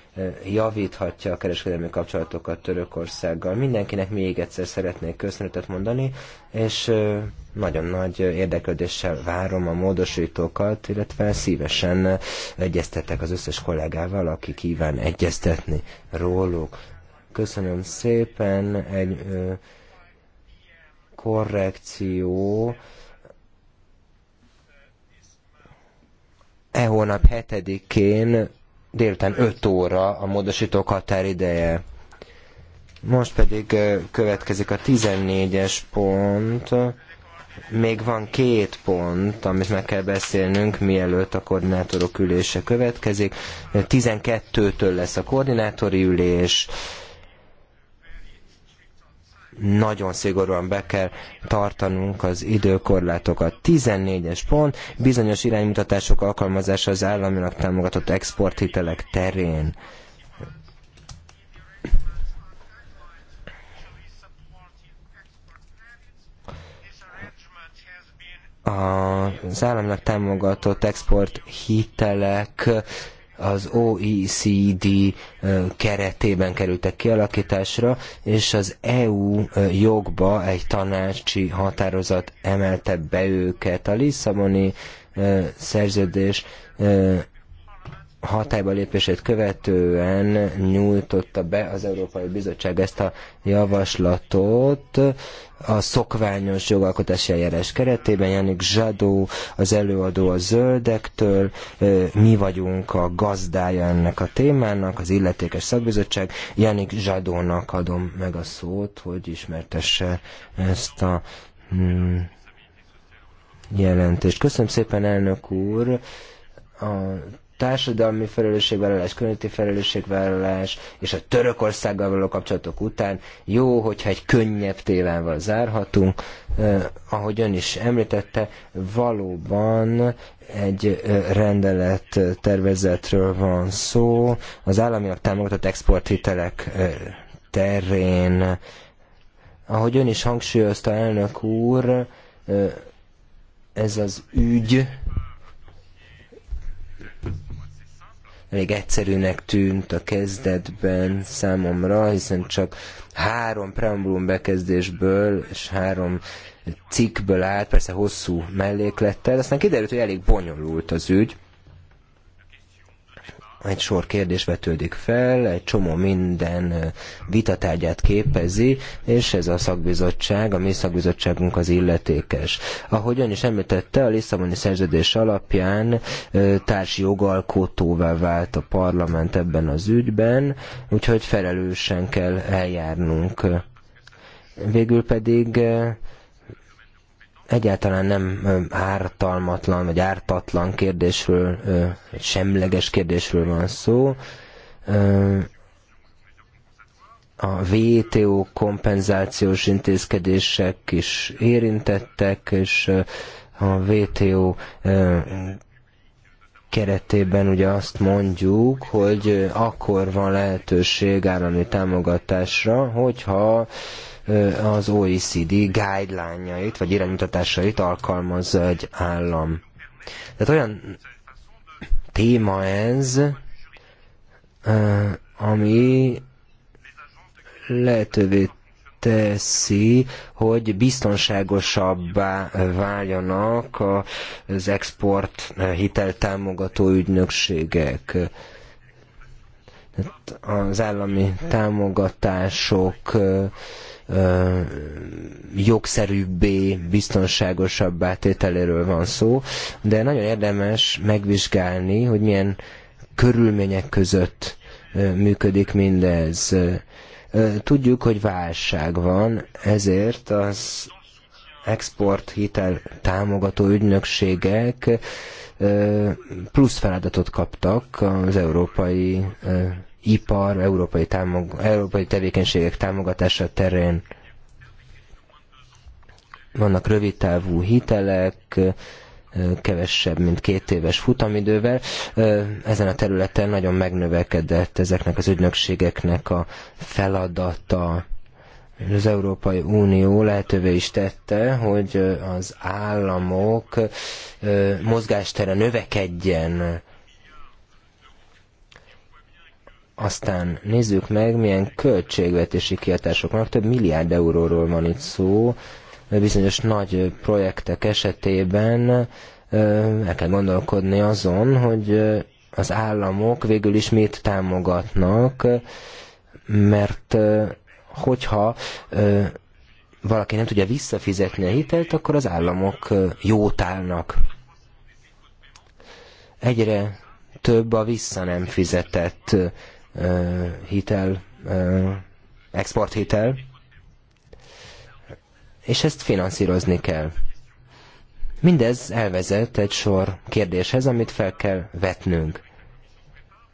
javíthatja a kereskedelmi kapcsolatokat Törökországgal. Mindenkinek még egyszer szeretnék köszönetet mondani, és nagyon nagy érdeklődéssel várom a módosítókat, illetve szívesen egyeztetek az összes kollégával, aki kíván egyeztetni róluk. Köszönöm szépen, egy ö, korrekció. E hónap 7-én délután 5 óra a módosítók határideje. Most pedig következik a 14-es pont. Még van két pont, amit meg kell beszélnünk, mielőtt a koordinátorok ülése következik. 12-től lesz a koordinátori ülés, nagyon szigorúan be kell tartanunk az időkorlátokat. 14-es pont, bizonyos iránymutatások alkalmazása az államilag támogatott exporthitelek terén. Az államilag támogatott exporthitelek az OECD keretében kerültek kialakításra, és az EU jogba egy tanácsi határozat emelte be őket. A Lisszaboni szerződés hatályba lépését követően nyújtotta be az Európai Bizottság ezt a javaslatot a szokványos jogalkotási eljárás keretében. Janik Zsadó, az előadó a zöldektől, mi vagyunk a gazdája ennek a témának, az illetékes szakbizottság. Janik Zsadónak adom meg a szót, hogy ismertesse ezt a mm, jelentést. Köszönöm szépen, elnök úr! a társadalmi felelősségvállalás, környezeti felelősségvállalás és a Törökországgal való kapcsolatok után jó, hogyha egy könnyebb tévával zárhatunk. Eh, ahogy ön is említette, valóban egy rendelet tervezetről van szó. Az államiak támogatott exporthitelek terén, ahogy ön is hangsúlyozta, elnök úr, ez az ügy elég egyszerűnek tűnt a kezdetben számomra, hiszen csak három preambulum bekezdésből és három cikkből állt, persze hosszú melléklettel, aztán kiderült, hogy elég bonyolult az ügy, egy sor kérdés vetődik fel, egy csomó minden vitatárgyát képezi, és ez a szakbizottság, a mi szakbizottságunk az illetékes. Ahogy ön is említette, a Lisszaboni szerződés alapján társi jogalkotóvá vált a parlament ebben az ügyben, úgyhogy felelősen kell eljárnunk. Végül pedig egyáltalán nem ártalmatlan vagy ártatlan kérdésről, semleges kérdésről van szó. A VTO kompenzációs intézkedések is érintettek, és a VTO keretében ugye azt mondjuk, hogy akkor van lehetőség állami támogatásra, hogyha az OECD guideline-jait vagy iránymutatásait alkalmazza egy állam. Tehát olyan téma ez, ami lehetővé teszi, hogy biztonságosabbá váljanak az export hiteltámogató ügynökségek. Az állami támogatások jogszerűbbé, biztonságosabbá tételéről van szó, de nagyon érdemes megvizsgálni, hogy milyen körülmények között működik mindez. Tudjuk, hogy válság van, ezért az export hitel támogató ügynökségek plusz feladatot kaptak az európai ipar, európai, támog, európai tevékenységek támogatása terén. Vannak rövidtávú hitelek, kevesebb, mint két éves futamidővel. Ezen a területen nagyon megnövekedett ezeknek az ügynökségeknek a feladata. Az Európai Unió lehetővé is tette, hogy az államok mozgástere növekedjen Aztán nézzük meg, milyen költségvetési kiadások vannak. Több milliárd euróról van itt szó. Bizonyos nagy projektek esetében el kell gondolkodni azon, hogy az államok végül is mit támogatnak, mert hogyha valaki nem tudja visszafizetni a hitelt, akkor az államok jót állnak. Egyre több a vissza nem fizetett hitel, exporthitel, és ezt finanszírozni kell. Mindez elvezet egy sor kérdéshez, amit fel kell vetnünk.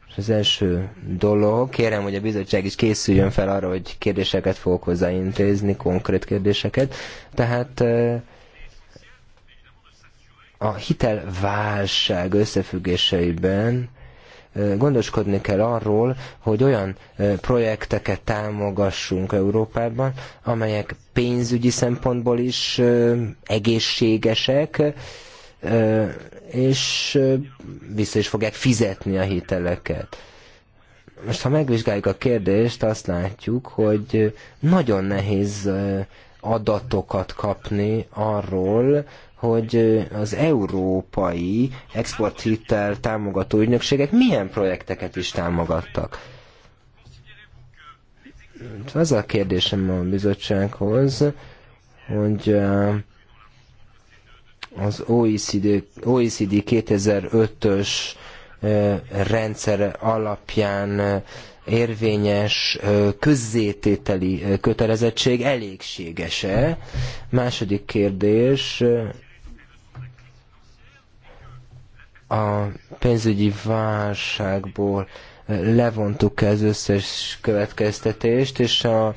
És az első dolog, kérem, hogy a bizottság is készüljön fel arra, hogy kérdéseket fogok hozzáintézni, konkrét kérdéseket. Tehát a hitelválság összefüggéseiben Gondoskodni kell arról, hogy olyan projekteket támogassunk Európában, amelyek pénzügyi szempontból is egészségesek, és vissza is fogják fizetni a hiteleket. Most, ha megvizsgáljuk a kérdést, azt látjuk, hogy nagyon nehéz adatokat kapni arról, hogy az európai exporthitel támogató ügynökségek milyen projekteket is támogattak. Az a kérdésem a bizottsághoz, hogy az OECD, OECD 2005-ös rendszer alapján érvényes közzétételi kötelezettség elégséges-e? Második kérdés, a pénzügyi válságból levontuk az összes következtetést, és a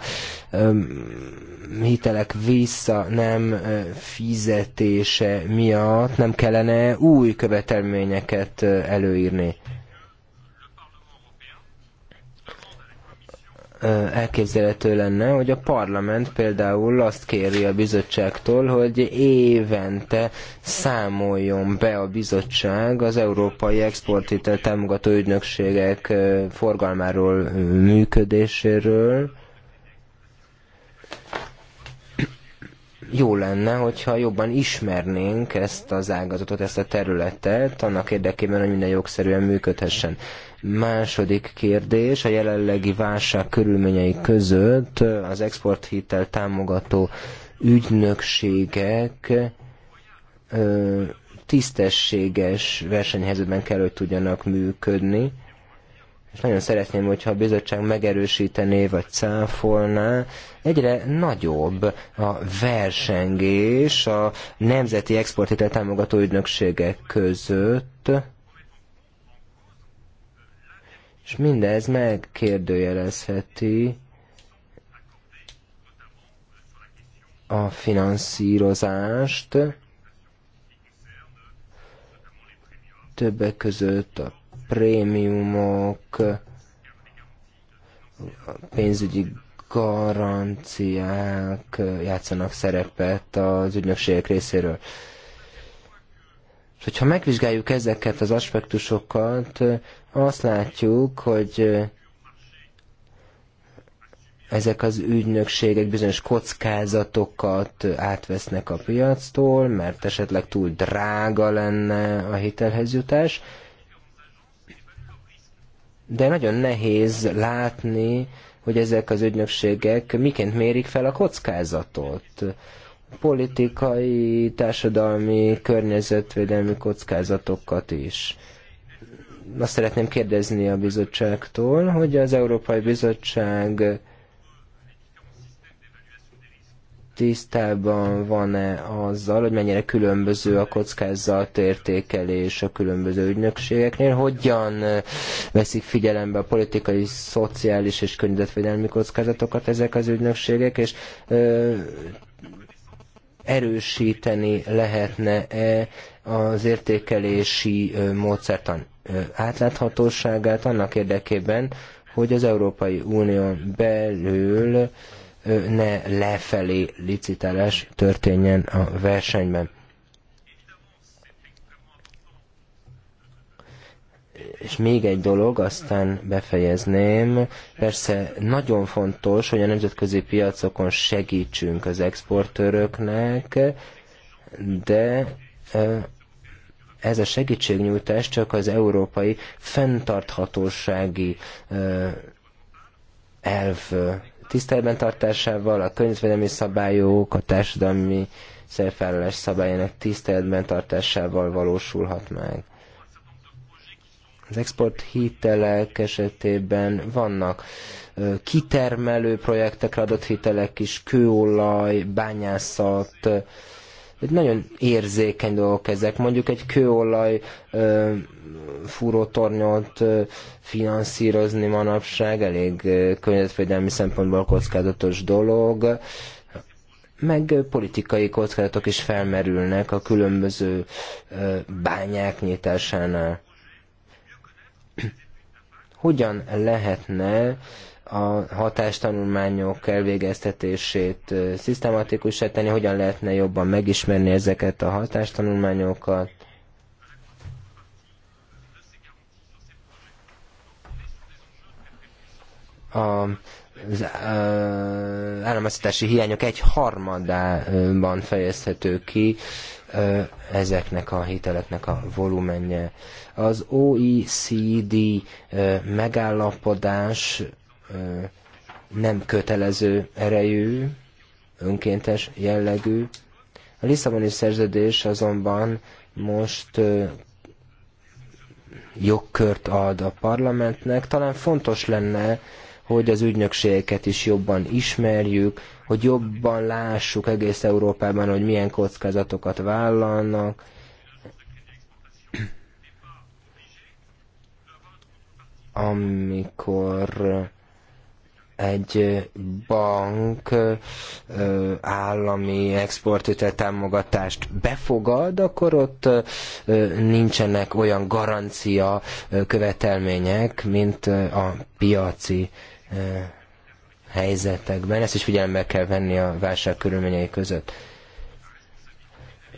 hitelek vissza nem fizetése miatt nem kellene új követelményeket előírni. elképzelhető lenne, hogy a parlament például azt kéri a bizottságtól, hogy évente számoljon be a bizottság az Európai Exportitel Támogató Ügynökségek forgalmáról, működéséről. Jó lenne, hogyha jobban ismernénk ezt az ágazatot, ezt a területet, annak érdekében, hogy minden jogszerűen működhessen. Második kérdés, a jelenlegi válság körülményei között az exporthitel támogató ügynökségek tisztességes versenyhelyzetben kell, hogy tudjanak működni. És nagyon szeretném, hogyha a bizottság megerősítené, vagy cáfolná, egyre nagyobb a versengés a nemzeti exporthitel támogató ügynökségek között, és mindez megkérdőjelezheti a finanszírozást, többek között a prémiumok, a pénzügyi garanciák játszanak szerepet az ügynökségek részéről. És hogyha megvizsgáljuk ezeket az aspektusokat, azt látjuk, hogy ezek az ügynökségek bizonyos kockázatokat átvesznek a piactól, mert esetleg túl drága lenne a hitelhez jutás, de nagyon nehéz látni, hogy ezek az ügynökségek miként mérik fel a kockázatot politikai, társadalmi, környezetvédelmi kockázatokat is. Azt szeretném kérdezni a bizottságtól, hogy az Európai Bizottság tisztában van-e azzal, hogy mennyire különböző a kockázat értékelés a különböző ügynökségeknél, hogyan veszik figyelembe a politikai, szociális és környezetvédelmi kockázatokat ezek az ügynökségek, és ö, erősíteni lehetne-e az értékelési módszertan átláthatóságát annak érdekében, hogy az Európai Unión belül ne lefelé licitálás történjen a versenyben. És még egy dolog, aztán befejezném. Persze nagyon fontos, hogy a nemzetközi piacokon segítsünk az exportőröknek, de ez a segítségnyújtás csak az európai fenntarthatósági elv tiszteletben tartásával, a környezetvédelmi szabályok, a társadalmi szerfállalás szabályának tiszteletben tartásával valósulhat meg. Az export hitelek esetében vannak kitermelő projektekre adott hitelek is, kőolaj, bányászat, nagyon érzékeny dolgok ezek. Mondjuk egy kőolaj fúrótornyot finanszírozni manapság elég környezetvédelmi szempontból kockázatos dolog, meg politikai kockázatok is felmerülnek a különböző bányák nyitásánál hogyan lehetne a hatástanulmányok elvégeztetését szisztematikusra tenni, hogyan lehetne jobban megismerni ezeket a hatástanulmányokat. A, az államháztatási hiányok egy harmadában fejezhető ki ezeknek a hiteleknek a volumenje. Az OECD megállapodás nem kötelező erejű, önkéntes jellegű. A Lisszaboni szerződés azonban most jogkört ad a parlamentnek. Talán fontos lenne, hogy az ügynökségeket is jobban ismerjük, hogy jobban lássuk egész Európában, hogy milyen kockázatokat vállalnak, amikor egy bank állami exportütet támogatást befogad, akkor ott nincsenek olyan garancia követelmények, mint a piaci helyzetekben. Ezt is figyelembe kell venni a válság körülményei között.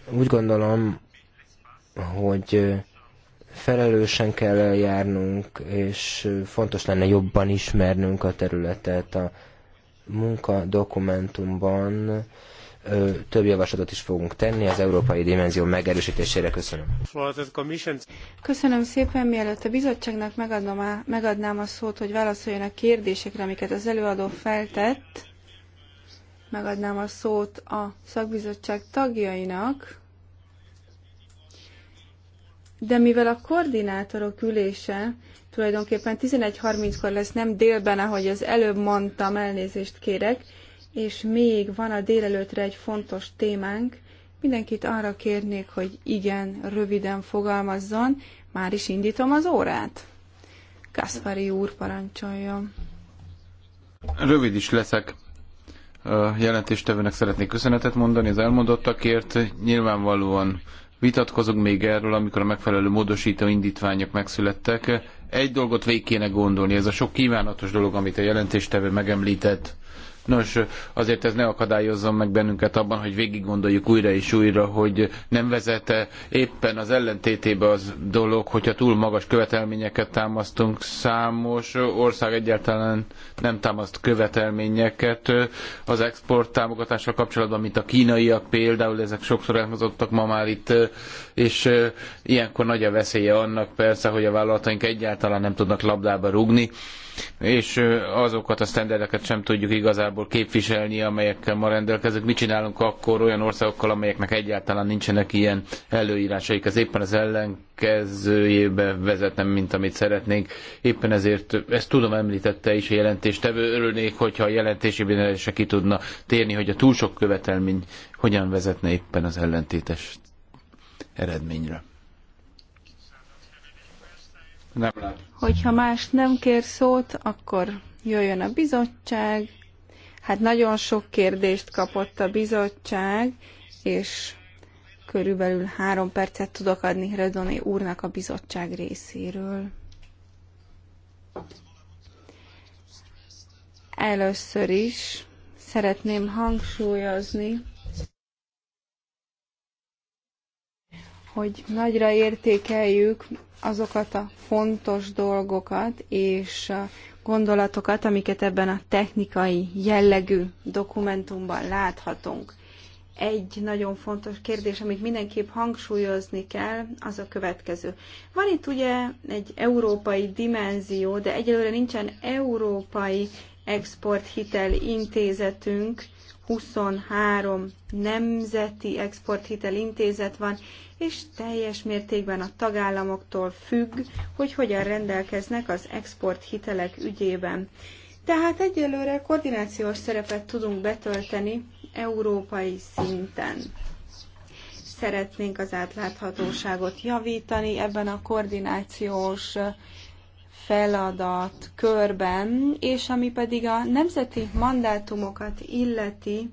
Úgy gondolom, hogy felelősen kell eljárnunk, és fontos lenne jobban ismernünk a területet. A munkadokumentumban több javaslatot is fogunk tenni az európai dimenzió megerősítésére. Köszönöm. Köszönöm szépen, mielőtt a bizottságnak megadnám, a, megadnám a szót, hogy válaszoljon a kérdésekre, amiket az előadó feltett. Megadnám a szót a szakbizottság tagjainak. De mivel a koordinátorok ülése tulajdonképpen 11.30-kor lesz, nem délben, ahogy az előbb mondtam, elnézést kérek, és még van a délelőtre egy fontos témánk. Mindenkit arra kérnék, hogy igen, röviden fogalmazzon. Már is indítom az órát. Kaspari úr parancsoljon. Rövid is leszek. A jelentéstevőnek szeretnék köszönetet mondani az elmondottakért. Nyilvánvalóan vitatkozunk még erről, amikor a megfelelő módosító indítványok megszülettek. Egy dolgot végig kéne gondolni, ez a sok kívánatos dolog, amit a jelentéstevő megemlített Nos, azért ez ne akadályozzon meg bennünket abban, hogy végig gondoljuk újra és újra, hogy nem vezete éppen az ellentétébe az dolog, hogyha túl magas követelményeket támasztunk. Számos ország egyáltalán nem támaszt követelményeket az export támogatással kapcsolatban, mint a kínaiak például, ezek sokszor elhozottak ma már itt, és ilyenkor nagy a veszélye annak persze, hogy a vállalataink egyáltalán nem tudnak labdába rugni, és azokat a sztenderdeket sem tudjuk igazából képviselni, amelyekkel ma rendelkezünk. Mit csinálunk akkor olyan országokkal, amelyeknek egyáltalán nincsenek ilyen előírásaik? Ez éppen az ellenkezőjébe vezetem, mint amit szeretnénk. Éppen ezért, ezt tudom említette is a jelentéstevő, örülnék, hogyha a jelentésében se ki tudna térni, hogy a túl sok követelmény hogyan vezetne éppen az ellentétes eredményre. Nem lát. Hogyha más nem kér szót, akkor jöjjön a bizottság. Hát nagyon sok kérdést kapott a bizottság, és körülbelül három percet tudok adni Redoni úrnak a bizottság részéről. Először is szeretném hangsúlyozni, hogy nagyra értékeljük azokat a fontos dolgokat és gondolatokat, amiket ebben a technikai jellegű dokumentumban láthatunk. Egy nagyon fontos kérdés, amit mindenképp hangsúlyozni kell, az a következő. Van itt ugye egy európai dimenzió, de egyelőre nincsen európai exporthitel intézetünk, 23 nemzeti exporthitel intézet van, és teljes mértékben a tagállamoktól függ, hogy hogyan rendelkeznek az exporthitelek ügyében. Tehát egyelőre koordinációs szerepet tudunk betölteni európai szinten. Szeretnénk az átláthatóságot javítani ebben a koordinációs feladat körben, és ami pedig a nemzeti mandátumokat illeti,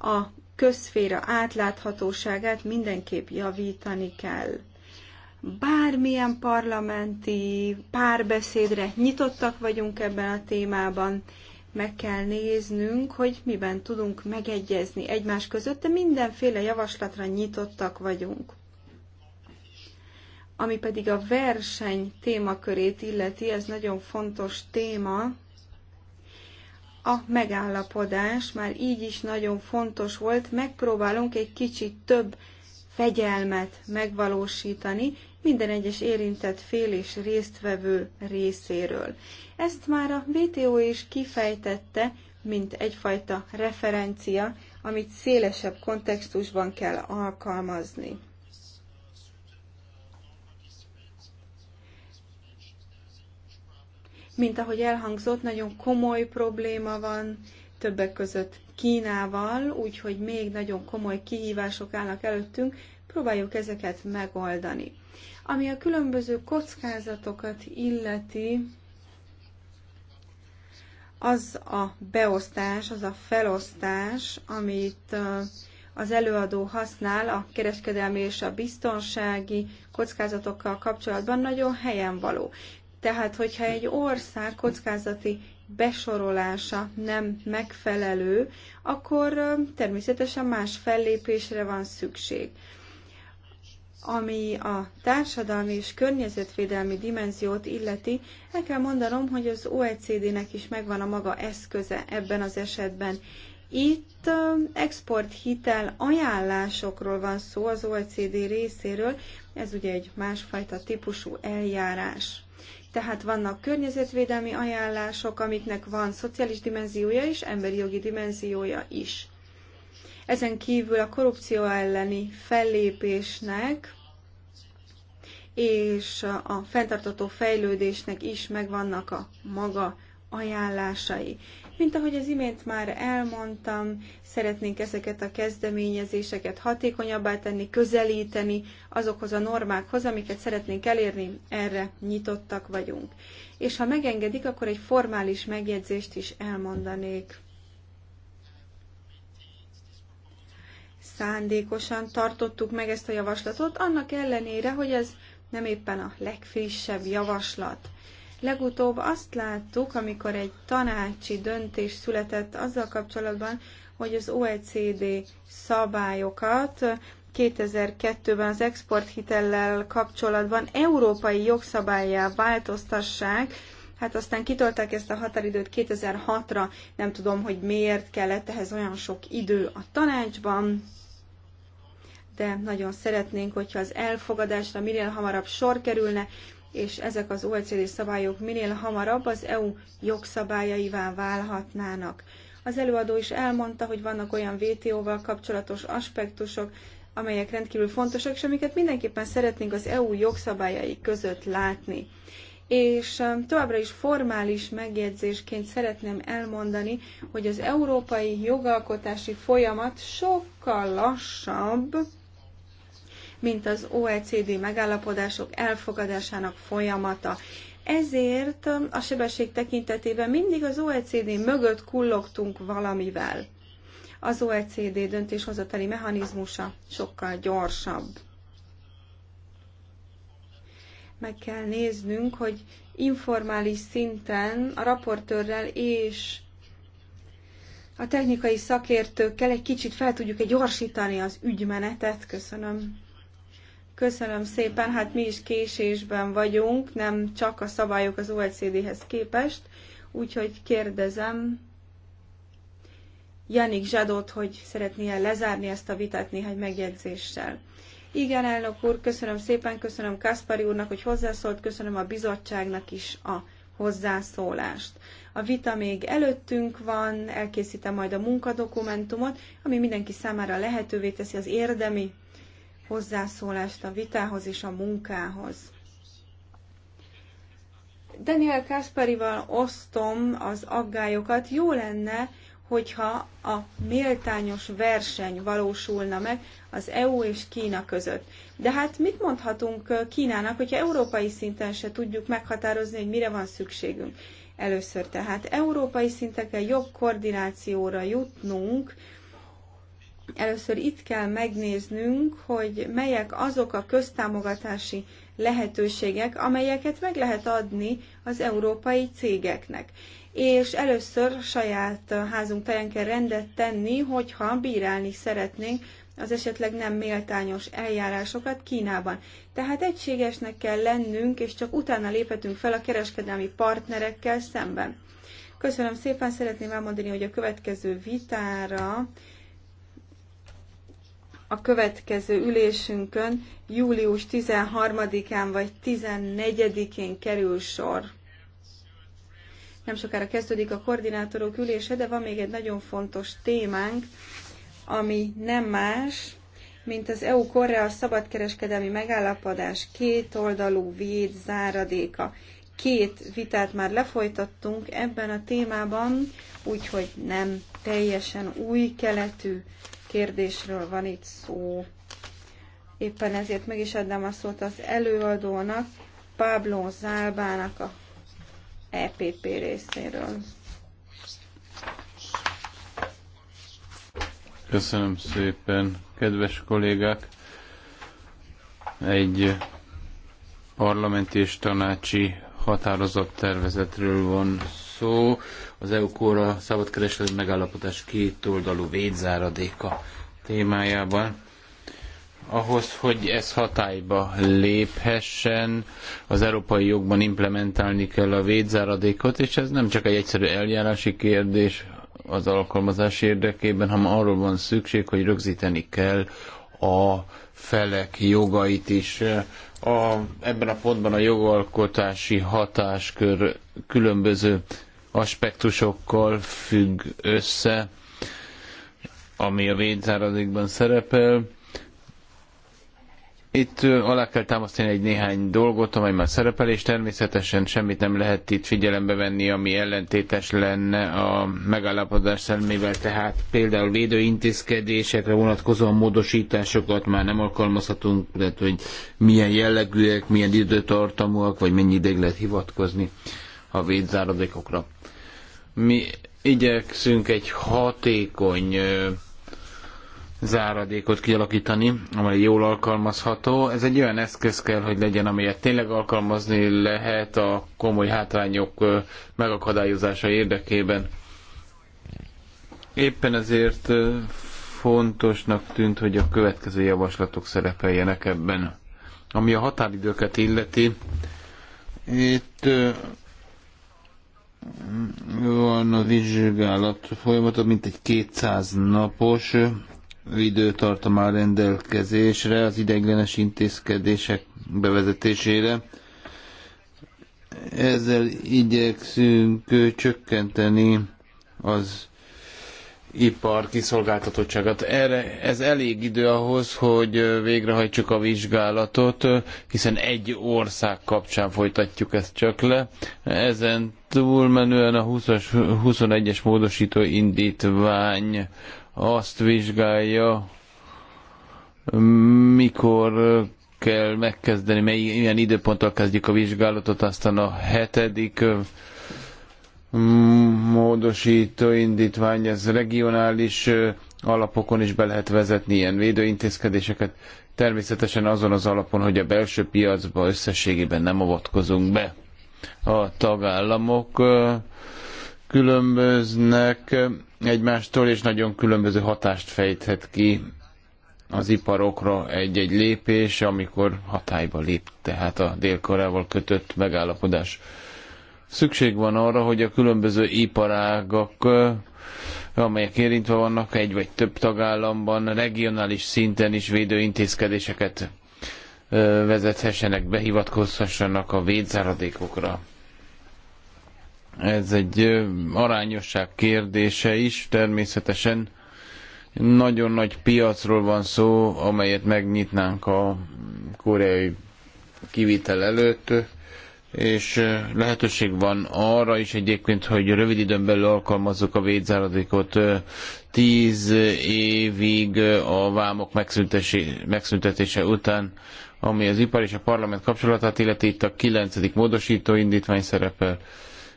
a közféra átláthatóságát mindenképp javítani kell. Bármilyen parlamenti párbeszédre nyitottak vagyunk ebben a témában, meg kell néznünk, hogy miben tudunk megegyezni egymás között, de mindenféle javaslatra nyitottak vagyunk. Ami pedig a verseny témakörét illeti, ez nagyon fontos téma, a megállapodás már így is nagyon fontos volt, megpróbálunk egy kicsit több fegyelmet megvalósítani minden egyes érintett fél és résztvevő részéről. Ezt már a VTO is kifejtette, mint egyfajta referencia, amit szélesebb kontextusban kell alkalmazni. Mint ahogy elhangzott, nagyon komoly probléma van többek között Kínával, úgyhogy még nagyon komoly kihívások állnak előttünk, próbáljuk ezeket megoldani. Ami a különböző kockázatokat illeti, az a beosztás, az a felosztás, amit az előadó használ a kereskedelmi és a biztonsági kockázatokkal kapcsolatban nagyon helyen való. Tehát, hogyha egy ország kockázati besorolása nem megfelelő, akkor természetesen más fellépésre van szükség. Ami a társadalmi és környezetvédelmi dimenziót illeti, el kell mondanom, hogy az OECD-nek is megvan a maga eszköze ebben az esetben. Itt exporthitel ajánlásokról van szó az OECD részéről, ez ugye egy másfajta típusú eljárás. Tehát vannak környezetvédelmi ajánlások, amiknek van szociális dimenziója és emberi jogi dimenziója is. Ezen kívül a korrupció elleni fellépésnek és a fenntartató fejlődésnek is megvannak a maga ajánlásai. Mint ahogy az imént már elmondtam, szeretnénk ezeket a kezdeményezéseket hatékonyabbá tenni, közelíteni azokhoz a normákhoz, amiket szeretnénk elérni, erre nyitottak vagyunk. És ha megengedik, akkor egy formális megjegyzést is elmondanék. Szándékosan tartottuk meg ezt a javaslatot, annak ellenére, hogy ez nem éppen a legfrissebb javaslat. Legutóbb azt láttuk, amikor egy tanácsi döntés született azzal kapcsolatban, hogy az OECD szabályokat 2002-ben az exporthitellel kapcsolatban európai jogszabályá változtassák, Hát aztán kitolták ezt a határidőt 2006-ra, nem tudom, hogy miért kellett ehhez olyan sok idő a tanácsban, de nagyon szeretnénk, hogyha az elfogadásra minél hamarabb sor kerülne, és ezek az OECD szabályok minél hamarabb az EU jogszabályaivá válhatnának. Az előadó is elmondta, hogy vannak olyan vto val kapcsolatos aspektusok, amelyek rendkívül fontosak, és amiket mindenképpen szeretnénk az EU jogszabályai között látni. És továbbra is formális megjegyzésként szeretném elmondani, hogy az európai jogalkotási folyamat sokkal lassabb, mint az OECD megállapodások elfogadásának folyamata. Ezért a sebesség tekintetében mindig az OECD mögött kullogtunk valamivel. Az OECD döntéshozatali mechanizmusa sokkal gyorsabb. Meg kell néznünk, hogy informális szinten a raportőrrel és a technikai szakértőkkel egy kicsit fel tudjuk-e gyorsítani az ügymenetet. Köszönöm. Köszönöm szépen, hát mi is késésben vagyunk, nem csak a szabályok az OECD-hez képest, úgyhogy kérdezem Janik Zsadot, hogy szeretné lezárni ezt a vitát néhány megjegyzéssel. Igen, elnök úr, köszönöm szépen, köszönöm Kaspari úrnak, hogy hozzászólt, köszönöm a bizottságnak is a hozzászólást. A vita még előttünk van, elkészítem majd a munkadokumentumot, ami mindenki számára lehetővé teszi az érdemi hozzászólást a vitához és a munkához. Daniel Kasparival osztom az aggályokat. Jó lenne, hogyha a méltányos verseny valósulna meg az EU és Kína között. De hát mit mondhatunk Kínának, hogyha európai szinten se tudjuk meghatározni, hogy mire van szükségünk? Először tehát európai szinteken jobb koordinációra jutnunk, először itt kell megnéznünk, hogy melyek azok a köztámogatási lehetőségek, amelyeket meg lehet adni az európai cégeknek. És először saját házunk teljen kell rendet tenni, hogyha bírálni szeretnénk az esetleg nem méltányos eljárásokat Kínában. Tehát egységesnek kell lennünk, és csak utána léphetünk fel a kereskedelmi partnerekkel szemben. Köszönöm szépen, szeretném elmondani, hogy a következő vitára a következő ülésünkön július 13-án vagy 14-én kerül sor. Nem sokára kezdődik a koordinátorok ülése, de van még egy nagyon fontos témánk, ami nem más, mint az EU-Korea szabadkereskedelmi megállapodás kétoldalú véd záradéka. Két vitát már lefolytattunk ebben a témában, úgyhogy nem teljesen új keletű kérdésről van itt szó. Éppen ezért meg is adnám a szót az előadónak, Pablo Zálbának a EPP részéről. Köszönöm szépen, kedves kollégák! Egy parlamenti és tanácsi határozattervezetről van szó. Az EU-kóra szabadkereslet megállapodás két oldalú védzáradéka témájában. Ahhoz, hogy ez hatályba léphessen, az európai jogban implementálni kell a védzáradékot, és ez nem csak egy egyszerű eljárási kérdés az alkalmazás érdekében, hanem arról van szükség, hogy rögzíteni kell a felek jogait is. A, ebben a pontban a jogalkotási hatáskör különböző aspektusokkal függ össze, ami a védzáradékban szerepel. Itt alá kell támasztani egy néhány dolgot, amely már szerepel, és természetesen semmit nem lehet itt figyelembe venni, ami ellentétes lenne a megállapodás szelmével, tehát például védőintézkedésekre vonatkozóan módosításokat már nem alkalmazhatunk, tehát hogy milyen jellegűek, milyen időtartamúak, vagy mennyi ideig lehet hivatkozni a védzáradékokra. Mi igyekszünk egy hatékony záradékot kialakítani, amely jól alkalmazható. Ez egy olyan eszköz kell, hogy legyen, amelyet tényleg alkalmazni lehet a komoly hátrányok megakadályozása érdekében. Éppen ezért fontosnak tűnt, hogy a következő javaslatok szerepeljenek ebben. Ami a határidőket illeti, itt van a vizsgálat folyamata, mint egy 200 napos időtartam áll rendelkezésre az ideiglenes intézkedések bevezetésére. Ezzel igyekszünk csökkenteni az ipar kiszolgáltatottságát. Erre, ez elég idő ahhoz, hogy végrehajtsuk a vizsgálatot, hiszen egy ország kapcsán folytatjuk ezt csak le. Ezen túlmenően a 20 21-es módosító indítvány azt vizsgálja, mikor kell megkezdeni, mely, milyen időponttal kezdjük a vizsgálatot, aztán a hetedik módosító indítvány, ez regionális alapokon is be lehet vezetni ilyen védőintézkedéseket, természetesen azon az alapon, hogy a belső piacba összességében nem avatkozunk be. A tagállamok különböznek egymástól, és nagyon különböző hatást fejthet ki az iparokra egy-egy lépés, amikor hatályba lép, tehát a dél kötött megállapodás. Szükség van arra, hogy a különböző iparágak, amelyek érintve vannak egy vagy több tagállamban, regionális szinten is védőintézkedéseket vezethessenek, behivatkozhassanak a védzáradékokra. Ez egy arányosság kérdése is, természetesen nagyon nagy piacról van szó, amelyet megnyitnánk a koreai kivitel előtt és lehetőség van arra is egyébként, hogy rövid időn belül alkalmazzuk a védzáradékot. Tíz évig a vámok megszüntetése után, ami az ipar és a parlament kapcsolatát illeti, itt a kilencedik módosító indítvány szerepel.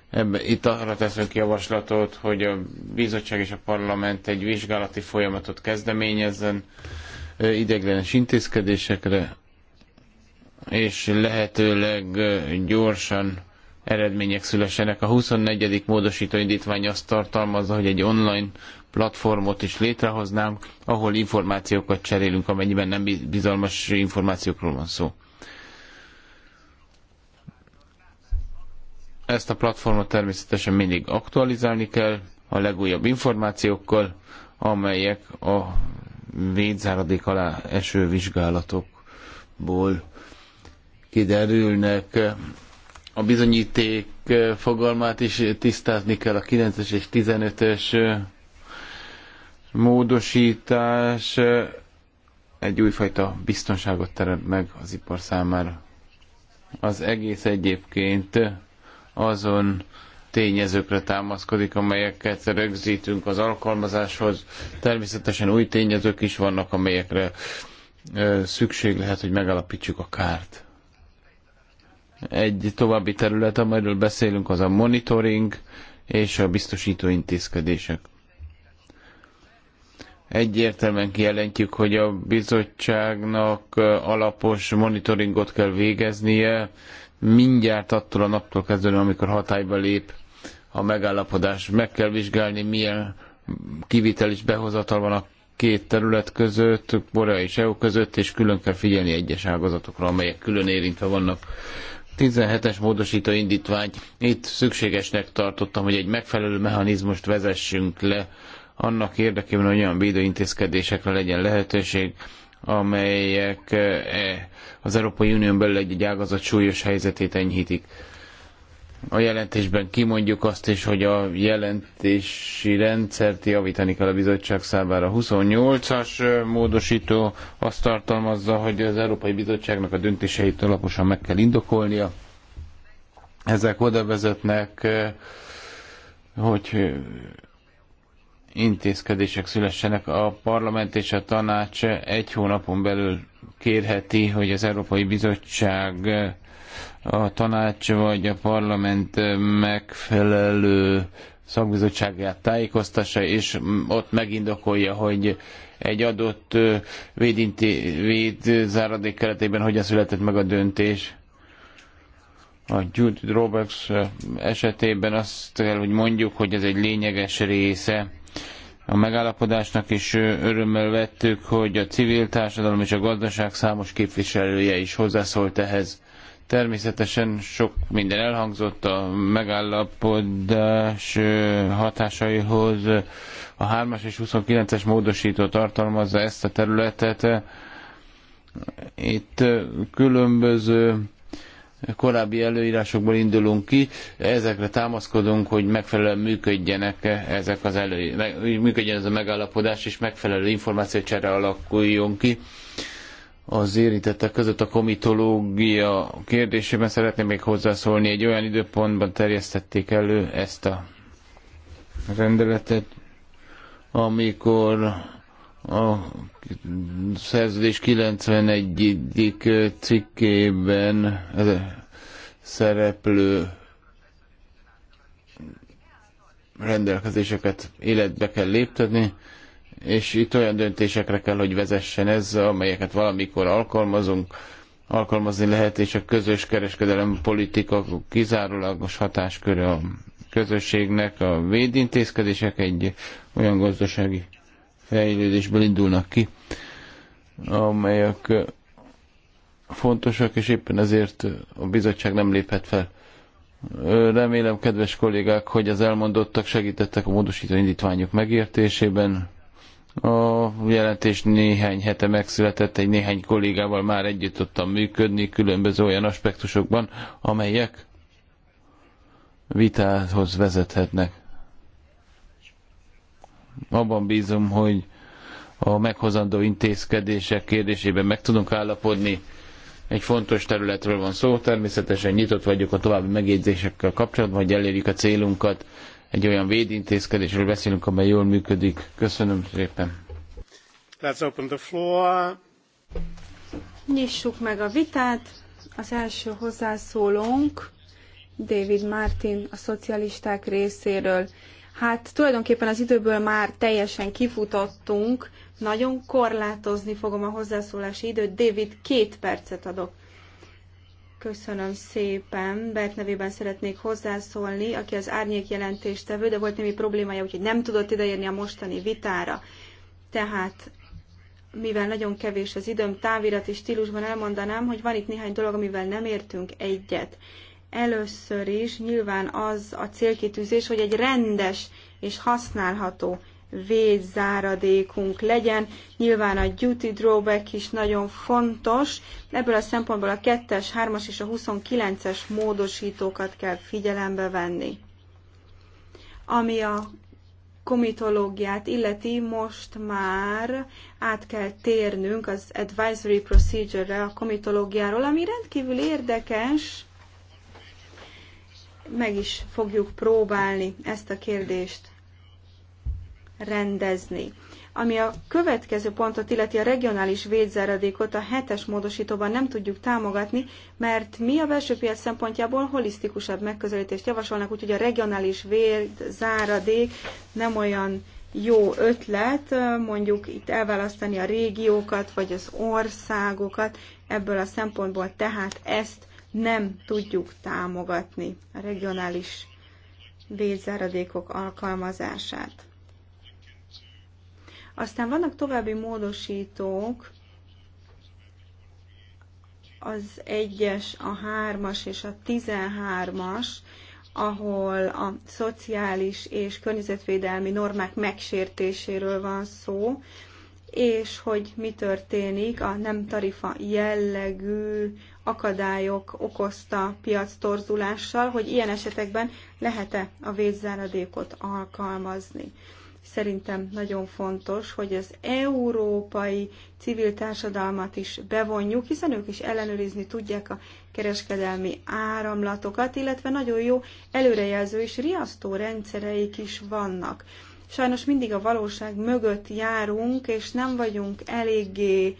Ebbe, itt arra teszünk javaslatot, hogy a bizottság és a parlament egy vizsgálati folyamatot kezdeményezzen ideiglenes intézkedésekre, és lehetőleg gyorsan eredmények szülessenek. A 24. módosító indítvány azt tartalmazza, hogy egy online platformot is létrehoznánk, ahol információkat cserélünk, amennyiben nem bizalmas információkról van szó. Ezt a platformot természetesen mindig aktualizálni kell a legújabb információkkal, amelyek a védzáradék alá eső vizsgálatokból kiderülnek. A bizonyíték fogalmát is tisztázni kell a 9-es és 15-ös módosítás egy újfajta biztonságot teremt meg az ipar számára. Az egész egyébként azon tényezőkre támaszkodik, amelyeket rögzítünk az alkalmazáshoz. Természetesen új tényezők is vannak, amelyekre szükség lehet, hogy megalapítsuk a kárt. Egy további terület, amiről beszélünk, az a monitoring és a biztosító intézkedések. Egyértelműen kijelentjük, hogy a bizottságnak alapos monitoringot kell végeznie, mindjárt attól a naptól kezdően, amikor hatályba lép a megállapodás. Meg kell vizsgálni, milyen kivitel és behozatal van a két terület között, Korea és EU között, és külön kell figyelni egyes ágazatokra, amelyek külön érintve vannak. 17-es módosító indítvány. Itt szükségesnek tartottam, hogy egy megfelelő mechanizmust vezessünk le annak érdekében, hogy olyan védőintézkedésekre legyen lehetőség, amelyek eh, az Európai Unión belül egy ágazat súlyos helyzetét enyhítik a jelentésben kimondjuk azt is, hogy a jelentési rendszert javítani kell a bizottság számára. 28-as módosító azt tartalmazza, hogy az Európai Bizottságnak a döntéseit alaposan meg kell indokolnia. Ezek oda vezetnek, hogy intézkedések szülessenek. A parlament és a tanács egy hónapon belül kérheti, hogy az Európai Bizottság a tanács vagy a parlament megfelelő szakbizottságát tájékoztassa, és ott megindokolja, hogy egy adott védinti, véd záradék keretében hogyan született meg a döntés. A Jude Roberts esetében azt kell, hogy mondjuk, hogy ez egy lényeges része a megállapodásnak, és örömmel vettük, hogy a civil társadalom és a gazdaság számos képviselője is hozzászólt ehhez Természetesen sok minden elhangzott a megállapodás hatásaihoz. A 3-as és 29-es módosító tartalmazza ezt a területet. Itt különböző korábbi előírásokból indulunk ki, ezekre támaszkodunk, hogy megfelelően működjenek ezek az előírások működjen ez a megállapodás, és megfelelő információcsere alakuljon ki az érintettek között a komitológia kérdésében szeretném még hozzászólni. Egy olyan időpontban terjesztették elő ezt a rendeletet, amikor a szerződés 91. cikkében szereplő rendelkezéseket életbe kell léptetni és itt olyan döntésekre kell, hogy vezessen ez, amelyeket valamikor alkalmazunk, alkalmazni lehet, és a közös kereskedelem politika kizárólagos hatásköre a közösségnek, a védintézkedések egy olyan gazdasági fejlődésből indulnak ki, amelyek fontosak, és éppen ezért a bizottság nem léphet fel. Remélem, kedves kollégák, hogy az elmondottak segítettek a módosító indítványok megértésében. A jelentés néhány hete megszületett, egy néhány kollégával már együtt tudtam működni különböző olyan aspektusokban, amelyek vitához vezethetnek. Abban bízom, hogy a meghozandó intézkedések kérdésében meg tudunk állapodni. Egy fontos területről van szó, természetesen nyitott vagyok a további megjegyzésekkel kapcsolatban, hogy elérjük a célunkat egy olyan védintézkedésről beszélünk, amely jól működik. Köszönöm szépen. Let's open the floor. Nyissuk meg a vitát. Az első hozzászólónk David Martin a szocialisták részéről. Hát tulajdonképpen az időből már teljesen kifutottunk. Nagyon korlátozni fogom a hozzászólási időt. David, két percet adok. Köszönöm szépen. Bert nevében szeretnék hozzászólni, aki az árnyék jelentéstevő, de volt némi problémája, úgyhogy nem tudott ideérni a mostani vitára. Tehát, mivel nagyon kevés az időm, távirati stílusban elmondanám, hogy van itt néhány dolog, amivel nem értünk egyet. Először is nyilván az a célkitűzés, hogy egy rendes és használható védzáradékunk legyen. Nyilván a duty drawback is nagyon fontos. Ebből a szempontból a 2-es, 3-as és a 29-es módosítókat kell figyelembe venni. Ami a komitológiát illeti, most már át kell térnünk az advisory procedure-re a komitológiáról, ami rendkívül érdekes. Meg is fogjuk próbálni ezt a kérdést rendezni. Ami a következő pontot illeti a regionális védzáradékot, a hetes módosítóban nem tudjuk támogatni, mert mi a belső piac szempontjából holisztikusabb megközelítést javasolnak, úgyhogy a regionális védzáradék nem olyan jó ötlet, mondjuk itt elválasztani a régiókat, vagy az országokat, ebből a szempontból tehát ezt nem tudjuk támogatni, a regionális védzáradékok alkalmazását. Aztán vannak további módosítók, az 1-es, a 3-as és a 13-as, ahol a szociális és környezetvédelmi normák megsértéséről van szó, és hogy mi történik a nem tarifa jellegű akadályok okozta piac torzulással, hogy ilyen esetekben lehet-e a vészzáradékot alkalmazni. Szerintem nagyon fontos, hogy az európai civil társadalmat is bevonjuk, hiszen ők is ellenőrizni tudják a kereskedelmi áramlatokat, illetve nagyon jó előrejelző és riasztó rendszereik is vannak. Sajnos mindig a valóság mögött járunk, és nem vagyunk eléggé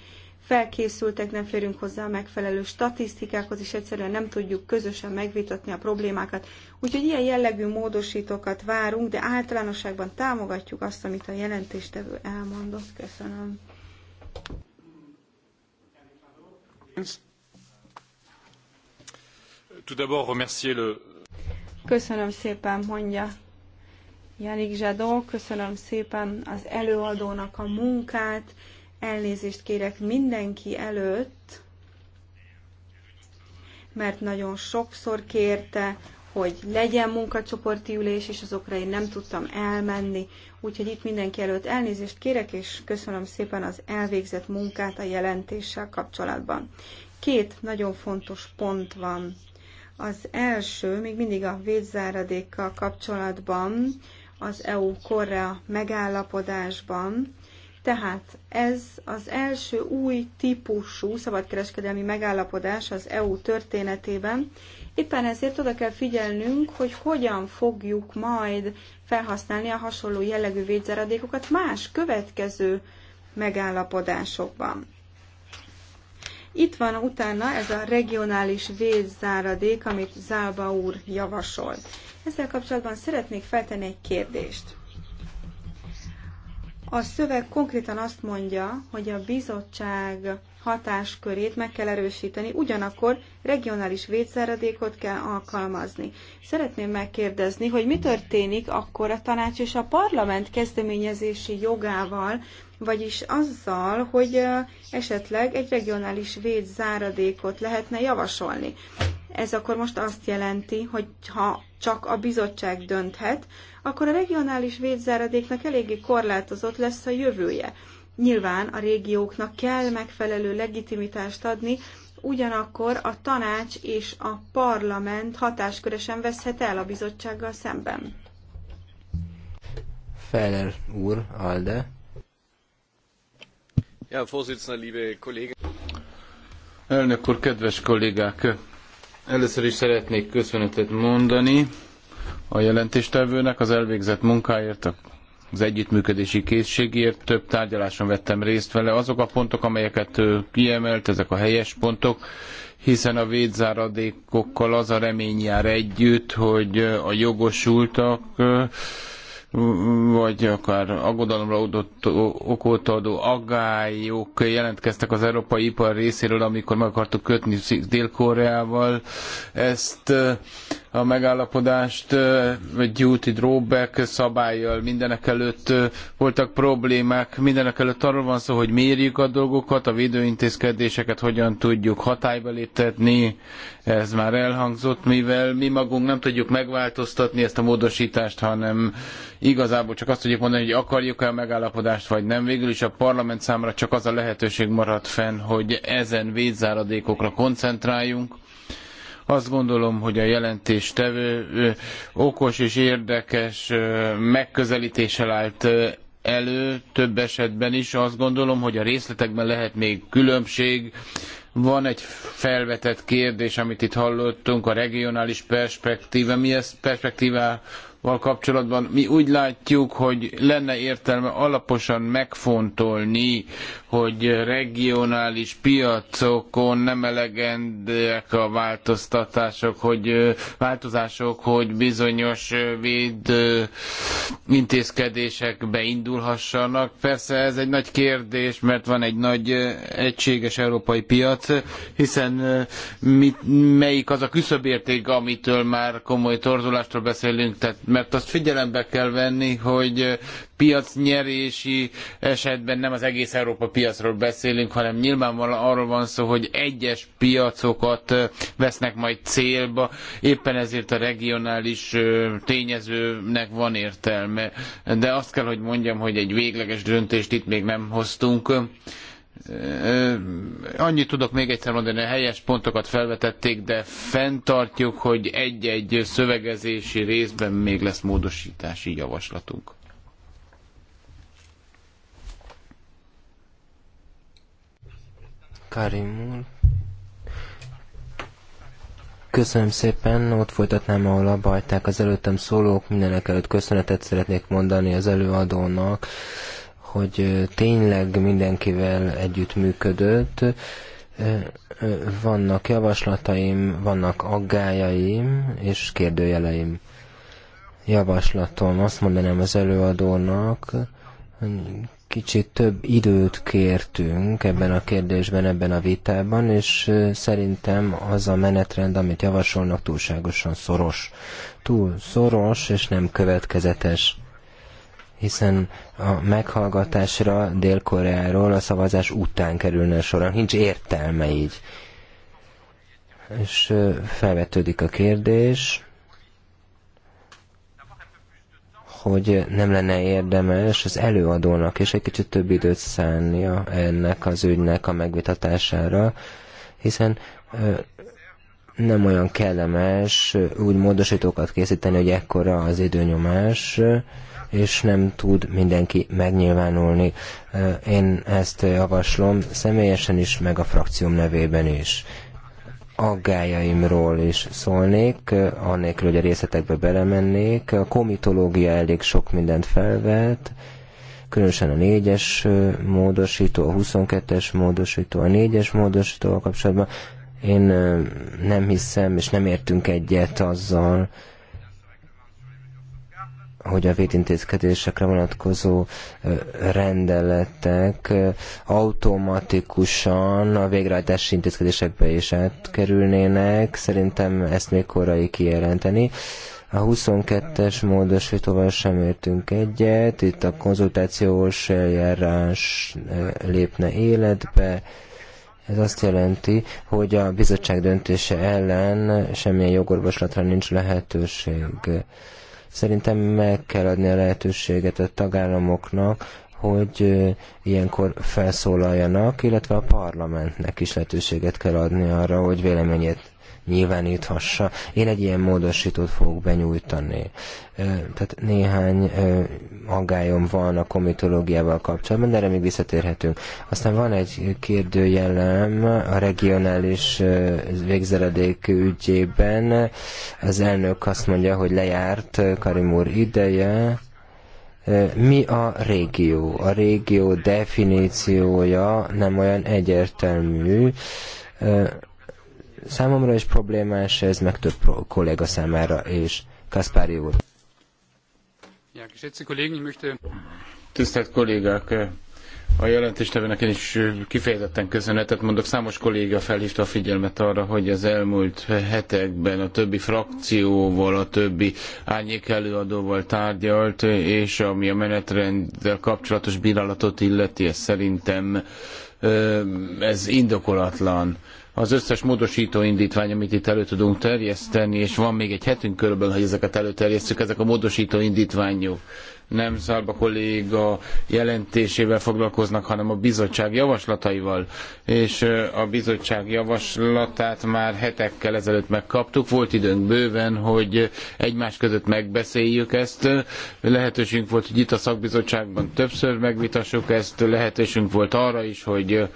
felkészültek, nem férünk hozzá a megfelelő statisztikákhoz, és egyszerűen nem tudjuk közösen megvitatni a problémákat. Úgyhogy ilyen jellegű módosítókat várunk, de általánosságban támogatjuk azt, amit a jelentéstevő elmondott. Köszönöm. Köszönöm szépen, mondja Janik Zsadó, köszönöm szépen az előadónak a munkát, Elnézést kérek mindenki előtt, mert nagyon sokszor kérte, hogy legyen munkacsoporti ülés, és azokra én nem tudtam elmenni. Úgyhogy itt mindenki előtt elnézést kérek, és köszönöm szépen az elvégzett munkát a jelentéssel kapcsolatban. Két nagyon fontos pont van. Az első, még mindig a védzáradékkal kapcsolatban, az EU-Korea megállapodásban, tehát ez az első új típusú szabadkereskedelmi megállapodás az EU történetében. Éppen ezért oda kell figyelnünk, hogy hogyan fogjuk majd felhasználni a hasonló jellegű védzeradékokat más következő megállapodásokban. Itt van utána ez a regionális védzáradék, amit Zálba úr javasol. Ezzel kapcsolatban szeretnék feltenni egy kérdést. A szöveg konkrétan azt mondja, hogy a bizottság hatáskörét meg kell erősíteni, ugyanakkor regionális védzáradékot kell alkalmazni. Szeretném megkérdezni, hogy mi történik akkor a tanács és a parlament kezdeményezési jogával, vagyis azzal, hogy esetleg egy regionális védzáradékot lehetne javasolni. Ez akkor most azt jelenti, hogy ha csak a bizottság dönthet, akkor a regionális védzáradéknak eléggé korlátozott lesz a jövője. Nyilván a régióknak kell megfelelő legitimitást adni, ugyanakkor a tanács és a parlament hatáskörösen veszhet el a bizottsággal szemben. Feller úr, Alde. Elnök úr, kedves kollégák! Először is szeretnék köszönetet mondani a jelentéstevőnek az elvégzett munkáért, az együttműködési készségért. Több tárgyaláson vettem részt vele. Azok a pontok, amelyeket ő kiemelt, ezek a helyes pontok, hiszen a védzáradékokkal az a remény jár együtt, hogy a jogosultak vagy akár aggodalomra adott, okot adó aggályok jelentkeztek az európai ipar részéről, amikor meg akartuk kötni Dél-Koreával. Ezt a megállapodást, vagy duty drawback szabályjal mindenek előtt voltak problémák. Mindenek előtt arról van szó, hogy mérjük a dolgokat, a védőintézkedéseket hogyan tudjuk hatályba léptetni. Ez már elhangzott, mivel mi magunk nem tudjuk megváltoztatni ezt a módosítást, hanem igazából csak azt tudjuk mondani, hogy akarjuk-e a megállapodást, vagy nem. Végül is a parlament számára csak az a lehetőség maradt fenn, hogy ezen védzáradékokra koncentráljunk azt gondolom, hogy a jelentéstevő okos és érdekes megközelítéssel állt elő több esetben is. Azt gondolom, hogy a részletekben lehet még különbség. Van egy felvetett kérdés, amit itt hallottunk, a regionális perspektíva. Mi ezt perspektívával val kapcsolatban mi úgy látjuk, hogy lenne értelme alaposan megfontolni, hogy regionális piacokon nem elegendőek a változtatások, hogy változások, hogy bizonyos véd intézkedések beindulhassanak. Persze ez egy nagy kérdés, mert van egy nagy egységes európai piac, hiszen mit, melyik az a küszöbérték, amitől már komoly torzulástól beszélünk, tehát mert azt figyelembe kell venni, hogy piacnyerési esetben nem az egész Európa piacról beszélünk, hanem nyilvánvalóan arról van szó, hogy egyes piacokat vesznek majd célba, éppen ezért a regionális tényezőnek van értelme. De azt kell, hogy mondjam, hogy egy végleges döntést itt még nem hoztunk annyit tudok még egyszer mondani, a helyes pontokat felvetették, de fenntartjuk, hogy egy-egy szövegezési részben még lesz módosítási javaslatunk. Karim úr. Köszönöm szépen, ott folytatnám, ahol abba az előttem szólók. Mindenek előtt köszönetet szeretnék mondani az előadónak hogy tényleg mindenkivel együttműködött. Vannak javaslataim, vannak aggájaim és kérdőjeleim. Javaslatom azt mondanám az előadónak, hogy kicsit több időt kértünk ebben a kérdésben, ebben a vitában, és szerintem az a menetrend, amit javasolnak, túlságosan szoros. Túl szoros és nem következetes hiszen a meghallgatásra Dél-Koreáról a szavazás után kerülne sorra. Nincs értelme így. És felvetődik a kérdés, hogy nem lenne érdemes az előadónak és egy kicsit több időt szánnia ennek az ügynek a megvitatására, hiszen nem olyan kellemes úgy módosítókat készíteni, hogy ekkora az időnyomás, és nem tud mindenki megnyilvánulni. Én ezt javaslom személyesen is, meg a frakcióm nevében is aggájaimról is szólnék, annélkül, hogy a részletekbe belemennék. A komitológia elég sok mindent felvet, különösen a négyes módosító, a 22-es módosító, a négyes es módosítóval kapcsolatban. Én nem hiszem, és nem értünk egyet azzal, hogy a védintézkedésekre vonatkozó rendeletek automatikusan a végrehajtási intézkedésekbe is átkerülnének. Szerintem ezt még korai kijelenteni. A 22-es módosítóval sem értünk egyet, itt a konzultációs eljárás lépne életbe. Ez azt jelenti, hogy a bizottság döntése ellen semmilyen jogorvoslatra nincs lehetőség. Szerintem meg kell adni a lehetőséget a tagállamoknak, hogy ilyenkor felszólaljanak, illetve a parlamentnek is lehetőséget kell adni arra, hogy véleményét nyilváníthassa. Én egy ilyen módosítót fogok benyújtani. Tehát néhány aggályom van a komitológiával kapcsolatban, de erre még visszatérhetünk. Aztán van egy kérdőjelem a regionális végzeredék ügyében. Az elnök azt mondja, hogy lejárt Karimur ideje, mi a régió? A régió definíciója nem olyan egyértelmű. Számomra is problémás, ez meg több kolléga számára, és Kaspári úr. Tisztelt kollégák, a jelentéstevőnek én is kifejezetten köszönetet mondok. Számos kolléga felhívta a figyelmet arra, hogy az elmúlt hetekben a többi frakcióval, a többi árnyék előadóval tárgyalt, és ami a menetrenddel kapcsolatos bírálatot illeti, ez szerintem ez indokolatlan az összes módosító indítvány, amit itt elő tudunk terjeszteni, és van még egy hetünk körülbelül, hogy ezeket előterjesztjük, ezek a módosító indítványok nem Szálba kolléga jelentésével foglalkoznak, hanem a bizottság javaslataival. És a bizottság javaslatát már hetekkel ezelőtt megkaptuk. Volt időnk bőven, hogy egymás között megbeszéljük ezt. Lehetőségünk volt, hogy itt a szakbizottságban többször megvitassuk ezt. Lehetőségünk volt arra is, hogy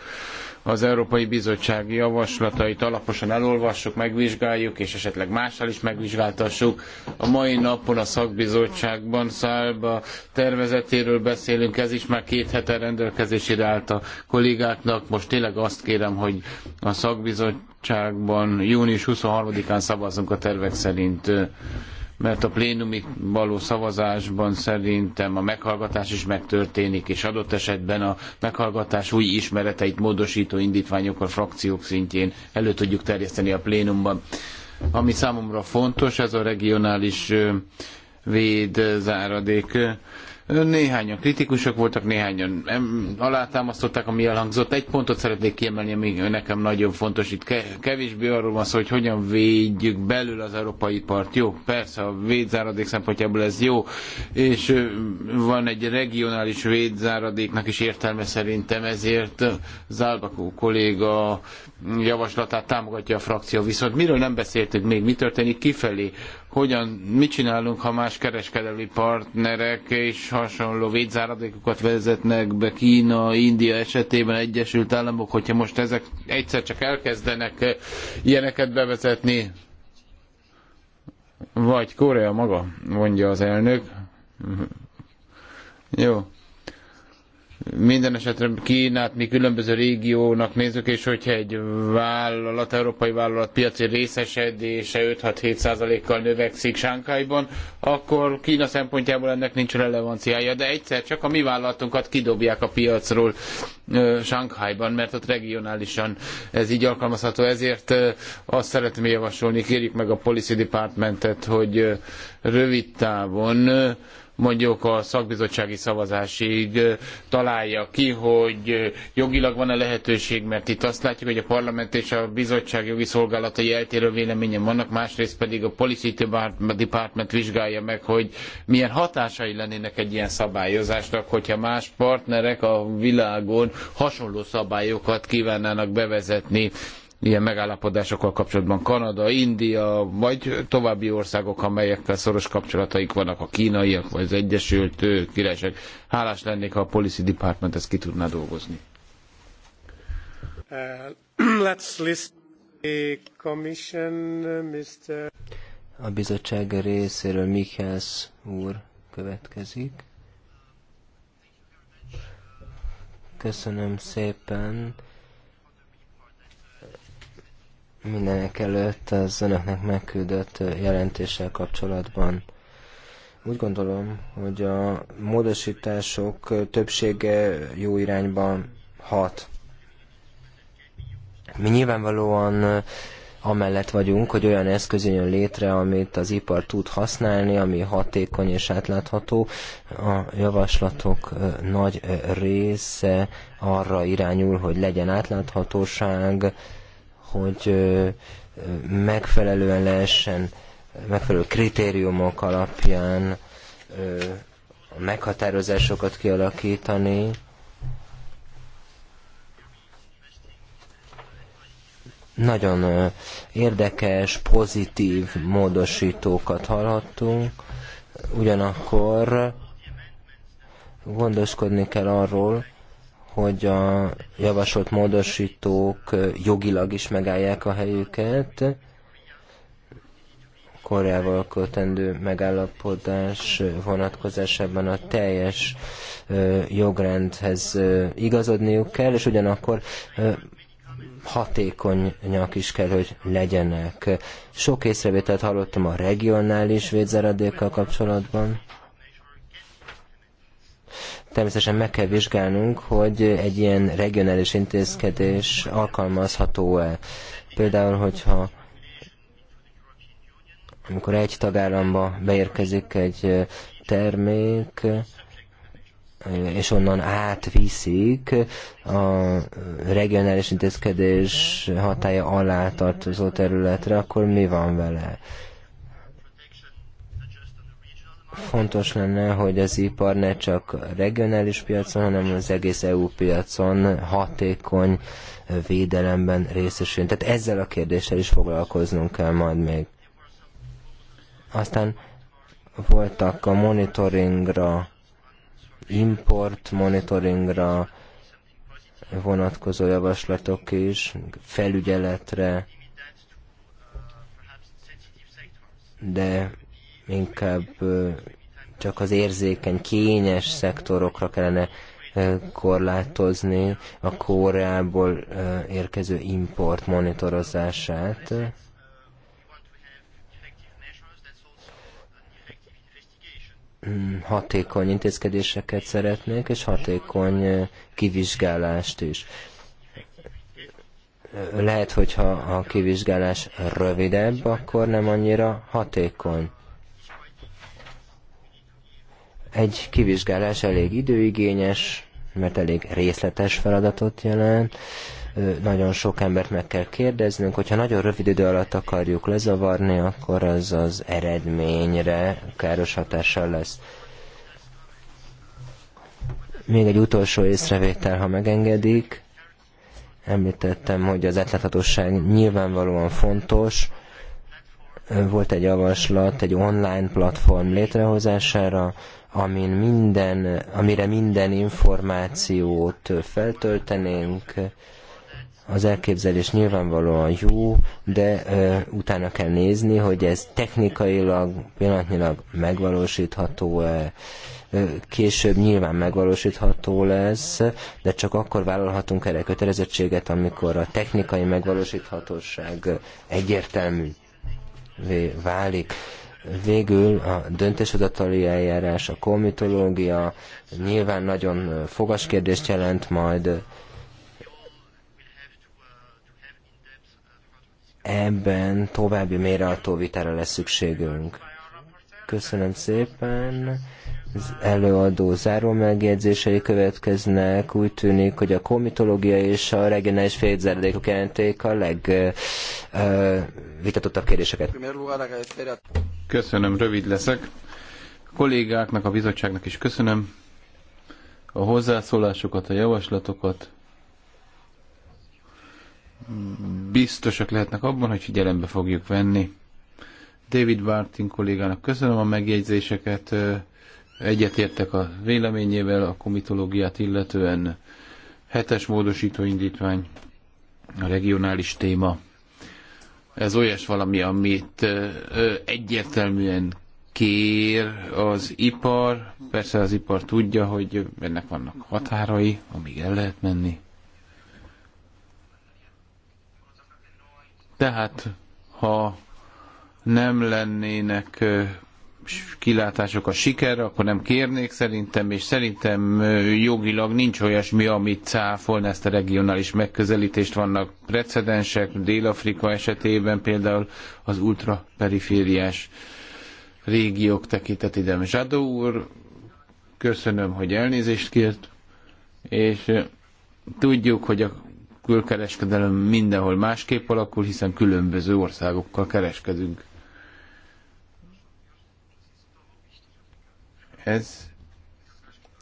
az Európai Bizottság javaslatait alaposan elolvassuk, megvizsgáljuk, és esetleg mással is megvizsgáltassuk. A mai napon a szakbizottságban szálba tervezetéről beszélünk, ez is már két hete rendelkezésére állt a kollégáknak. Most tényleg azt kérem, hogy a szakbizottságban június 23-án szavazzunk a tervek szerint mert a plénumi való szavazásban szerintem a meghallgatás is megtörténik, és adott esetben a meghallgatás új ismereteit módosító indítványokkal frakciók szintjén elő tudjuk terjeszteni a plénumban. Ami számomra fontos, ez a regionális védzáradék. Néhányan kritikusok voltak, néhányan alátámasztották, ami elhangzott. Egy pontot szeretnék kiemelni, ami nekem nagyon fontos. Itt kevésbé arról van szó, hogy hogyan védjük belül az európai part. Jó, persze a védzáradék szempontjából ez jó, és van egy regionális védzáradéknak is értelme szerintem, ezért Zálbakó kolléga javaslatát támogatja a frakció. Viszont miről nem beszéltünk még, mi történik kifelé? hogyan, mit csinálunk, ha más kereskedelmi partnerek és hasonló védzáradékokat vezetnek be Kína, India esetében, Egyesült Államok, hogyha most ezek egyszer csak elkezdenek eh, ilyeneket bevezetni, vagy Korea maga, mondja az elnök. Jó. Minden esetre Kínát mi különböző régiónak nézzük, és hogyha egy vállalat, európai vállalat piaci részesedése 5-6-7 százalékkal növekszik Sánkájban, akkor Kína szempontjából ennek nincs relevanciája, de egyszer csak a mi vállalatunkat kidobják a piacról Sánkhájban, mert ott regionálisan ez így alkalmazható. Ezért azt szeretném javasolni, kérjük meg a Policy Departmentet, hogy rövid távon mondjuk a szakbizottsági szavazásig találja ki, hogy jogilag van-e lehetőség, mert itt azt látjuk, hogy a parlament és a bizottság jogi szolgálatai eltérő véleményen vannak, másrészt pedig a Policy Department vizsgálja meg, hogy milyen hatásai lennének egy ilyen szabályozásnak, hogyha más partnerek a világon hasonló szabályokat kívánnának bevezetni ilyen megállapodásokkal kapcsolatban Kanada, India, vagy további országok, amelyekkel szoros kapcsolataik vannak, a kínaiak, vagy az Egyesült Királyság. Hálás lennék, ha a Policy Department ezt ki tudná dolgozni. Uh, let's list the commission, Mr. A bizottság részéről Michels úr következik. Köszönöm szépen mindenek előtt az önöknek megküldött jelentéssel kapcsolatban. Úgy gondolom, hogy a módosítások többsége jó irányban hat. Mi nyilvánvalóan amellett vagyunk, hogy olyan eszköz jön létre, amit az ipar tud használni, ami hatékony és átlátható. A javaslatok nagy része arra irányul, hogy legyen átláthatóság, hogy megfelelően lehessen, megfelelő kritériumok alapján a meghatározásokat kialakítani, nagyon érdekes, pozitív módosítókat hallhattunk, ugyanakkor gondoskodni kell arról, hogy a javasolt módosítók jogilag is megállják a helyüket. Koreával kötendő megállapodás vonatkozásában a teljes jogrendhez igazodniuk kell, és ugyanakkor hatékonyak is kell, hogy legyenek. Sok észrevételt hallottam a regionális védzeradékkal kapcsolatban. Természetesen meg kell vizsgálnunk, hogy egy ilyen regionális intézkedés alkalmazható-e. Például, hogyha amikor egy tagállamba beérkezik egy termék, és onnan átviszik a regionális intézkedés hatája alá tartozó területre, akkor mi van vele? Fontos lenne, hogy az ipar ne csak regionális piacon, hanem az egész EU piacon hatékony védelemben részesüljön. Tehát ezzel a kérdéssel is foglalkoznunk kell majd még. Aztán voltak a monitoringra, import monitoringra vonatkozó javaslatok is, felügyeletre, de inkább csak az érzékeny, kényes szektorokra kellene korlátozni a Koreából érkező import monitorozását. Hmm, hatékony intézkedéseket szeretnék, és hatékony kivizsgálást is. Lehet, hogyha a kivizsgálás rövidebb, akkor nem annyira hatékony. Egy kivizsgálás elég időigényes, mert elég részletes feladatot jelent. Nagyon sok embert meg kell kérdeznünk, hogyha nagyon rövid idő alatt akarjuk lezavarni, akkor az az eredményre káros hatással lesz. Még egy utolsó észrevétel, ha megengedik. Említettem, hogy az átláthatóság nyilvánvalóan fontos. Volt egy javaslat egy online platform létrehozására, amin minden, amire minden információt feltöltenénk, az elképzelés nyilvánvalóan jó, de ö, utána kell nézni, hogy ez technikailag, pillanatnyilag megvalósítható-e, később nyilván megvalósítható lesz, de csak akkor vállalhatunk erre kötelezettséget, amikor a technikai megvalósíthatóság egyértelmű válik. Végül a döntéshozatali eljárás, a komitológia nyilván nagyon fogas kérdést jelent majd, ebben további méreható vitára lesz szükségünk. Köszönöm szépen az előadó záró megjegyzései következnek. Úgy tűnik, hogy a komitológia és a regionális fékzárdékok jelenték a legvitatottabb kérdéseket. Köszönöm, rövid leszek. A kollégáknak, a bizottságnak is köszönöm a hozzászólásokat, a javaslatokat. Biztosak lehetnek abban, hogy figyelembe fogjuk venni. David Bartin kollégának köszönöm a megjegyzéseket egyetértek a véleményével a komitológiát illetően. Hetes módosító indítvány, a regionális téma. Ez olyas valami, amit egyértelműen kér az ipar. Persze az ipar tudja, hogy ennek vannak határai, amíg el lehet menni. Tehát, ha nem lennének kilátások a sikerre, akkor nem kérnék szerintem, és szerintem jogilag nincs olyasmi, amit cáfolna ezt a regionális megközelítést. Vannak precedensek, Dél-Afrika esetében például az ultraperifériás régiók tekintetében. Zsadó úr, köszönöm, hogy elnézést kért, és tudjuk, hogy a külkereskedelem mindenhol másképp alakul, hiszen különböző országokkal kereskedünk. Ez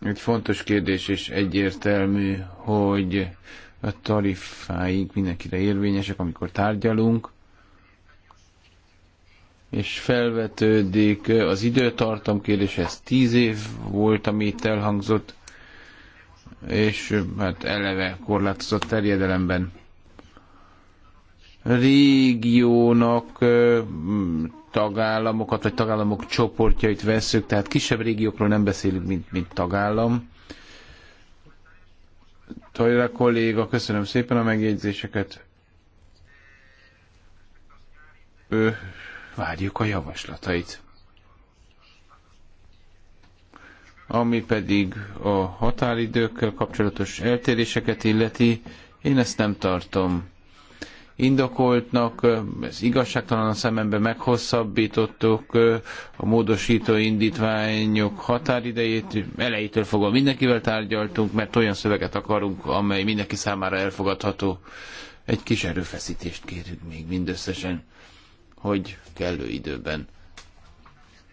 egy fontos kérdés, és egyértelmű, hogy a tarifáink mindenkire érvényesek, amikor tárgyalunk, és felvetődik az időtartam kérdés, ez tíz év volt, ami itt elhangzott, és hát eleve korlátozott terjedelemben régiónak tagállamokat, vagy tagállamok csoportjait veszük, tehát kisebb régiókról nem beszélünk, mint, mint tagállam. Tajra kolléga, köszönöm szépen a megjegyzéseket. Ő, várjuk a javaslatait. Ami pedig a határidőkkel kapcsolatos eltéréseket illeti, én ezt nem tartom indokoltnak, ez igazságtalan szememben meghosszabbítottuk a módosító indítványok határidejét, elejétől fogva mindenkivel tárgyaltunk, mert olyan szöveget akarunk, amely mindenki számára elfogadható. Egy kis erőfeszítést kérünk még mindösszesen, hogy kellő időben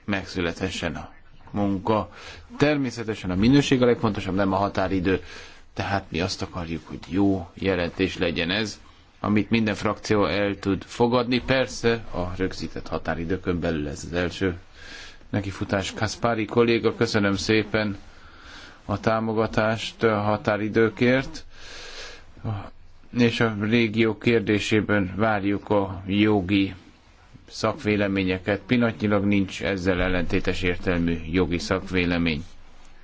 megszülethessen a munka. Természetesen a minőség a legfontosabb, nem a határidő. Tehát mi azt akarjuk, hogy jó jelentés legyen ez amit minden frakció el tud fogadni. Persze a rögzített határidőkön belül ez az első nekifutás. Kaspári kolléga, köszönöm szépen a támogatást a határidőkért, és a régió kérdésében várjuk a jogi szakvéleményeket. Pillanatnyilag nincs ezzel ellentétes értelmű jogi szakvélemény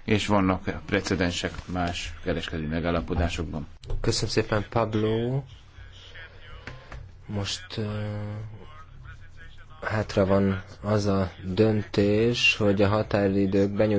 és vannak precedensek más kereskedő megállapodásokban. Köszönöm szépen, Pablo. Most hátra van az a döntés, hogy a határidők benyújtásának